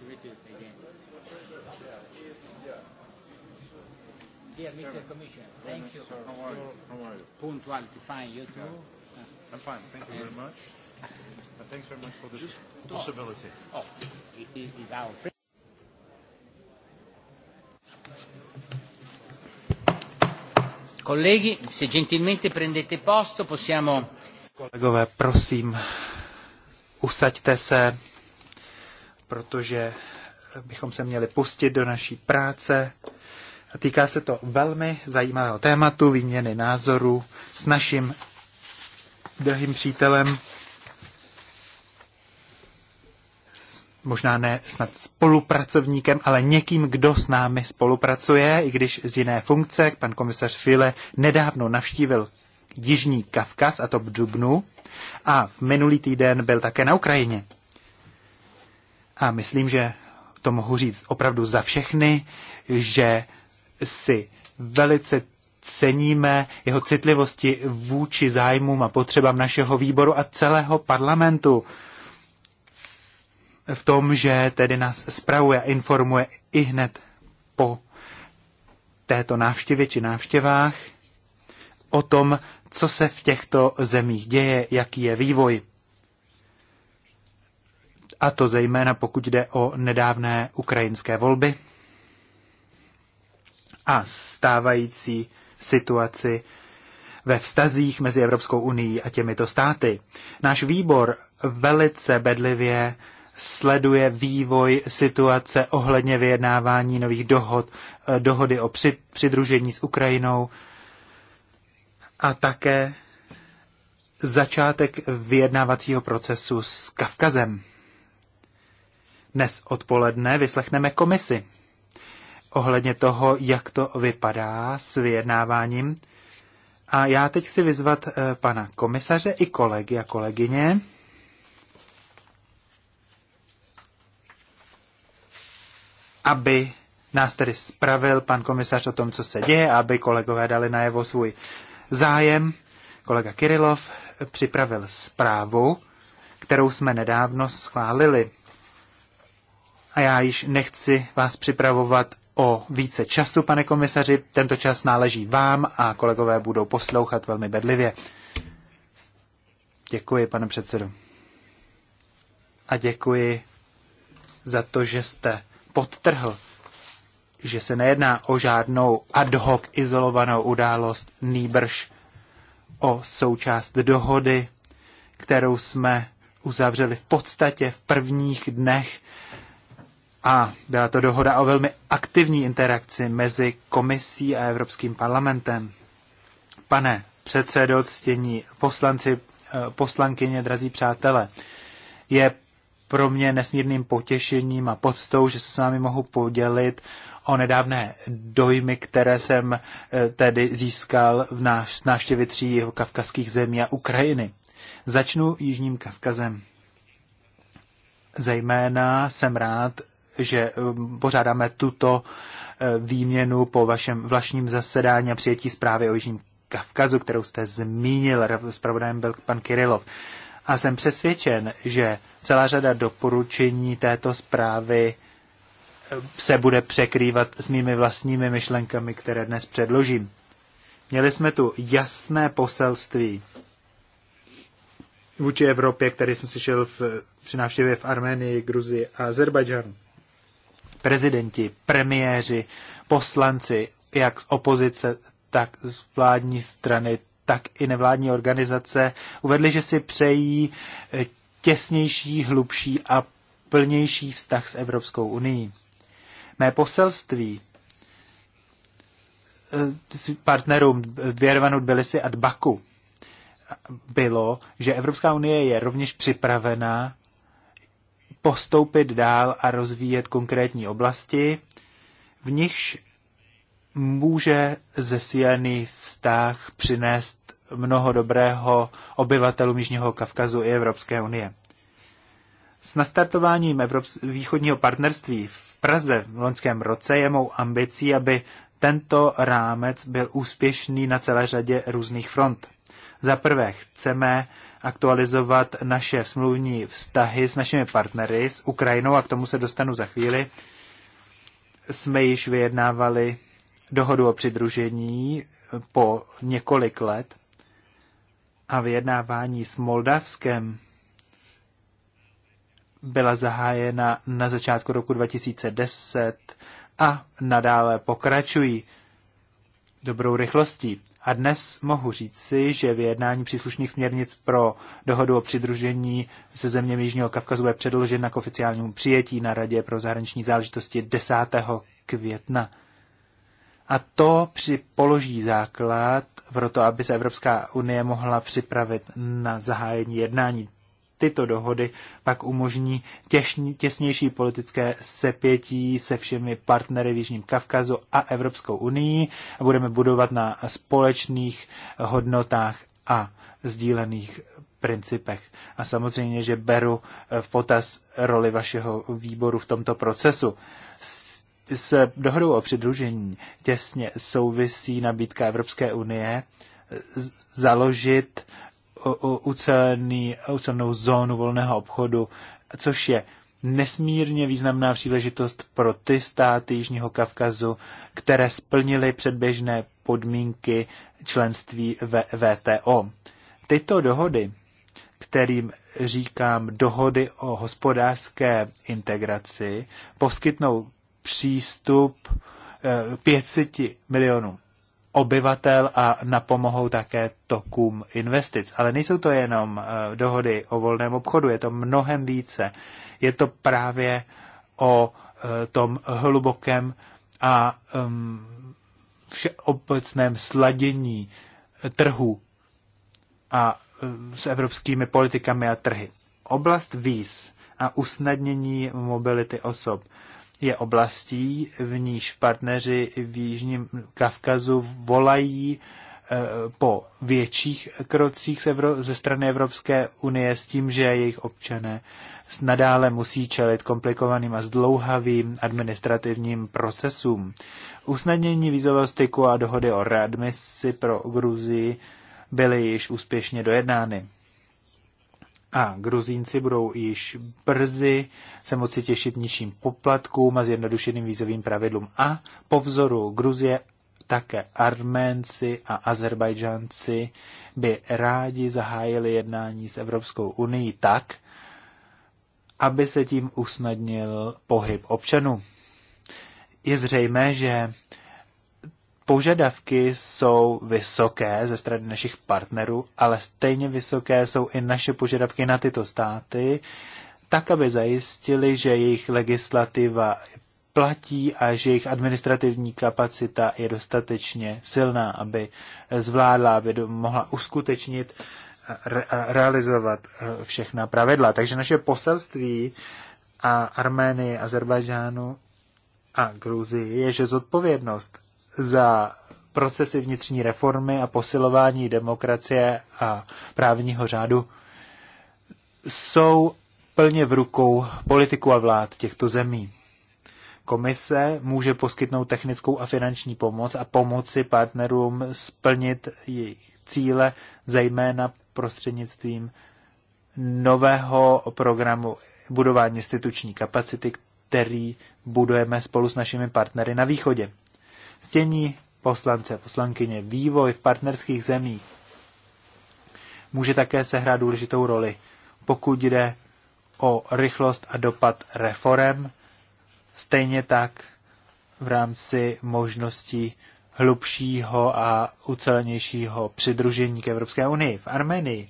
possibilities again. Dear Mr. Commissioner, thank you. How are you? How are you? Punctuality, fine. You too? Yeah. I'm fine. Thank you very much. And thanks very much for this possibility. oh. it is our Colleghi, se gentilmente prendete posto, possiamo... Kolegové, prosím, usaďte se protože bychom se měli pustit do naší práce. A týká se to velmi zajímavého tématu, výměny názorů s naším drahým přítelem, možná ne snad spolupracovníkem, ale někým, kdo s námi spolupracuje, i když z jiné funkce. Pan komisař File nedávno navštívil Jižní Kavkaz, a to v Dubnu, a v minulý týden byl také na Ukrajině a myslím, že to mohu říct opravdu za všechny, že si velice ceníme jeho citlivosti vůči zájmům a potřebám našeho výboru a celého parlamentu v tom, že tedy nás zpravuje a informuje i hned po této návštěvě či návštěvách o tom, co se v těchto zemích děje, jaký je vývoj a to zejména pokud jde o nedávné ukrajinské volby a stávající situaci ve vztazích mezi Evropskou unii a těmito státy. Náš výbor velice bedlivě sleduje vývoj situace ohledně vyjednávání nových dohod, eh, dohody o přidružení s Ukrajinou a také začátek vyjednávacího procesu s Kavkazem. Dnes odpoledne vyslechneme komisi ohledně toho, jak to vypadá s vyjednáváním. A já teď chci vyzvat eh, pana komisaře i kolegy a kolegyně, aby nás tedy spravil pan komisař o tom, co se děje, aby kolegové dali najevo svůj zájem. Kolega Kirilov připravil zprávu, kterou jsme nedávno schválili. A já již nechci vás připravovat o více času, pane komisaři. Tento čas náleží vám a kolegové budou poslouchat velmi bedlivě. Děkuji, pane předsedo. A děkuji za to, že jste podtrhl, že se nejedná o žádnou ad hoc izolovanou událost, nýbrž o součást dohody, kterou jsme uzavřeli v podstatě v prvních dnech a byla to dohoda o velmi aktivní interakci mezi komisí a Evropským parlamentem. Pane předsedo, ctění poslanci, eh, poslankyně, drazí přátelé, je pro mě nesmírným potěšením a poctou, že se s vámi mohu podělit o nedávné dojmy, které jsem eh, tedy získal v náš, návštěvě tří jeho kavkazských zemí a Ukrajiny. Začnu Jižním Kavkazem. Zejména jsem rád, že eh, pořádáme tuto eh, výměnu po vašem vlastním zasedání a přijetí zprávy o Jižním Kavkazu, kterou jste zmínil, zpravodajem byl pan Kirilov. A jsem přesvědčen, že celá řada doporučení této zprávy eh, se bude překrývat s mými vlastními myšlenkami, které dnes předložím. Měli jsme tu jasné poselství vůči Evropě, které jsem slyšel v, při návštěvě v Arménii, Gruzii a Azerbajdžánu prezidenti, premiéři, poslanci, jak z opozice, tak z vládní strany, tak i nevládní organizace uvedli, že si přejí eh, těsnější, hlubší a plnější vztah s Evropskou unii. Mé poselství eh, partnerům Věrvanu, Tbilisi a Dbaku bylo, že Evropská unie je rovněž připravená postoupit dál a rozvíjet konkrétní oblasti, v nichž může zesílený vztah přinést mnoho dobrého obyvatelům Jižního Kavkazu i Evropské unie. S nastartováním Evrops- východního partnerství v Praze v loňském roce je mou ambicí, aby tento rámec byl úspěšný na celé řadě různých front. Za prvé chceme aktualizovat naše smluvní vztahy s našimi partnery, s Ukrajinou, a k tomu se dostanu za chvíli. Jsme již vyjednávali dohodu o přidružení po několik let a vyjednávání s Moldavskem byla zahájena na začátku roku 2010 a nadále pokračují dobrou rychlostí. A dnes mohu říci, že vyjednání příslušných směrnic pro dohodu o přidružení se zeměmi Jižního Kavkazu je předložena k oficiálnímu přijetí na Radě pro zahraniční záležitosti 10. května. A to připoloží základ pro to, aby se Evropská unie mohla připravit na zahájení jednání tyto dohody pak umožní těšní, těsnější politické sepětí se všemi partnery v Jižním Kavkazu a Evropskou unii a budeme budovat na společných hodnotách a sdílených principech. A samozřejmě, že beru v potaz roli vašeho výboru v tomto procesu. S, s dohodou o přidružení těsně souvisí nabídka Evropské unie založit ucelený, ucelenou zónu volného obchodu, což je nesmírně významná příležitost pro ty státy Jižního Kavkazu, které splnily předběžné podmínky členství v VTO. Tyto dohody, kterým říkám dohody o hospodářské integraci, poskytnou přístup 500 eh, milionům obyvatel a napomohou také tokům investic. Ale nejsou to jenom eh, dohody o volném obchodu, je to mnohem více. Je to právě o eh, tom hlubokém a ehm, všeobecném sladění eh, trhu a s evropskými politikami a trhy. Oblast víz a usnadnění mobility osob je oblastí, v níž partneři v Jižním Kavkazu volají e, po větších krocích ze strany Evropské unie s tím, že jejich občané nadále musí čelit komplikovaným a zdlouhavým administrativním procesům. Usnadnění vízového styku a dohody o readmisi pro Gruzii byly již úspěšně dojednány a gruzínci budou již brzy se moci těšit nižším poplatkům a zjednodušeným vízovým pravidlům. A po vzoru Gruzie také Arménci a Azerbajdžanci by rádi zahájili jednání s Evropskou unii tak, aby se tím usnadnil pohyb občanů. Je zřejmé, že požadavky jsou vysoké ze strany našich partnerů, ale stejně vysoké jsou i naše požadavky na tyto státy, tak, aby zajistili, že jejich legislativa platí a že jejich administrativní kapacita je dostatečně silná, aby zvládla, aby mohla uskutečnit a realizovat eh, všechna pravidla. Takže naše poselství a Arménii, Azerbajdžánu a Gruzii je, že zodpovědnost za procesy vnitřní reformy a posilování demokracie a právního řádu jsou plně v rukou politiku a vlád těchto zemí. Komise může poskytnout technickou a finanční pomoc a pomoci partnerům splnit jejich cíle, zejména prostřednictvím nového programu budování instituční kapacity, který budujeme spolu s našimi partnery na východě stění poslance, poslankyně, vývoj v partnerských zemích může také sehrát důležitou roli, pokud jde o rychlost a dopad reform, stejně tak v rámci možností hlubšího a ucelenějšího přidružení k Evropské unii. V Armenii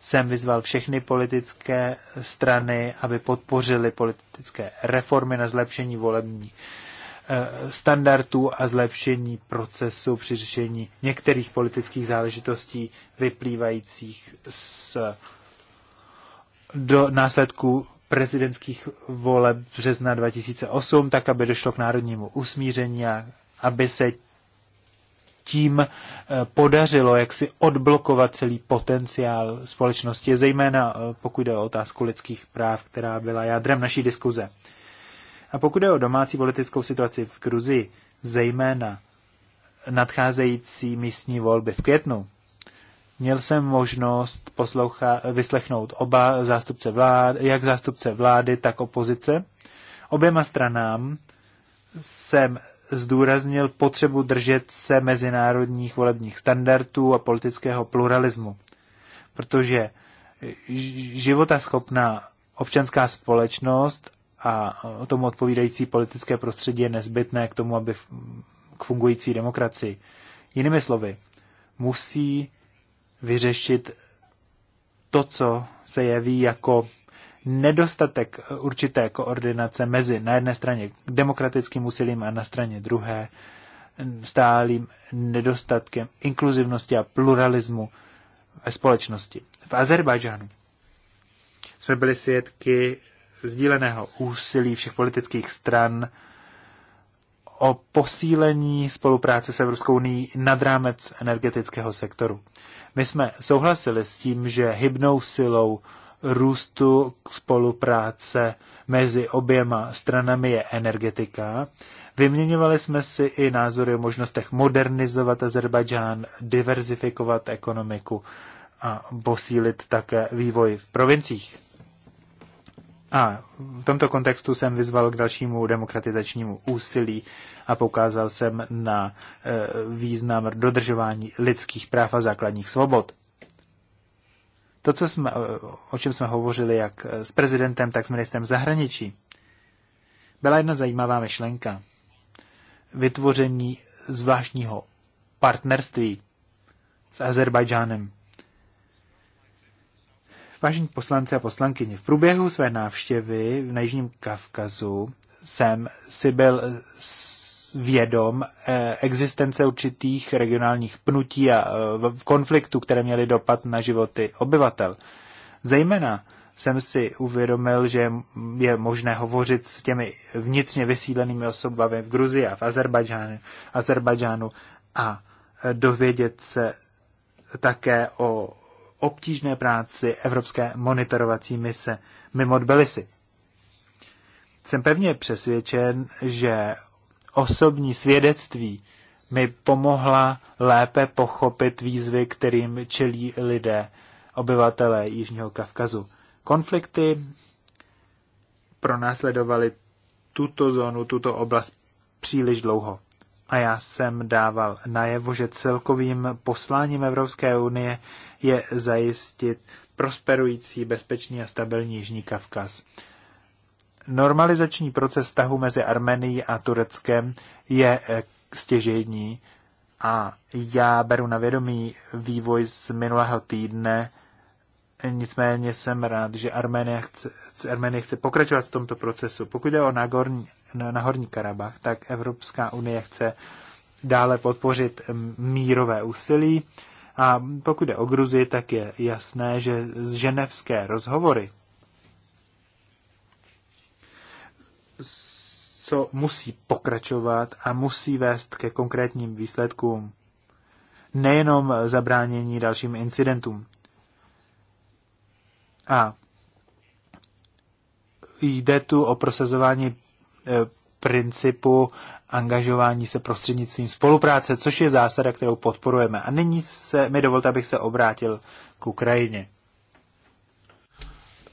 jsem vyzval všechny politické strany, aby podpořili politické reformy na zlepšení volební Eh, standardů a zlepšení procesu při řešení některých politických záležitostí vyplývajících z do následků prezidentských voleb března 2008, tak aby došlo k národnímu usmíření a aby se tím eh, podařilo jak si odblokovat celý potenciál společnosti, zejména eh, pokud jde o otázku lidských práv, která byla jádrem naší diskuze. A pokud je o domácí politickou situaci v Gruzii, zejména nadcházející místní volby v květnu, měl jsem možnost poslouchat, vyslechnout oba zástupce vlády, jak zástupce vlády, tak opozice. Oběma stranám jsem zdůraznil potřebu držet se mezinárodních volebních standardů a politického pluralismu, protože životaschopná občanská společnost a tomu odpovídající politické prostředí je nezbytné k tomu, aby k fungující demokracii. Jinými slovy, musí vyřešit to, co se jeví jako nedostatek určité koordinace mezi na jedné straně demokratickým úsilím a na straně druhé stálým nedostatkem inkluzivnosti a pluralismu ve společnosti. V Azerbajdžánu jsme byli svědky sdíleného úsilí všech politických stran o posílení spolupráce s Evropskou unii nad rámec energetického sektoru. My jsme souhlasili s tím, že hybnou silou růstu spolupráce mezi oběma stranami je energetika. Vyměňovali jsme si i názory o možnostech modernizovat Azerbajdžán, diverzifikovat ekonomiku a posílit také vývoj v provinciích. A v tomto kontextu jsem vyzval k dalšímu demokratizačnímu úsilí a poukázal jsem na e, význam dodržování lidských práv a základních svobod. To, co jsme, e, o čem jsme hovořili jak s prezidentem, tak s ministrem zahraničí, byla jedna zajímavá myšlenka. Vytvoření zvláštního partnerství s Azerbajdžánem. Vážení poslanci a poslankyni, v průběhu své návštěvy v Jižním Kavkazu jsem si byl eh, vědom eh, existence určitých regionálních pnutí a eh, konfliktů, které měly dopad na životy obyvatel. Zejména jsem si uvědomil, že je možné hovořit s těmi vnitřně vysídlenými osobami v Gruzii a v Azerbajdžánu, Azerbajdžánu a dovědět se také o obtížné práci Evropské monitorovací mise mimo Tbilisi. Jsem pevně přesvědčen, že osobní svědectví mi pomohla lépe pochopit výzvy, kterým čelí lidé, obyvatelé Jižního Kavkazu. Konflikty pronásledovaly tuto zónu, tuto oblast příliš dlouho a já jsem dával najevo, že celkovým posláním Evropské unie je zajistit prosperující, bezpečný a stabilní Jižní Kavkaz. Normalizační proces vztahu mezi Armenií a Tureckem je eh, stěžejní a já beru na vědomí vývoj z minulého týdne, Nicméně jsem rád, že Arménie chce, chce pokračovat v tomto procesu. Pokud jde o Nagorní na Horní Karabach, tak Evropská unie chce dále podpořit mírové úsilí. A pokud je o Gruzii, tak je jasné, že z ženevské rozhovory, co musí pokračovat a musí vést ke konkrétním výsledkům, nejenom zabránění dalším incidentům. A jde tu o prosazování Eh, principu angažování se prostřednictvím spolupráce, což je zásada, kterou podporujeme. A nyní se, mi dovolte, abych se obrátil k Ukrajině.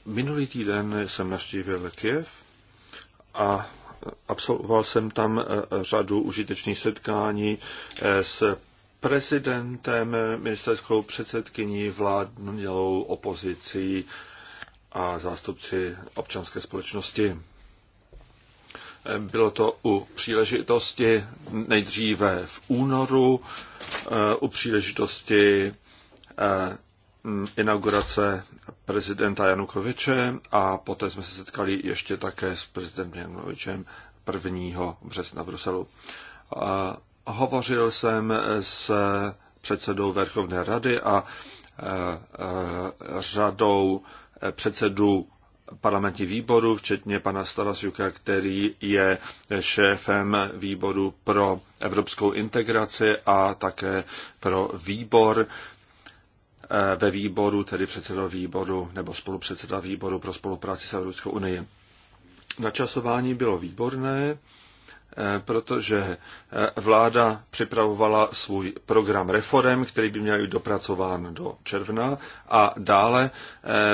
Minulý týden jsem navštívil Kiev a absolvoval jsem tam eh, řadu užitečných setkání eh, s prezidentem, ministerskou předsedkyní, vládnou opozicí a zástupci občanské společnosti. Bylo to u příležitosti nejdříve v únoru, eh, u příležitosti eh, inaugurace prezidenta Janukoviče a poté jsme se setkali ještě také s prezidentem Janukovičem 1. března v Bruselu. Eh, hovořil jsem s předsedou Verchovné rady a řadou předsedů parlamentních výborů, včetně pana Starasuka, který je šéfem výboru pro evropskou integraci a také pro výbor eh, ve výboru, tedy předseda výboru nebo spolupředseda výboru pro spolupráci s Evropskou unii. Načasování bylo výborné, eh, protože eh, vláda připravovala svůj program reform, který by měl být dopracován do června a dále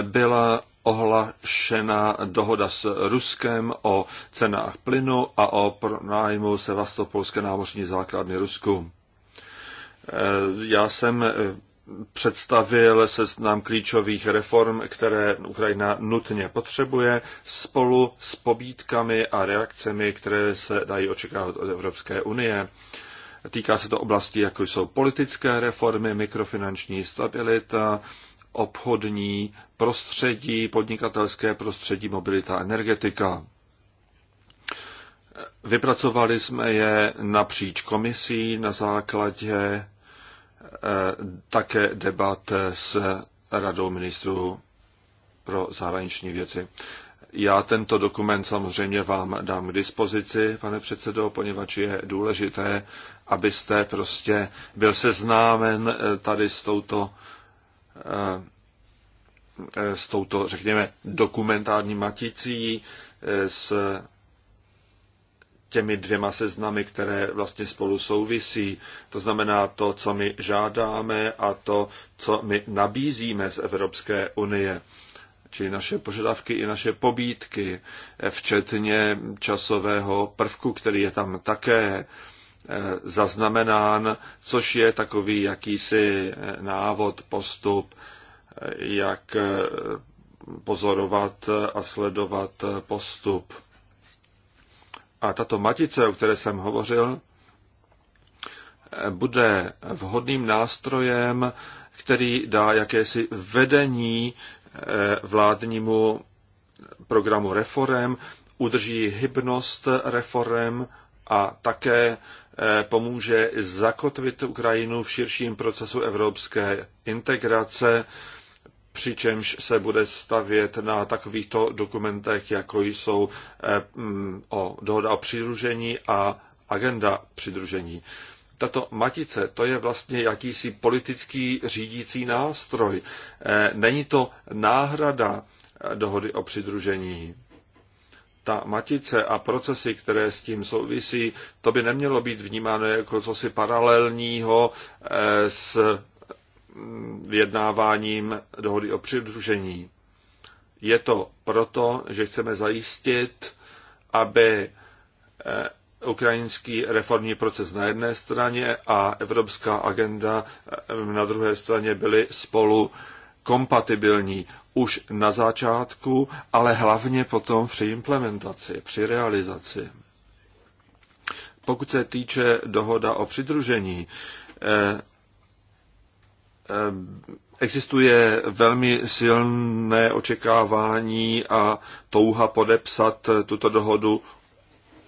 byla ohlašena dohoda s Ruskem o cenách plynu a o pronájmu Sevastopolské námořní základny Rusku. Já jsem eh, představil seznam klíčových reform, které Ukrajina nutně potřebuje, spolu s pobídkami a reakcemi, které se dají očekávat od Evropské unie. Týká se to oblasti, jako jsou politické reformy, mikrofinanční stabilita, obchodní prostředí, podnikatelské prostředí, mobilita, energetika. Vypracovali jsme je napříč komisí na základě eh, také debat s radou ministrů pro zahraniční věci. Já tento dokument samozřejmě vám dám k dispozici, pane předsedo, poněvadž je důležité, abyste prostě byl seznámen eh, tady s touto Eh, s touto, řekněme, dokumentární maticí, eh, s těmi dvěma seznamy, které vlastně spolu souvisí. To znamená to, co my žádáme a to, co my nabízíme z Evropské unie. Čili naše požadavky i naše pobídky, eh, včetně časového prvku, který je tam také. Eh, zaznamenán, což je takový jakýsi eh, návod, postup, eh, jak pozorovat a sledovat postup. A tato matice, o které jsem hovořil, bude vhodným nástrojem, který dá jakési vedení vládnímu programu reform, udrží hybnost reform a také Eh, pomůže zakotvit Ukrajinu v širším procesu evropské integrace, přičemž se bude stavět na takovýchto dokumentech, jako jsou eh, mm, o dohoda o přidružení a agenda přidružení. Tato matice, to je vlastně jakýsi politický řídící nástroj. Eh, není to náhrada dohody o přidružení ta matice a procesy, které s tím souvisí, to by nemělo být vnímáno jako cosi paralelního eh, s mm, vyjednáváním dohody o přidružení. Je to proto, že chceme zajistit, aby eh, ukrajinský reformní proces na jedné straně a evropská agenda eh, na druhé straně byly spolu kompatibilní už na začátku, ale hlavně potom při implementaci, při realizaci. Pokud se týče dohoda o přidružení, eh, eh, existuje velmi silné očekávání a touha podepsat tuto dohodu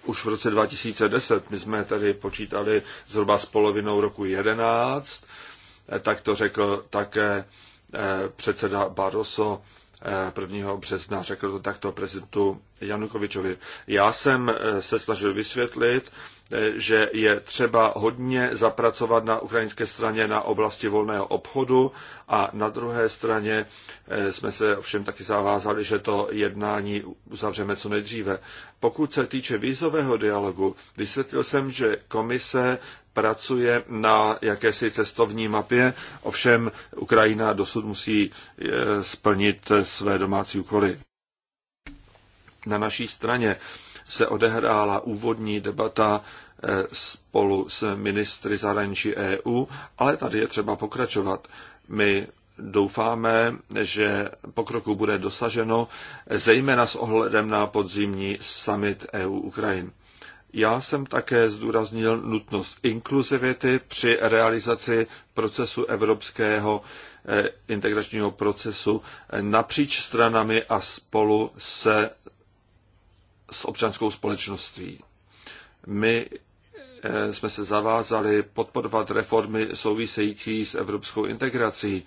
už v roce 2010. My jsme tady počítali zhruba s polovinou roku 11, eh, tak to řekl také Eh, předseda Barroso 1. Eh, března řekl to takto prezidentu Janukovičovi. Já jsem eh, se snažil vysvětlit, Eh, že je třeba hodně zapracovat na ukrajinské straně na oblasti volného obchodu a na druhé straně eh, jsme se ovšem taky zavázali, že to jednání uzavřeme co nejdříve. Pokud se týče vízového dialogu, vysvětlil jsem, že komise pracuje na jakési cestovní mapě, ovšem Ukrajina dosud musí eh, splnit své domácí úkoly. Na naší straně se odehrála úvodní debata spolu s ministry zahraničí EU, ale tady je třeba pokračovat. My doufáme, že pokroku bude dosaženo, zejména s ohledem na podzimní summit EU-Ukrajin. Já jsem také zdůraznil nutnost inkluzivity při realizaci procesu evropského eh, integračního procesu napříč stranami a spolu se s občanskou společností. My Eh, jsme se zavázali podporovat reformy související s evropskou integrací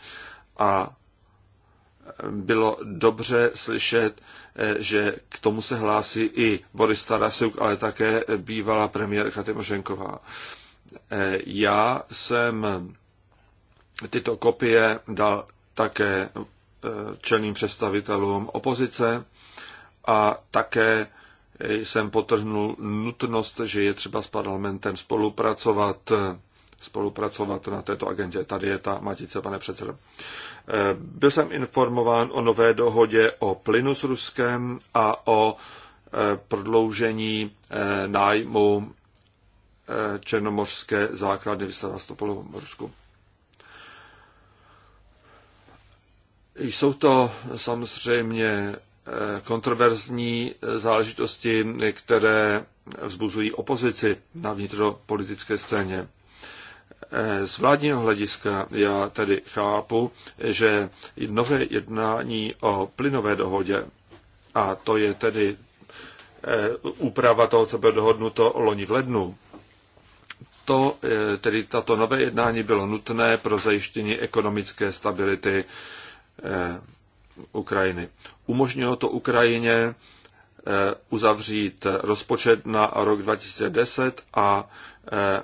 a bylo dobře slyšet, eh, že k tomu se hlásí i Boris Tarasuk, ale také bývalá premiérka Timošenková. Eh, já jsem tyto kopie dal také čelným představitelům opozice a také jsem potrhnul nutnost, že je třeba s parlamentem spolupracovat, spolupracovat na této agendě. Tady je ta matice, pane předsedo. Eh, byl jsem informován o nové dohodě o plynu s Ruskem a o eh, prodloužení eh, nájmu černomořské základny v Stavastopolu v Rusku. Jsou to samozřejmě kontroverzní záležitosti, které vzbuzují opozici na vnitropolitické scéně. Z vládního hlediska já tedy chápu, že nové jednání o plynové dohodě, a to je tedy eh, úprava toho, co bylo dohodnuto loni v lednu, to, eh, tedy tato nové jednání bylo nutné pro zajištění ekonomické stability eh, Ukrajiny. Umožnilo to Ukrajině eh, uzavřít rozpočet na rok 2010 a eh,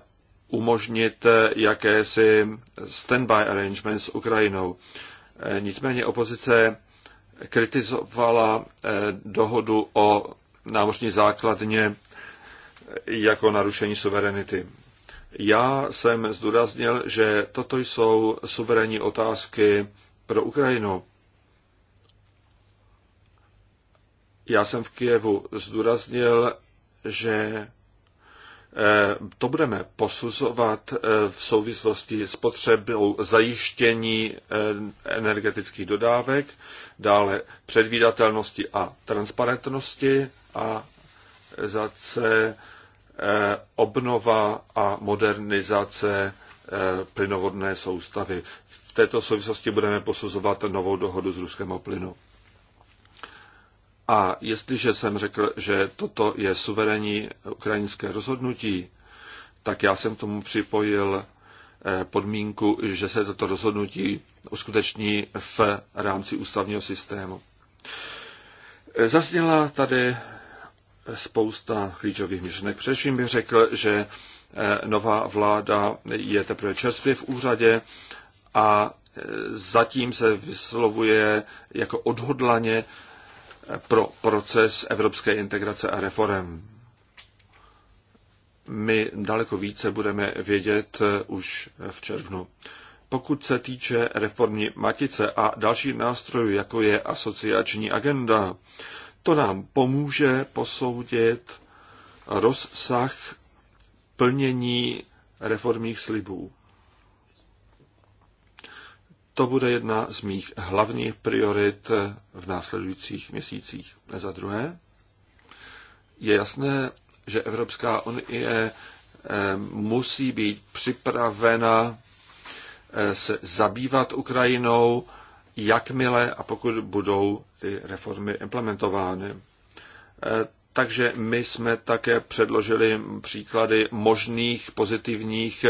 umožnit eh, jakési standby arrangement s Ukrajinou. Nicméně opozice kritizovala dohodu o námořní základně jako narušení suverenity. Já jsem zdůraznil, že toto jsou suverénní otázky pro Ukrajinu já jsem v Kijevu zdůraznil, že eh, to budeme posuzovat eh, v souvislosti s potřebou zajištění eh, energetických dodávek, dále předvídatelnosti a transparentnosti a za C obnova a modernizace plynovodné soustavy. V této souvislosti budeme posuzovat novou dohodu s Ruskem plynu. A jestliže jsem řekl, že toto je suverénní ukrajinské rozhodnutí, tak já jsem k tomu připojil eh, podmínku, že se toto rozhodnutí uskuteční v rámci ústavního systému. Eh, zazněla tady spousta klíčových myšlenek. Především bych řekl, že eh, nová vláda je teprve čerstvě v úřadě a zatím se vyslovuje jako odhodlaně pro proces evropské integrace a reform. My daleko více budeme vědět eh, už v červnu. Pokud se týče reformní matice a další nástrojů, jako je asociační agenda, to nám pomůže posoudit rozsah plnění reformních slibů to bude jedna z mých hlavních priorit v následujících měsících. Za druhé, je jasné, že Evropská unie eh, musí být připravena eh, se zabývat Ukrajinou, jakmile a pokud budou ty reformy implementovány. Eh, takže my jsme také předložili příklady možných pozitivních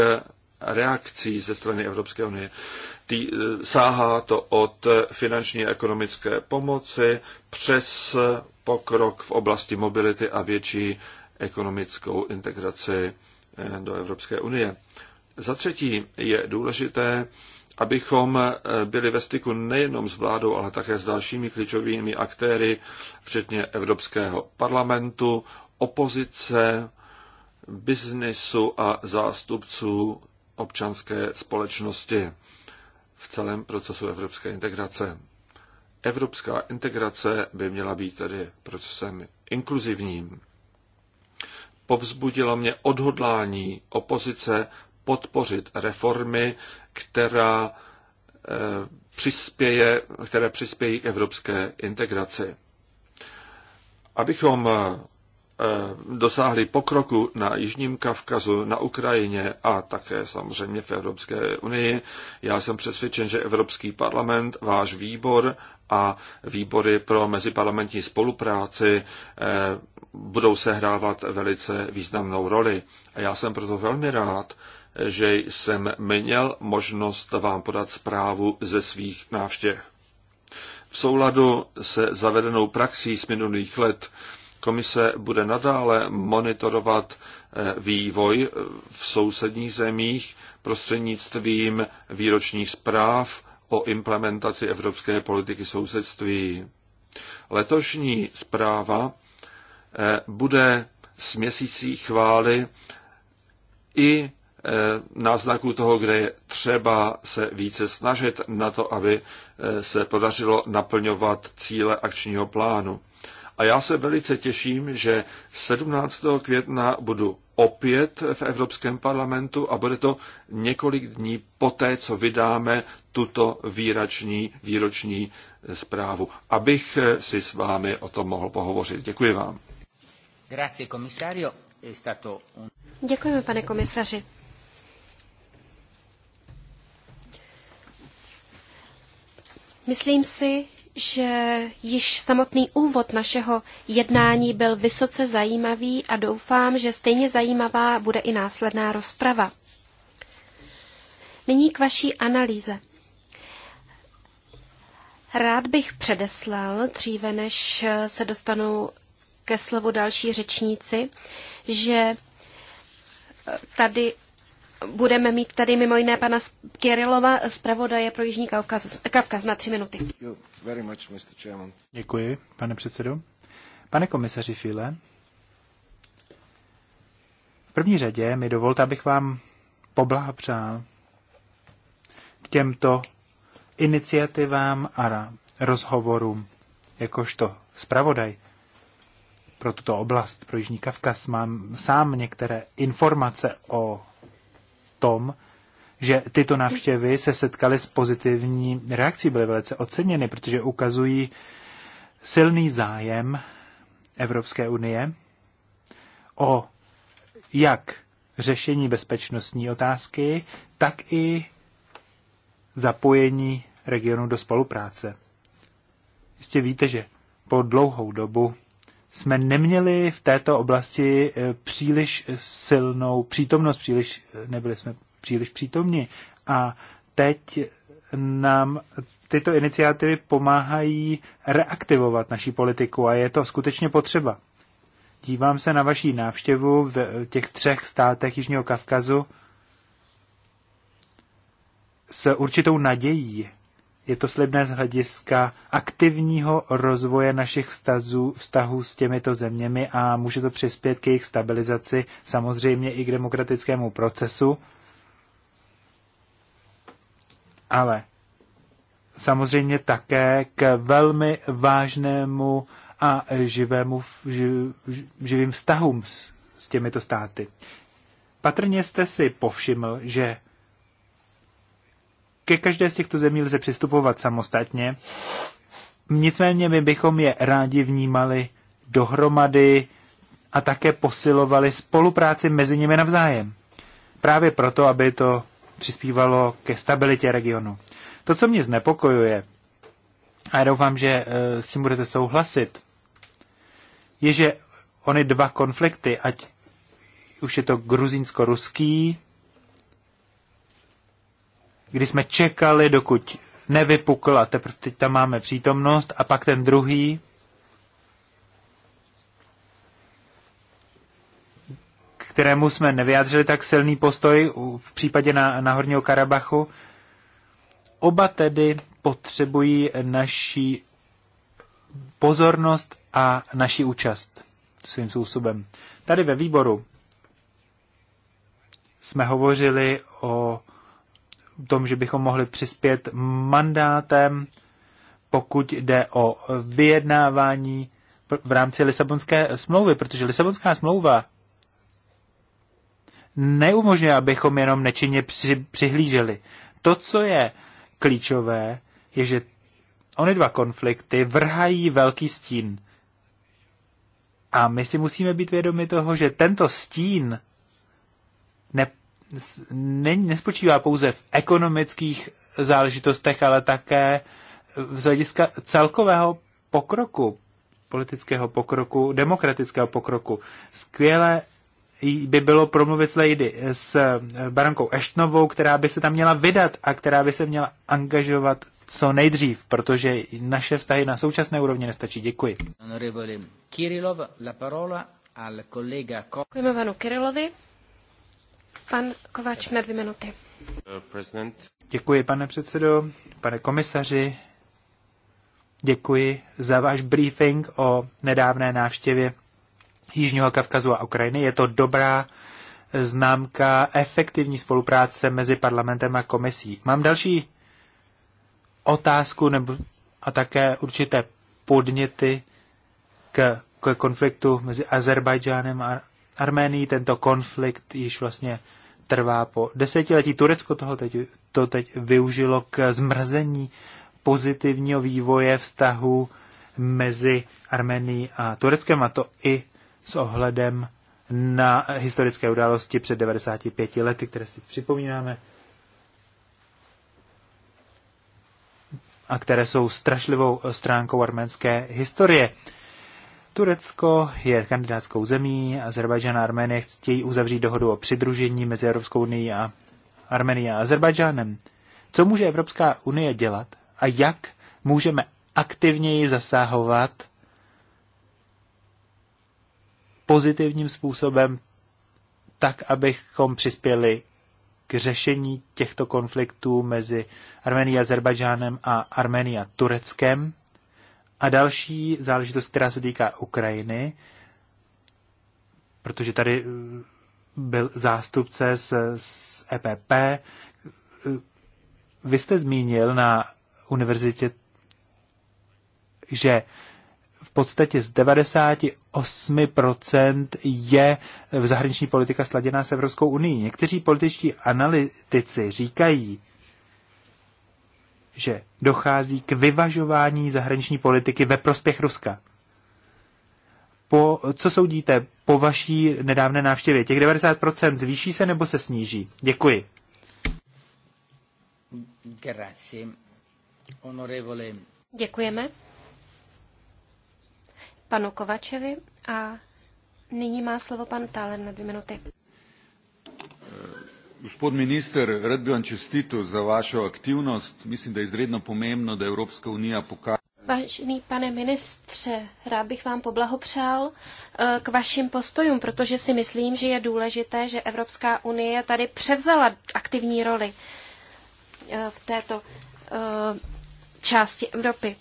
reakcí ze strany Evropské unie tý, e, sáhá to od finanční a ekonomické pomoci přes pokrok v oblasti mobility a větší ekonomickou integraci e, do Evropské unie. Za třetí je důležité, abychom e, byli ve styku nejenom s vládou, ale také s dalšími klíčovými aktéry, včetně Evropského parlamentu, opozice, biznisu a zástupců občanské společnosti v celém procesu evropské integrace. Evropská integrace by měla být tedy procesem inkluzivním. Povzbudilo mě odhodlání opozice podpořit reformy, která eh, přispěje, které přispějí k evropské integraci. Abychom Eh, dosáhli pokroku na Jižním Kavkazu, na Ukrajině a také samozřejmě v Evropské unii. Já jsem přesvědčen, že Evropský parlament, váš výbor a výbory pro meziparlamentní spolupráci eh, budou sehrávat velice významnou roli. A já jsem proto velmi rád, že jsem měl možnost vám podat zprávu ze svých návštěv. V souladu se zavedenou praxí z minulých let Komise bude nadále monitorovat eh, vývoj eh, v sousedních zemích prostřednictvím výročních zpráv o implementaci evropské politiky sousedství. Letošní zpráva eh, bude s měsící chvály i náznaků toho, kde je třeba se více snažit na to, aby se podařilo naplňovat cíle akčního plánu. A já se velice těším, že 17. května budu opět v Evropském parlamentu a bude to několik dní poté, co vydáme tuto výrační, výroční zprávu, abych si s vámi o tom mohl pohovořit. Děkuji vám. Grazie, Děkujeme, pane komisaři. Myslím si, že již samotný úvod našeho jednání byl vysoce zajímavý a doufám, že stejně zajímavá bude i následná rozprava. Nyní k vaší analýze. Rád bych předeslal, dříve než se dostanu ke slovu další řečníci, že tady budeme mít tady mimo jiné pana Kirilova, zpravodaje pro Jižní Kaukaz, Kavkaz na tři minuty. Děkuji, pane předsedo. Pane komisaři File, v první řadě mi dovolte, abych vám poblahopřál k těmto iniciativám a rozhovorům jakožto zpravodaj pro tuto oblast, pro Jižní Kavkaz. Mám sám některé informace o tom, že tyto návštěvy se setkaly s pozitivní reakcí, byly velice oceněny, protože ukazují silný zájem Evropské unie o jak řešení bezpečnostní otázky, tak i zapojení regionu do spolupráce. Jistě víte, že po dlouhou dobu jsme neměli v této oblasti eh, příliš silnou přítomnost, příliš, eh, nebyli jsme příliš přítomni. A teď nám tyto iniciativy pomáhají reaktivovat naší politiku a je to skutečně potřeba. Dívám se na vaší návštěvu v těch třech státech Jižního Kavkazu s určitou nadějí, je to slibné z hlediska aktivního rozvoje našich vztazů, vztahů s těmito zeměmi a může to přispět k jejich stabilizaci, samozřejmě i k demokratickému procesu. Ale samozřejmě také k velmi vážnému a živému, živ, živým vztahům s, s těmito státy. Patrně jste si povšiml, že ke každé z těchto zemí lze přistupovat samostatně, nicméně my bychom je rádi vnímali dohromady a také posilovali spolupráci mezi nimi navzájem. Právě proto, aby to přispívalo ke stabilitě regionu. To, co mě znepokojuje, a já doufám, že eh, s tím budete souhlasit, je, že ony dva konflikty, ať už je to gruzínsko-ruský, kdy jsme čekali, dokud nevypukl a teprve teď tam máme přítomnost a pak ten druhý, kterému jsme nevyjádřili tak silný postoj v případě na, na Horního Karabachu. Oba tedy potřebují naší pozornost a naší účast svým způsobem. Tady ve výboru jsme hovořili o tom, že bychom mohli přispět mandátem, pokud jde o vyjednávání v rámci Lisabonské smlouvy, protože Lisabonská smlouva neumožňuje, abychom jenom nečinně při, přihlíželi. To, co je klíčové, je, že ony dva konflikty vrhají velký stín. A my si musíme být vědomi toho, že tento stín ne, ne, nespočívá pouze v ekonomických záležitostech, ale také z hlediska celkového pokroku, politického pokroku, demokratického pokroku. Skvěle by bylo promluvit s Lady, s Barankou Eštnovou, která by se tam měla vydat a která by se měla angažovat co nejdřív, protože naše vztahy na současné úrovni nestačí. Děkuji. Děkujeme panu Kirilovi. Pan Kováč na dvě minuty. Děkuji, pane předsedo, pane komisaři. Děkuji za váš briefing o nedávné návštěvě Jižního Kavkazu a Ukrajiny. Je to dobrá známka efektivní spolupráce mezi parlamentem a komisí. Mám další otázku nebo a také určité podněty k, k konfliktu mezi Azerbajdžánem a Arménii tento konflikt již vlastně trvá po desetiletí. Turecko toho teď, to teď využilo k zmrzení pozitivního vývoje vztahu mezi Arménií a Tureckem, a to i s ohledem na historické události před 95 lety, které si připomínáme a které jsou strašlivou stránkou arménské historie. Turecko je kandidátskou zemí, Azerbajdžan a Arménie chtějí uzavřít dohodu o přidružení mezi Evropskou unii a Armenií a Azerbajdžánem. Co může Evropská unie dělat a jak můžeme aktivněji zasahovat pozitivním způsobem tak, abychom přispěli k řešení těchto konfliktů mezi Armenií a Azerbajdžánem a Armenií a Tureckem a další záležitost, která se týká Ukrajiny, protože tady eh, byl zástupce z, z EPP. Eh, vy jste zmínil na univerzitě, že v podstatě z 98% je v zahraniční politika sladěná s Evropskou unii. Někteří političtí analytici říkají, že dochází k vyvažování zahraniční politiky ve prospěch Ruska. Po, co soudíte po vaší nedávné návštěvě? Těch 90% zvýší se nebo se sníží? Děkuji. Děkujeme panu Kovačevi a nyní má slovo pan Táler na dvě minuty. Gospod minister, rad bi vam čestito za vašo aktivnost. Mislim, da je izredno pomembno, da Evropska unija pokaže. Vážený pane ministře, rád bych vám poblahopřál eh, k vašim postojům, protože si myslím, že je důležité, že Evropská unie tady převzala aktivní roli eh, v této eh, části Evropy.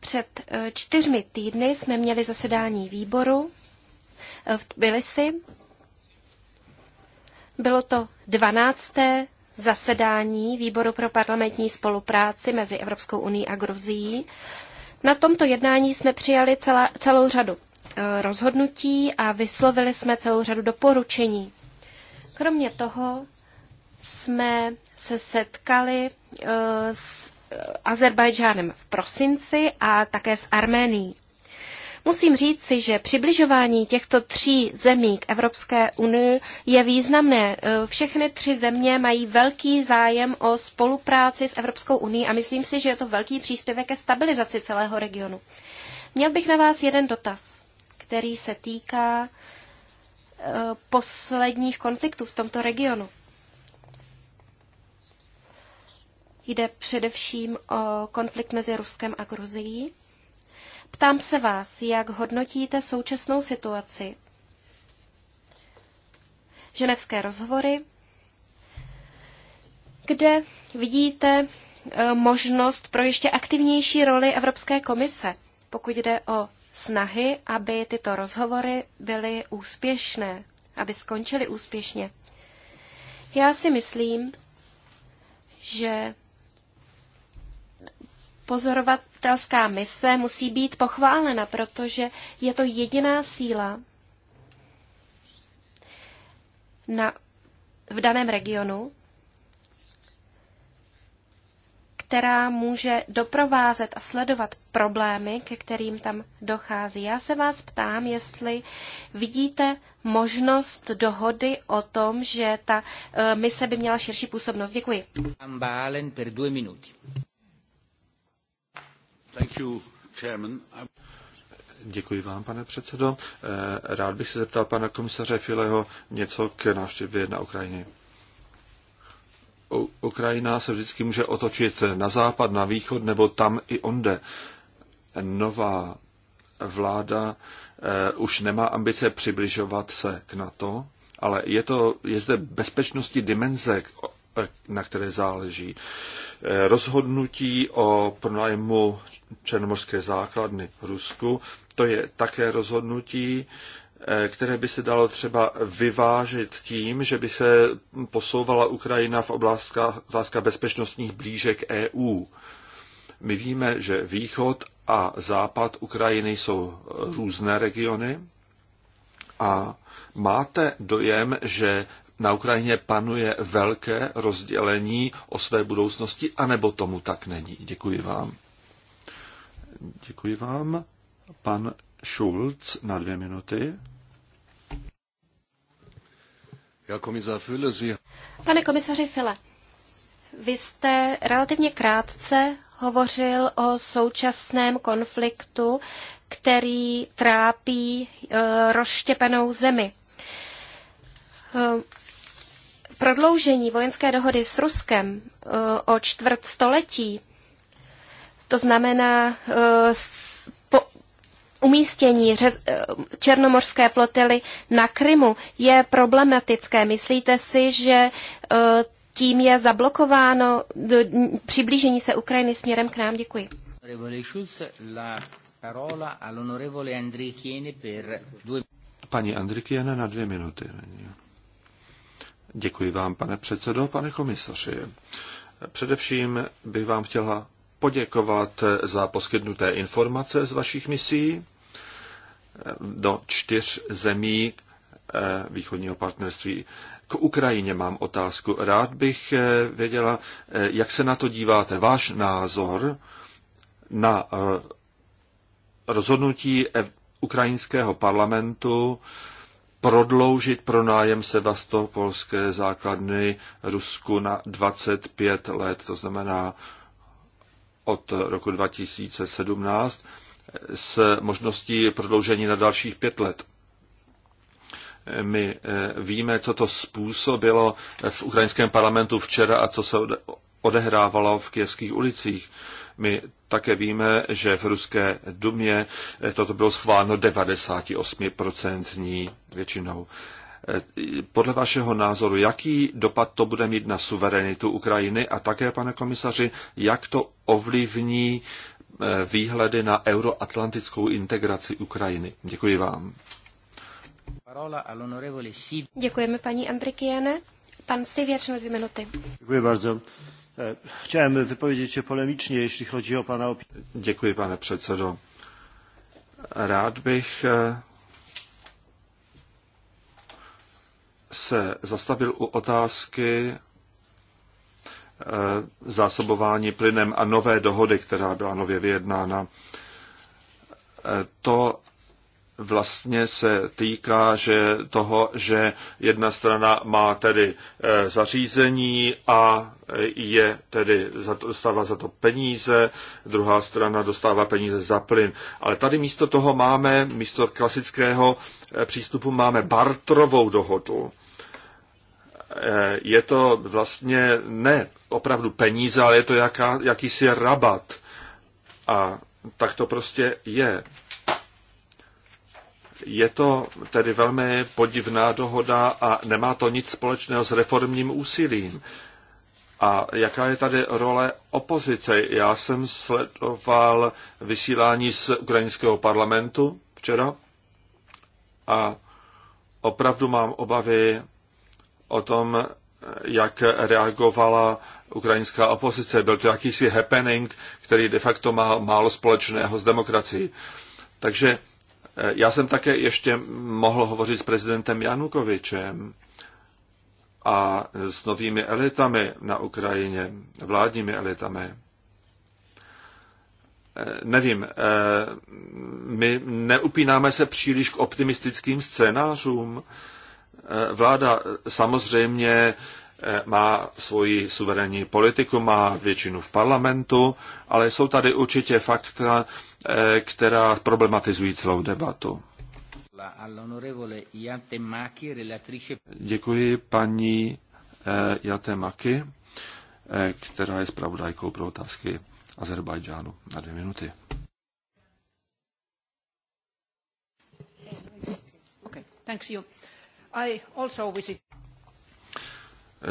Před čtyřmi týdny jsme měli zasedání výboru v Tbilisi bylo to 12. zasedání Výboru pro parlamentní spolupráci mezi Evropskou unii a Gruzií. Na tomto jednání jsme přijali celá, celou řadu e, rozhodnutí a vyslovili jsme celou řadu doporučení. Kromě toho jsme se setkali e, s Azerbajdžánem v prosinci a také s Arménií. Musím říct si, že přibližování těchto tří zemí k Evropské unii je významné. E, všechny tři země mají velký zájem o spolupráci s Evropskou unii a myslím si, že je to velký příspěvek ke stabilizaci celého regionu. Měl bych na vás jeden dotaz, který se týká e, posledních konfliktů v tomto regionu. Jde především o konflikt mezi Ruskem a Gruzií. Ptám se vás, jak hodnotíte současnou situaci? Ženevské rozhovory, kde vidíte eh, možnost pro ještě aktivnější roli Evropské komise, pokud jde o snahy, aby tyto rozhovory byly úspěšné, aby skončily úspěšně. Já si myslím, že pozorovatelská mise musí být pochválena, protože je to jediná síla na, v daném regionu, která může doprovázet a sledovat problémy, ke kterým tam dochází. Já se vás ptám, jestli vidíte možnost dohody o tom, že ta eh, mise by měla širší působnost. Děkuji. Děkuji vám, pane předsedo. Eh, rád bych se zeptal pana komisaře Fileho něco k návštěvě na Ukrajině. Ukrajina se vždycky může otočit na západ, na východ nebo tam i onde. Nová vláda eh, už nemá ambice přibližovat se k NATO, ale je, to, je zde bezpečnostní dimenze, na které záleží. Eh, rozhodnutí o pronájmu černomorské základny v Rusku. To je také rozhodnutí, eh, které by se dalo třeba vyvážit tím, že by se posouvala Ukrajina v otázka bezpečnostních blížek EU. My víme, že východ a západ Ukrajiny jsou eh, různé regiony a máte dojem, že na Ukrajině panuje velké rozdělení o své budoucnosti, anebo tomu tak není. Děkuji vám. Děkuji vám. Pan Schulz na dvě minuty. Pane komisaři File, vy jste relativně krátce hovořil o současném konfliktu, který trápí e, rozštěpenou zemi. E, prodloužení vojenské dohody s Ruskem e, o čtvrt století to znamená eh, po umístění eh, černomorské flotily na Krymu je problematické. Myslíte si, že eh, tím je zablokováno přiblížení se Ukrajiny směrem k nám? Děkuji. Pani Andrikiene na dvě minuty. Děkuji vám, pane předsedo, pane komisaři. Především bych vám chtěla poděkovat za poskytnuté informace z vašich misí do čtyř zemí eh, východního partnerství. K Ukrajině mám otázku. Rád bych eh, věděla, eh, jak se na to díváte. Váš názor na rozhodnutí ukrajinského parlamentu prodloužit pronájem Sevastopolské základny Rusku na 25 let, to znamená od roku 2017 s možností prodloužení na dalších pět let. My eh, víme, co to způsobilo v ukrajinském parlamentu včera a co se odehrávalo v kijevských ulicích. My také víme, že v ruské Dumě eh, toto bylo schváleno 98% většinou podle vašeho názoru, jaký dopad to bude mít na suverenitu Ukrajiny a také, pane komisaři, jak to ovlivní eh, výhledy na euroatlantickou integraci Ukrajiny. Děkuji vám. Děkujeme paní Andrikiene. Pan Sivěř na dvě minuty. Děkuji bardzo. Eh, chciałem wypowiedzieć się polemicznie, jeśli chodzi o pana opinię. Děkuji, pane przewodniczący. Rád bych eh, se zastavil u otázky eh, zásobování plynem a nové dohody, která byla nově vyjednána. Eh, to vlastně se týká že toho, že jedna strana má tedy eh, zařízení a eh, je tedy dostává za to peníze, druhá strana dostává peníze za plyn. Ale tady místo toho máme, místo klasického eh, přístupu máme bartrovou dohodu. Je to vlastně ne opravdu peníze, ale je to jaká, jakýsi rabat. A tak to prostě je. Je to tedy velmi podivná dohoda a nemá to nic společného s reformním úsilím. A jaká je tady role opozice? Já jsem sledoval vysílání z ukrajinského parlamentu včera a opravdu mám obavy o tom, jak reagovala ukrajinská opozice. Byl to jakýsi happening, který de facto má málo společného s demokracií. Takže Eh, já jsem také ještě mohl hovořit s prezidentem Janukovičem a s novými elitami na Ukrajině, vládními elitami. Eh, nevím, eh, my neupínáme se příliš k optimistickým scénářům. Vláda samozřejmě Eh, má svoji suverénní politiku, má většinu v parlamentu, ale jsou tady určitě fakta, eh, která problematizují celou debatu. Děkuji paní Jatemaki, eh, která je zpravodajkou pro otázky Azerbajdžánu na dvě minuty. Okay, thanks you. I also visit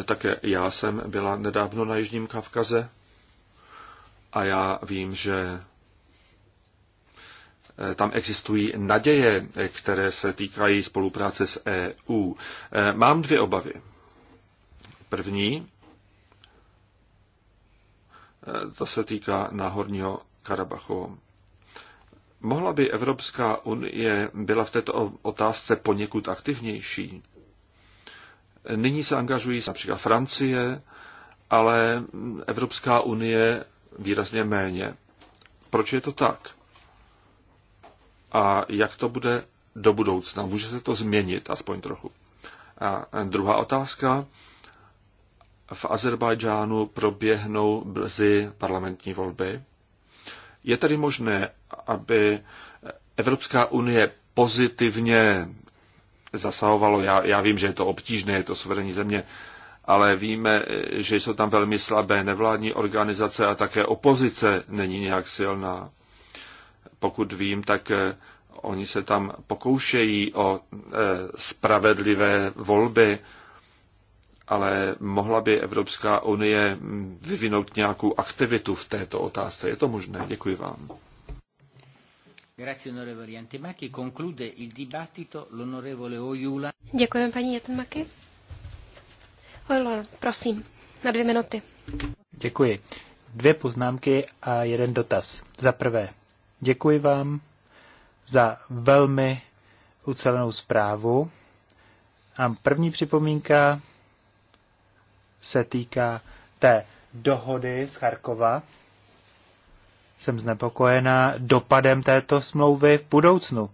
také já jsem byla nedávno na Jižním Kavkaze a já vím, že eh, tam existují naděje, eh, které se týkají spolupráce s EU. Eh, mám dvě obavy. První, to se týká náhorního Karabachu. Mohla by Evropská unie byla v této otázce poněkud aktivnější? Nyní se angažují například Francie, ale Evropská unie výrazně méně. Proč je to tak? A jak to bude do budoucna? Může se to změnit aspoň trochu? A druhá otázka. V Azerbajdžánu proběhnou brzy parlamentní volby. Je tedy možné, aby Evropská unie pozitivně zasahovalo. Já, já vím, že je to obtížné, je to suverénní země, ale víme, že jsou tam velmi slabé nevládní organizace a také opozice není nějak silná. Pokud vím, tak eh, oni se tam pokoušejí o eh, spravedlivé volby, ale mohla by Evropská unie vyvinout nějakou aktivitu v této otázce. Je to možné? Děkuji vám. Grazie onorevole Antemaki. Conclude il dibattito l'onorevole Děkujeme paní Jetemaky. Ojula, prosím, na dvě minuty. Děkuji. Dvě poznámky a jeden dotaz. Za prvé, děkuji vám za velmi ucelenou zprávu. A první připomínka se týká té dohody z Charkova, jsem znepokojena dopadem této smlouvy v budoucnu.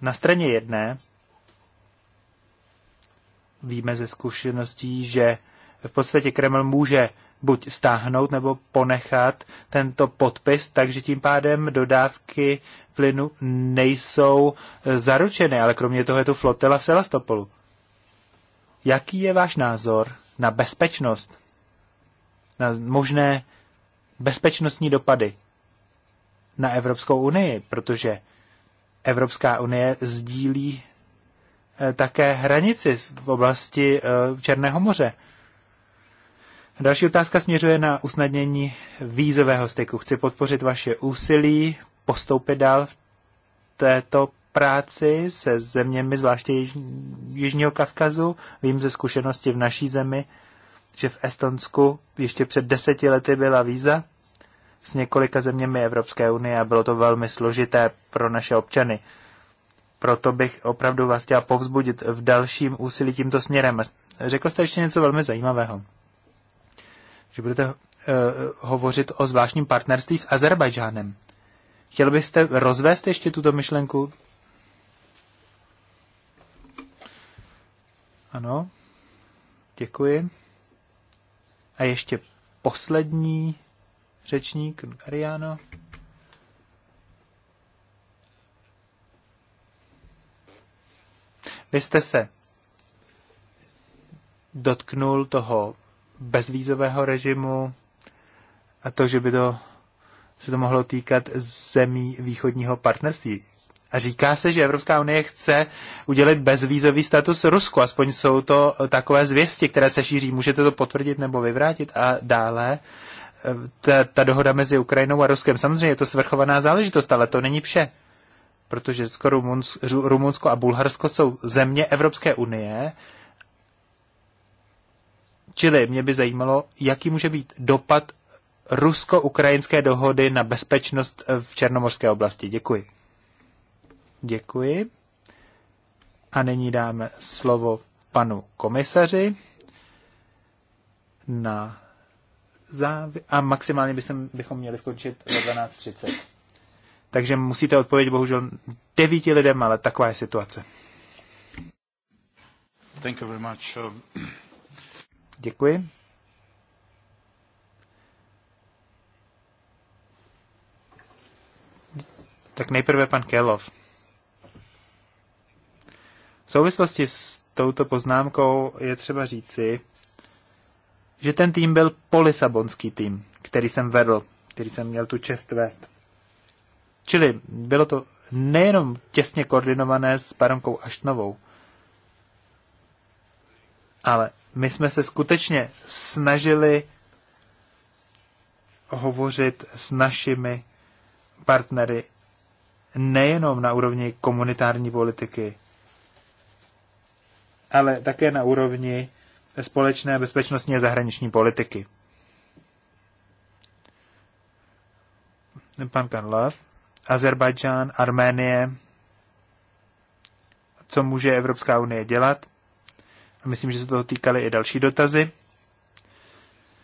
Na straně jedné víme ze zkušeností, že v podstatě Kreml může buď stáhnout nebo ponechat tento podpis, takže tím pádem dodávky plynu nejsou eh, zaručeny, ale kromě toho je tu flotila v Sevastopolu. Jaký je váš názor na bezpečnost, na možné bezpečnostní dopady na Evropskou unii, protože Evropská unie sdílí eh, také hranici v oblasti eh, Černého moře. Další otázka směřuje na usnadnění vízového styku. Chci podpořit vaše úsilí postoupit dál v této práci se zeměmi, zvláště Jižního Kavkazu. Vím ze zkušenosti v naší zemi, že v Estonsku ještě před deseti lety byla víza s několika zeměmi Evropské unie a bylo to velmi složité pro naše občany. Proto bych opravdu vás chtěla povzbudit v dalším úsilí tímto směrem. Řekl jste ještě něco velmi zajímavého. Že budete uh, hovořit o zvláštním partnerství s Azerbajdžánem. Chtěl byste rozvést ještě tuto myšlenku? Ano, děkuji. A ještě poslední řečník, Ariano. Vy jste se dotknul toho bezvízového režimu a to, že by to se to mohlo týkat zemí východního partnerství. Říká se, že Evropská unie chce udělit bezvízový status Rusku, aspoň jsou to takové zvěsti, které se šíří. Můžete to potvrdit nebo vyvrátit? A dále eh, ta, ta dohoda mezi Ukrajinou a Ruskem. Samozřejmě je to svrchovaná záležitost, ale to není vše. Protože skoro Rumunsko a Bulharsko jsou země Evropské unie, Čili mě by zajímalo, jaký může být dopad rusko-ukrajinské dohody na bezpečnost v Černomorské oblasti. Děkuji. Děkuji. A nyní dáme slovo panu komisaři na závě- A maximálně bychom, bychom měli skončit ve 12.30. Takže musíte odpovědět bohužel devíti lidem, ale taková je situace. Thank you very much. Děkuji. Tak nejprve pan Kelov. V souvislosti s touto poznámkou je třeba říci, že ten tým byl polisabonský tým, který jsem vedl, který jsem měl tu čest vést. Čili bylo to nejenom těsně koordinované s baronkou Aštnovou, ale my jsme se skutečně snažili hovořit s našimi partnery nejenom na úrovni komunitární politiky, ale také na úrovni společné bezpečnostní a zahraniční politiky. Pan Karlov, Azerbajdžán, Arménie, co může Evropská unie dělat? A myslím, že se toho týkaly i další dotazy.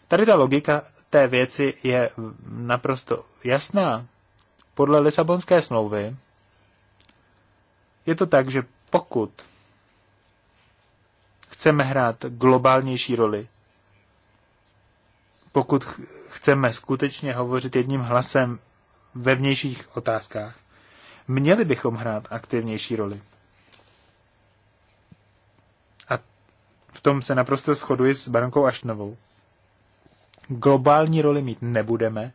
Tady ta logika té věci je naprosto jasná. Podle Lisabonské smlouvy je to tak, že pokud chceme hrát globálnější roli, pokud ch chceme skutečně hovořit jedním hlasem ve vnějších otázkách, měli bychom hrát aktivnější roli. A v tom se naprosto shoduji s Baronkou Aštnovou. Globální roli mít nebudeme,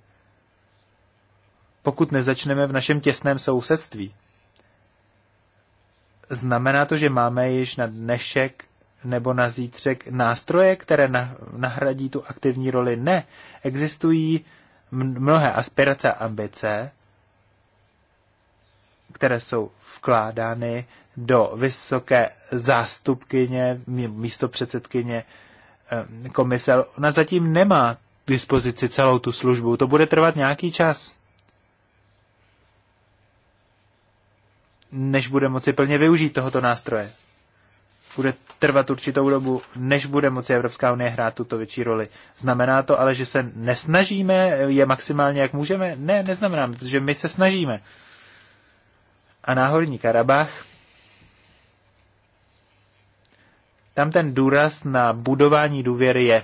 pokud nezačneme v našem těsném sousedství. Znamená to, že máme již na dnešek nebo na zítřek nástroje, které nahradí tu aktivní roli. Ne, existují mnohé aspirace a ambice, které jsou vkládány do vysoké zástupkyně, místo předsedkyně eh, komise. Ona zatím nemá k dispozici celou tu službu. To bude trvat nějaký čas, než bude moci plně využít tohoto nástroje bude trvat určitou dobu, než bude moci Evropská unie hrát tuto větší roli. Znamená to ale, že se nesnažíme je maximálně, jak můžeme? Ne, neznamená, protože my se snažíme. A náhorní Karabach, tam ten důraz na budování důvěry je.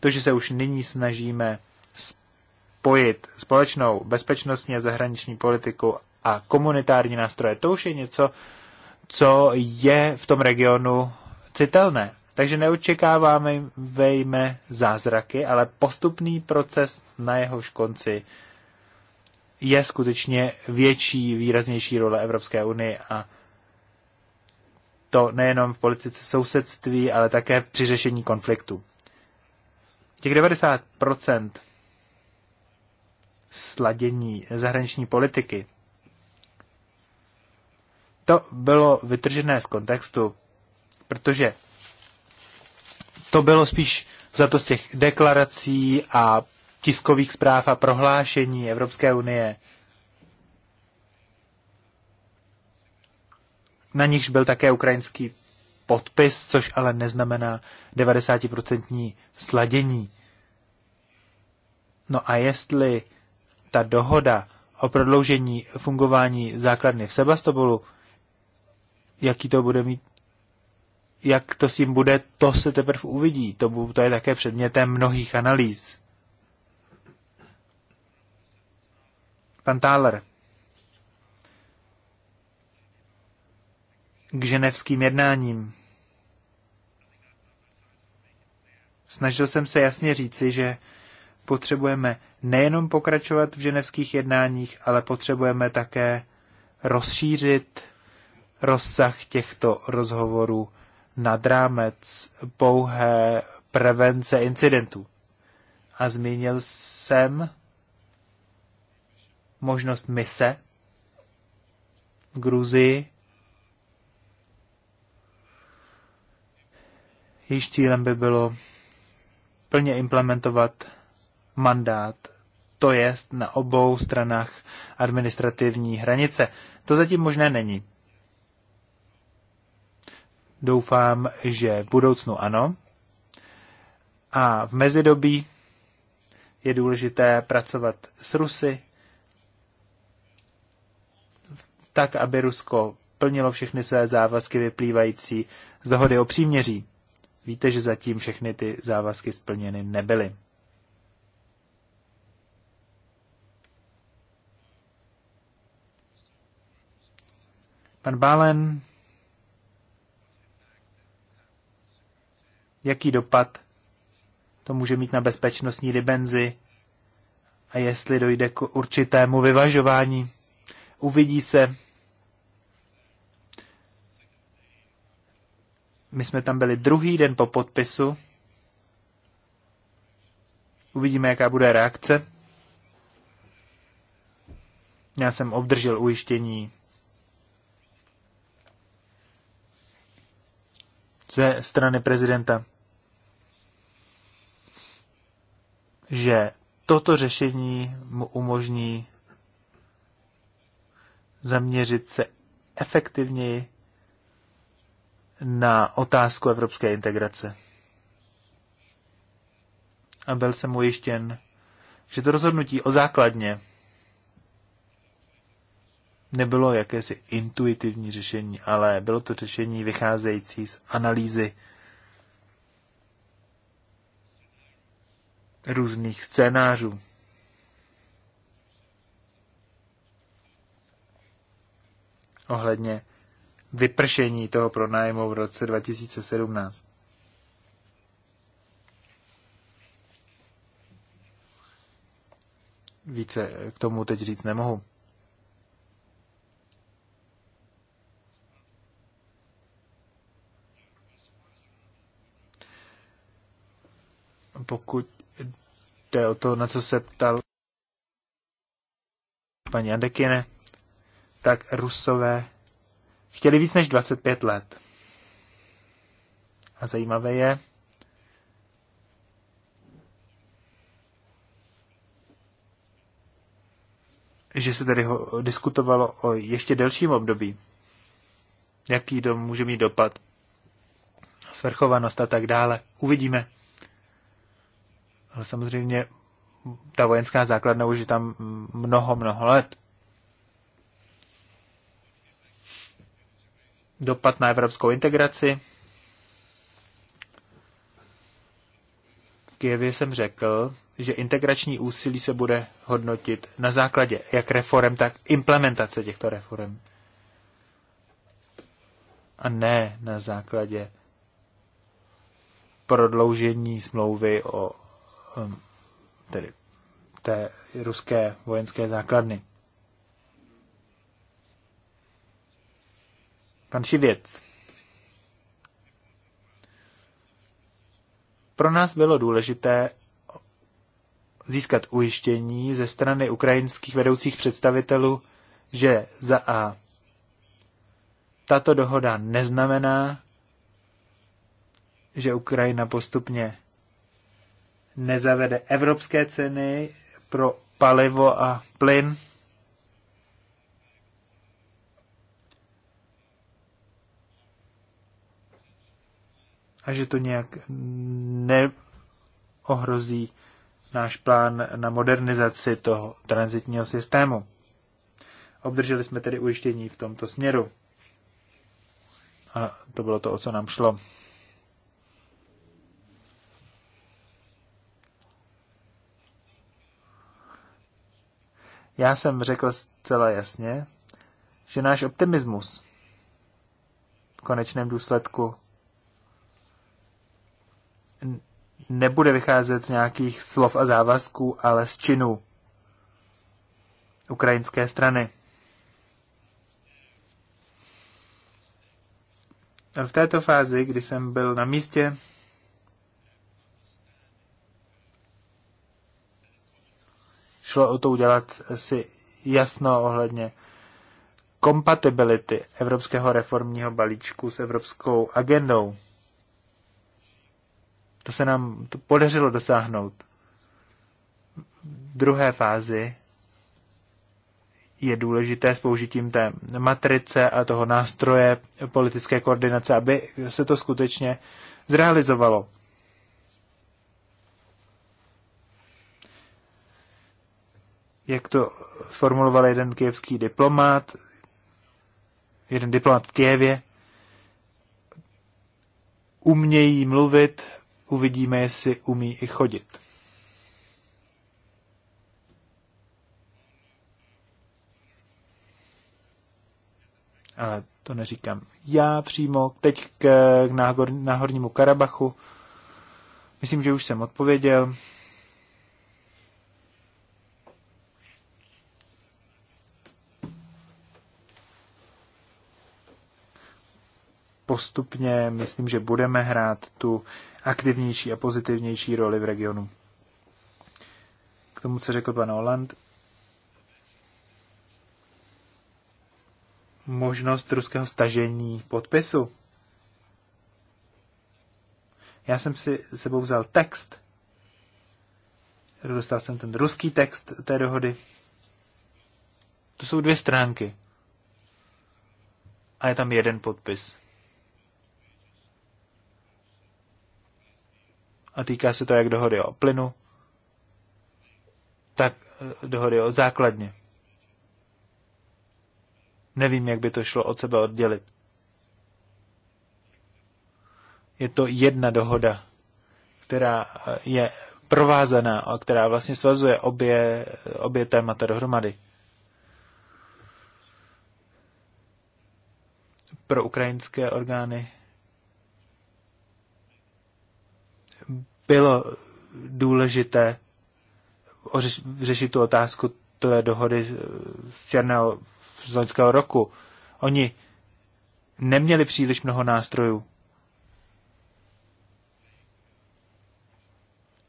To, že se už nyní snažíme spojit společnou bezpečnostní a zahraniční politiku a komunitární nástroje, to už je něco, co je v tom regionu citelné. Takže neočekáváme vejme zázraky, ale postupný proces na jehož konci je skutečně větší, výraznější role Evropské unie a to nejenom v politice sousedství, ale také při řešení konfliktu. Těch 90% sladění zahraniční politiky to bylo vytržené z kontextu, protože to bylo spíš za to z těch deklarací a tiskových zpráv a prohlášení Evropské unie. Na nichž byl také ukrajinský podpis, což ale neznamená 90% sladění. No a jestli ta dohoda o prodloužení fungování základny v Sebastopolu jaký to bude mít, jak to s tím bude, to se teprve uvidí. To, to je také předmětem mnohých analýz. Pan Thaler. K ženevským jednáním. Snažil jsem se jasně říci, že potřebujeme nejenom pokračovat v ženevských jednáních, ale potřebujeme také rozšířit rozsah těchto rozhovorů nad rámec pouhé prevence incidentů. A zmínil jsem možnost mise v Gruzii. Již cílem by bylo plně implementovat mandát, to jest na obou stranách administrativní hranice. To zatím možné není. Doufám, že v budoucnu ano. A v mezidobí je důležité pracovat s Rusy, tak, aby Rusko plnilo všechny své závazky vyplývající z dohody o příměří. Víte, že zatím všechny ty závazky splněny nebyly. Pan Bálen jaký dopad to může mít na bezpečnostní dimenzi a jestli dojde k určitému vyvažování. Uvidí se. My jsme tam byli druhý den po podpisu. Uvidíme, jaká bude reakce. Já jsem obdržel ujištění ze strany prezidenta že toto řešení mu umožní zaměřit se efektivněji na otázku evropské integrace. A byl jsem ujištěn, že to rozhodnutí o základně nebylo jakési intuitivní řešení, ale bylo to řešení vycházející z analýzy různých scénářů. Ohledně vypršení toho pronájmu v roce 2017. Více k tomu teď říct nemohu. pokud jde o to, na co se ptal paní Andekine, tak Rusové chtěli víc než 25 let. A zajímavé je, že se tady ho, diskutovalo o ještě delším období. Jaký to může mít dopad, svrchovanost a tak dále. Uvidíme. Ale samozřejmě ta vojenská základna už je tam mnoho, mnoho let. Dopad na evropskou integraci. V Kijevě jsem řekl, že integrační úsilí se bude hodnotit na základě jak reform, tak implementace těchto reform. A ne na základě prodloužení smlouvy o Um, tedy té ruské vojenské základny. Pan Šivěc. Pro nás bylo důležité získat ujištění ze strany ukrajinských vedoucích představitelů, že za A tato dohoda neznamená, že Ukrajina postupně nezavede evropské ceny pro palivo a plyn. A že to nějak neohrozí náš plán na modernizaci toho transitního systému. Obdrželi jsme tedy ujištění v tomto směru. A to bylo to, o co nám šlo. Já jsem řekl zcela jasně, že náš optimismus v konečném důsledku nebude vycházet z nějakých slov a závazků, ale z činů ukrajinské strany. A v této fázi, kdy jsem byl na místě, šlo o to udělat si jasno ohledně kompatibility evropského reformního balíčku s evropskou agendou. To se nám to podařilo dosáhnout. V druhé fázi je důležité s použitím té matrice a toho nástroje politické koordinace, aby se to skutečně zrealizovalo. jak to formuloval jeden kijevský diplomat, jeden diplomat v Kijevě, umějí mluvit, uvidíme, jestli umí i chodit. Ale to neříkám já přímo. Teď k, náhor, náhornímu Karabachu. Myslím, že už jsem odpověděl. postupně myslím, že budeme hrát tu aktivnější a pozitivnější roli v regionu. K tomu, co řekl pan Holland, možnost ruského stažení podpisu. Já jsem si sebou vzal text, dostal jsem ten ruský text té dohody. To jsou dvě stránky. A je tam jeden podpis. a týká se to jak dohody o plynu, tak eh, dohody o základně. Nevím, jak by to šlo od sebe oddělit. Je to jedna dohoda, která eh, je provázaná a která vlastně svazuje obě, obě témata dohromady. Pro ukrajinské orgány bylo důležité řešit tu otázku té dohody z černého z loňského roku. Oni neměli příliš mnoho nástrojů.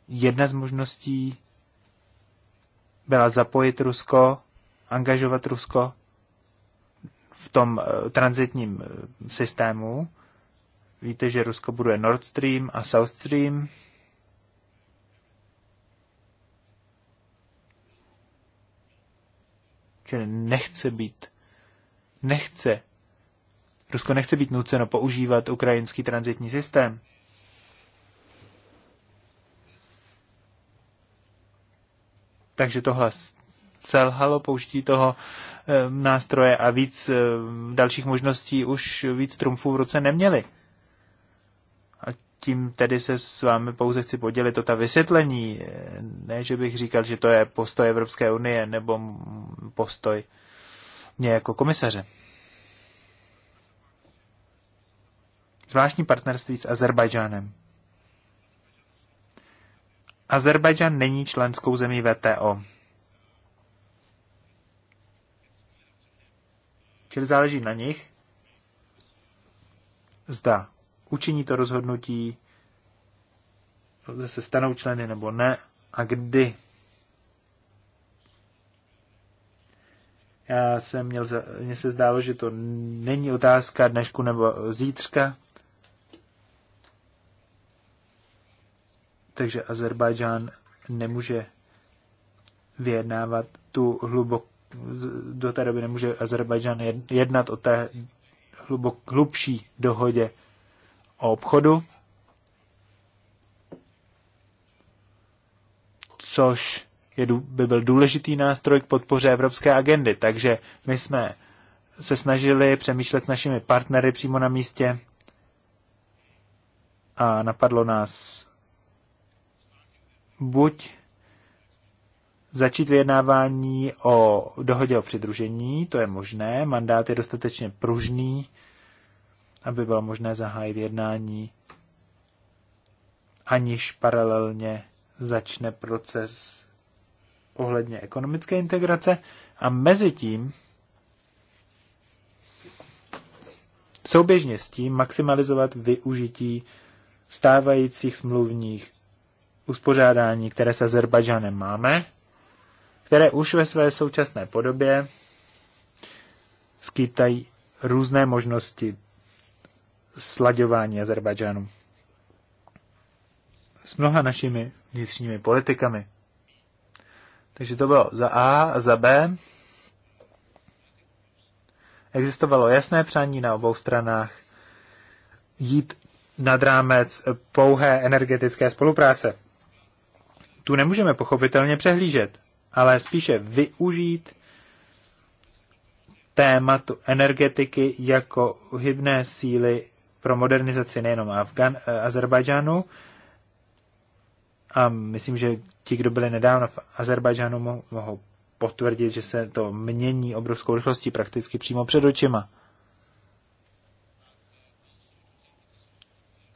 Jedna z možností byla zapojit Rusko, angažovat Rusko v tom eh, transitním eh, systému. Víte, že Rusko buduje Nord Stream a South Stream že nechce být, nechce, Rusko nechce být nuceno používat ukrajinský transitní systém. Takže tohle selhalo použití toho e, nástroje a víc e, dalších možností už víc trumfů v ruce neměli tím tedy se s vámi pouze chci podělit o ta vysvětlení. Ne, že bych říkal, že to je postoj Evropské unie nebo postoj mě jako komisaře. Zvláštní partnerství s Azerbajdžánem. Azerbajdžán není členskou zemí VTO. Čili záleží na nich, zda učiní to rozhodnutí, zda se stanou členy nebo ne a kdy. Já jsem měl, mně se zdálo, že to není otázka dnešku nebo zítřka. Takže Azerbajdžán nemůže vyjednávat tu hlubok, do té doby nemůže Azerbajdžán jednat o té hlubok, hlubší dohodě o obchodu, což je, by byl důležitý nástroj k podpoře evropské agendy. Takže my jsme se snažili přemýšlet s našimi partnery přímo na místě a napadlo nás buď začít vyjednávání o dohodě o přidružení, to je možné, mandát je dostatečně pružný aby bylo možné zahájit jednání, aniž paralelně začne proces ohledně ekonomické integrace a mezi tím souběžně s tím maximalizovat využití stávajících smluvních uspořádání, které s Azerbajdžanem máme, které už ve své současné podobě skýtají různé možnosti slaďování Azerbajdžánu s mnoha našimi vnitřními politikami. Takže to bylo za A a za B. Existovalo jasné přání na obou stranách jít nad rámec pouhé energetické spolupráce. Tu nemůžeme pochopitelně přehlížet, ale spíše využít tématu energetiky jako hybné síly pro modernizaci nejenom Afgan, eh, Azerbajdžánu. A myslím, že ti, kdo byli nedávno v Azerbajdžánu, mohou potvrdit, že se to mění obrovskou rychlostí prakticky přímo před očima.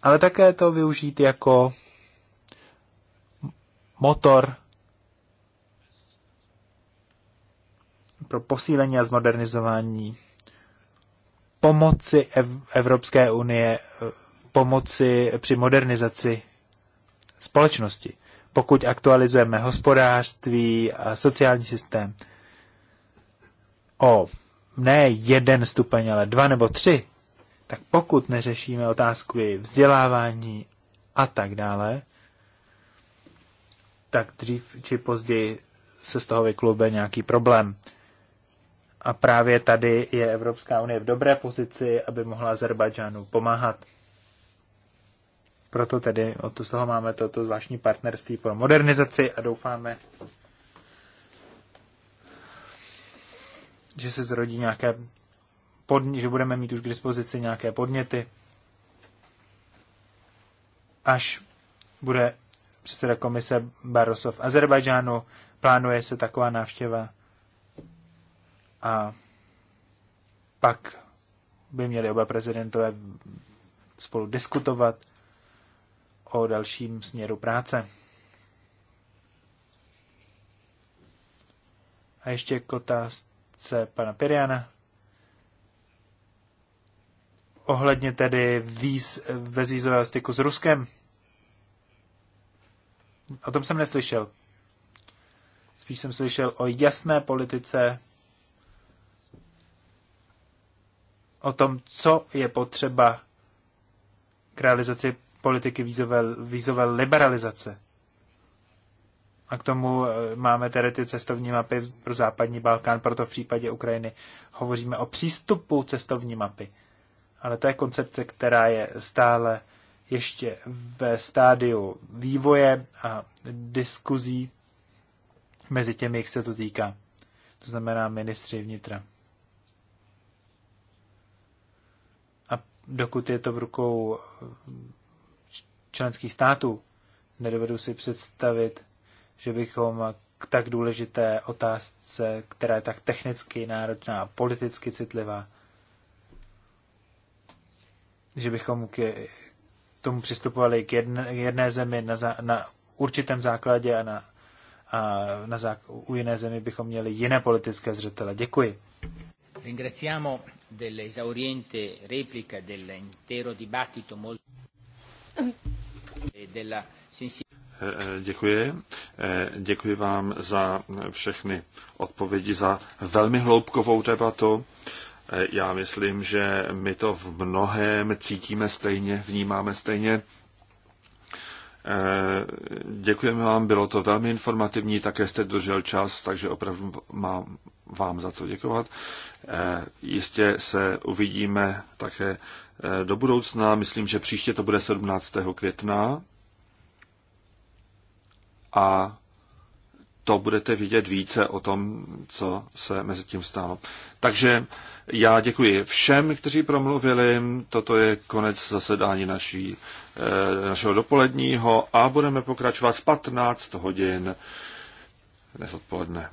Ale také to využít jako motor pro posílení a zmodernizování pomoci Evropské unie, eh, pomoci při modernizaci společnosti. Pokud aktualizujeme hospodářství a sociální systém o ne jeden stupeň, ale dva nebo tři, tak pokud neřešíme otázku vzdělávání a tak dále, tak dřív či později se z toho vyklube nějaký problém. A právě tady je Evropská unie v dobré pozici, aby mohla Azerbajdžánu pomáhat. Proto tedy od toho máme toto zvláštní partnerství pro modernizaci a doufáme, že se zrodí nějaké, pod, že budeme mít už k dispozici nějaké podněty, až bude předseda komise Barosov Azerbajdžánu. Plánuje se taková návštěva a pak by měli oba prezidentové spolu diskutovat o dalším směru práce. A ještě k otázce pana Piriana. Ohledně tedy víz bezvízového styku s Ruskem. O tom jsem neslyšel. Spíš jsem slyšel o jasné politice o tom, co je potřeba k realizaci politiky vízové, vízové liberalizace. A k tomu eh, máme tedy ty cestovní mapy pro západní Balkán, proto v případě Ukrajiny hovoříme o přístupu cestovní mapy. Ale to je koncepce, která je stále ještě ve stádiu vývoje a diskuzí mezi těmi, jak se to týká. To znamená ministři vnitra. dokud je to v rukou eh, členských států, nedovedu si představit, že bychom k tak důležité otázce, která je tak technicky náročná a politicky citlivá, že bychom k tomu přistupovali k jedné, jedné zemi na, za, na určitém základě a, na, a na zá, u jiné zemi bychom měli jiné politické zřetele. Děkuji. Ringraziamo dell'esauriente replica dell'intero dibattito molto e della sensibilità. Eh, eh, děkuji. Eh, děkuji vám za všechny odpovědi, za velmi hloubkovou debatu. Já myslím, že my to v mnohem cítíme stejně, vnímáme stejně. Děkujeme vám, bylo to velmi informativní, také jste držel čas, takže opravdu mám vám za co děkovat. Eh, jistě se uvidíme také eh, do budoucna. Myslím, že příště to bude 17. května. A to budete vidět více o tom, co se mezi tím stalo. Takže já děkuji všem, kteří promluvili. Toto je konec zasedání naší, eh, našeho dopoledního a budeme pokračovat v 15 hodin dnes odpoledne.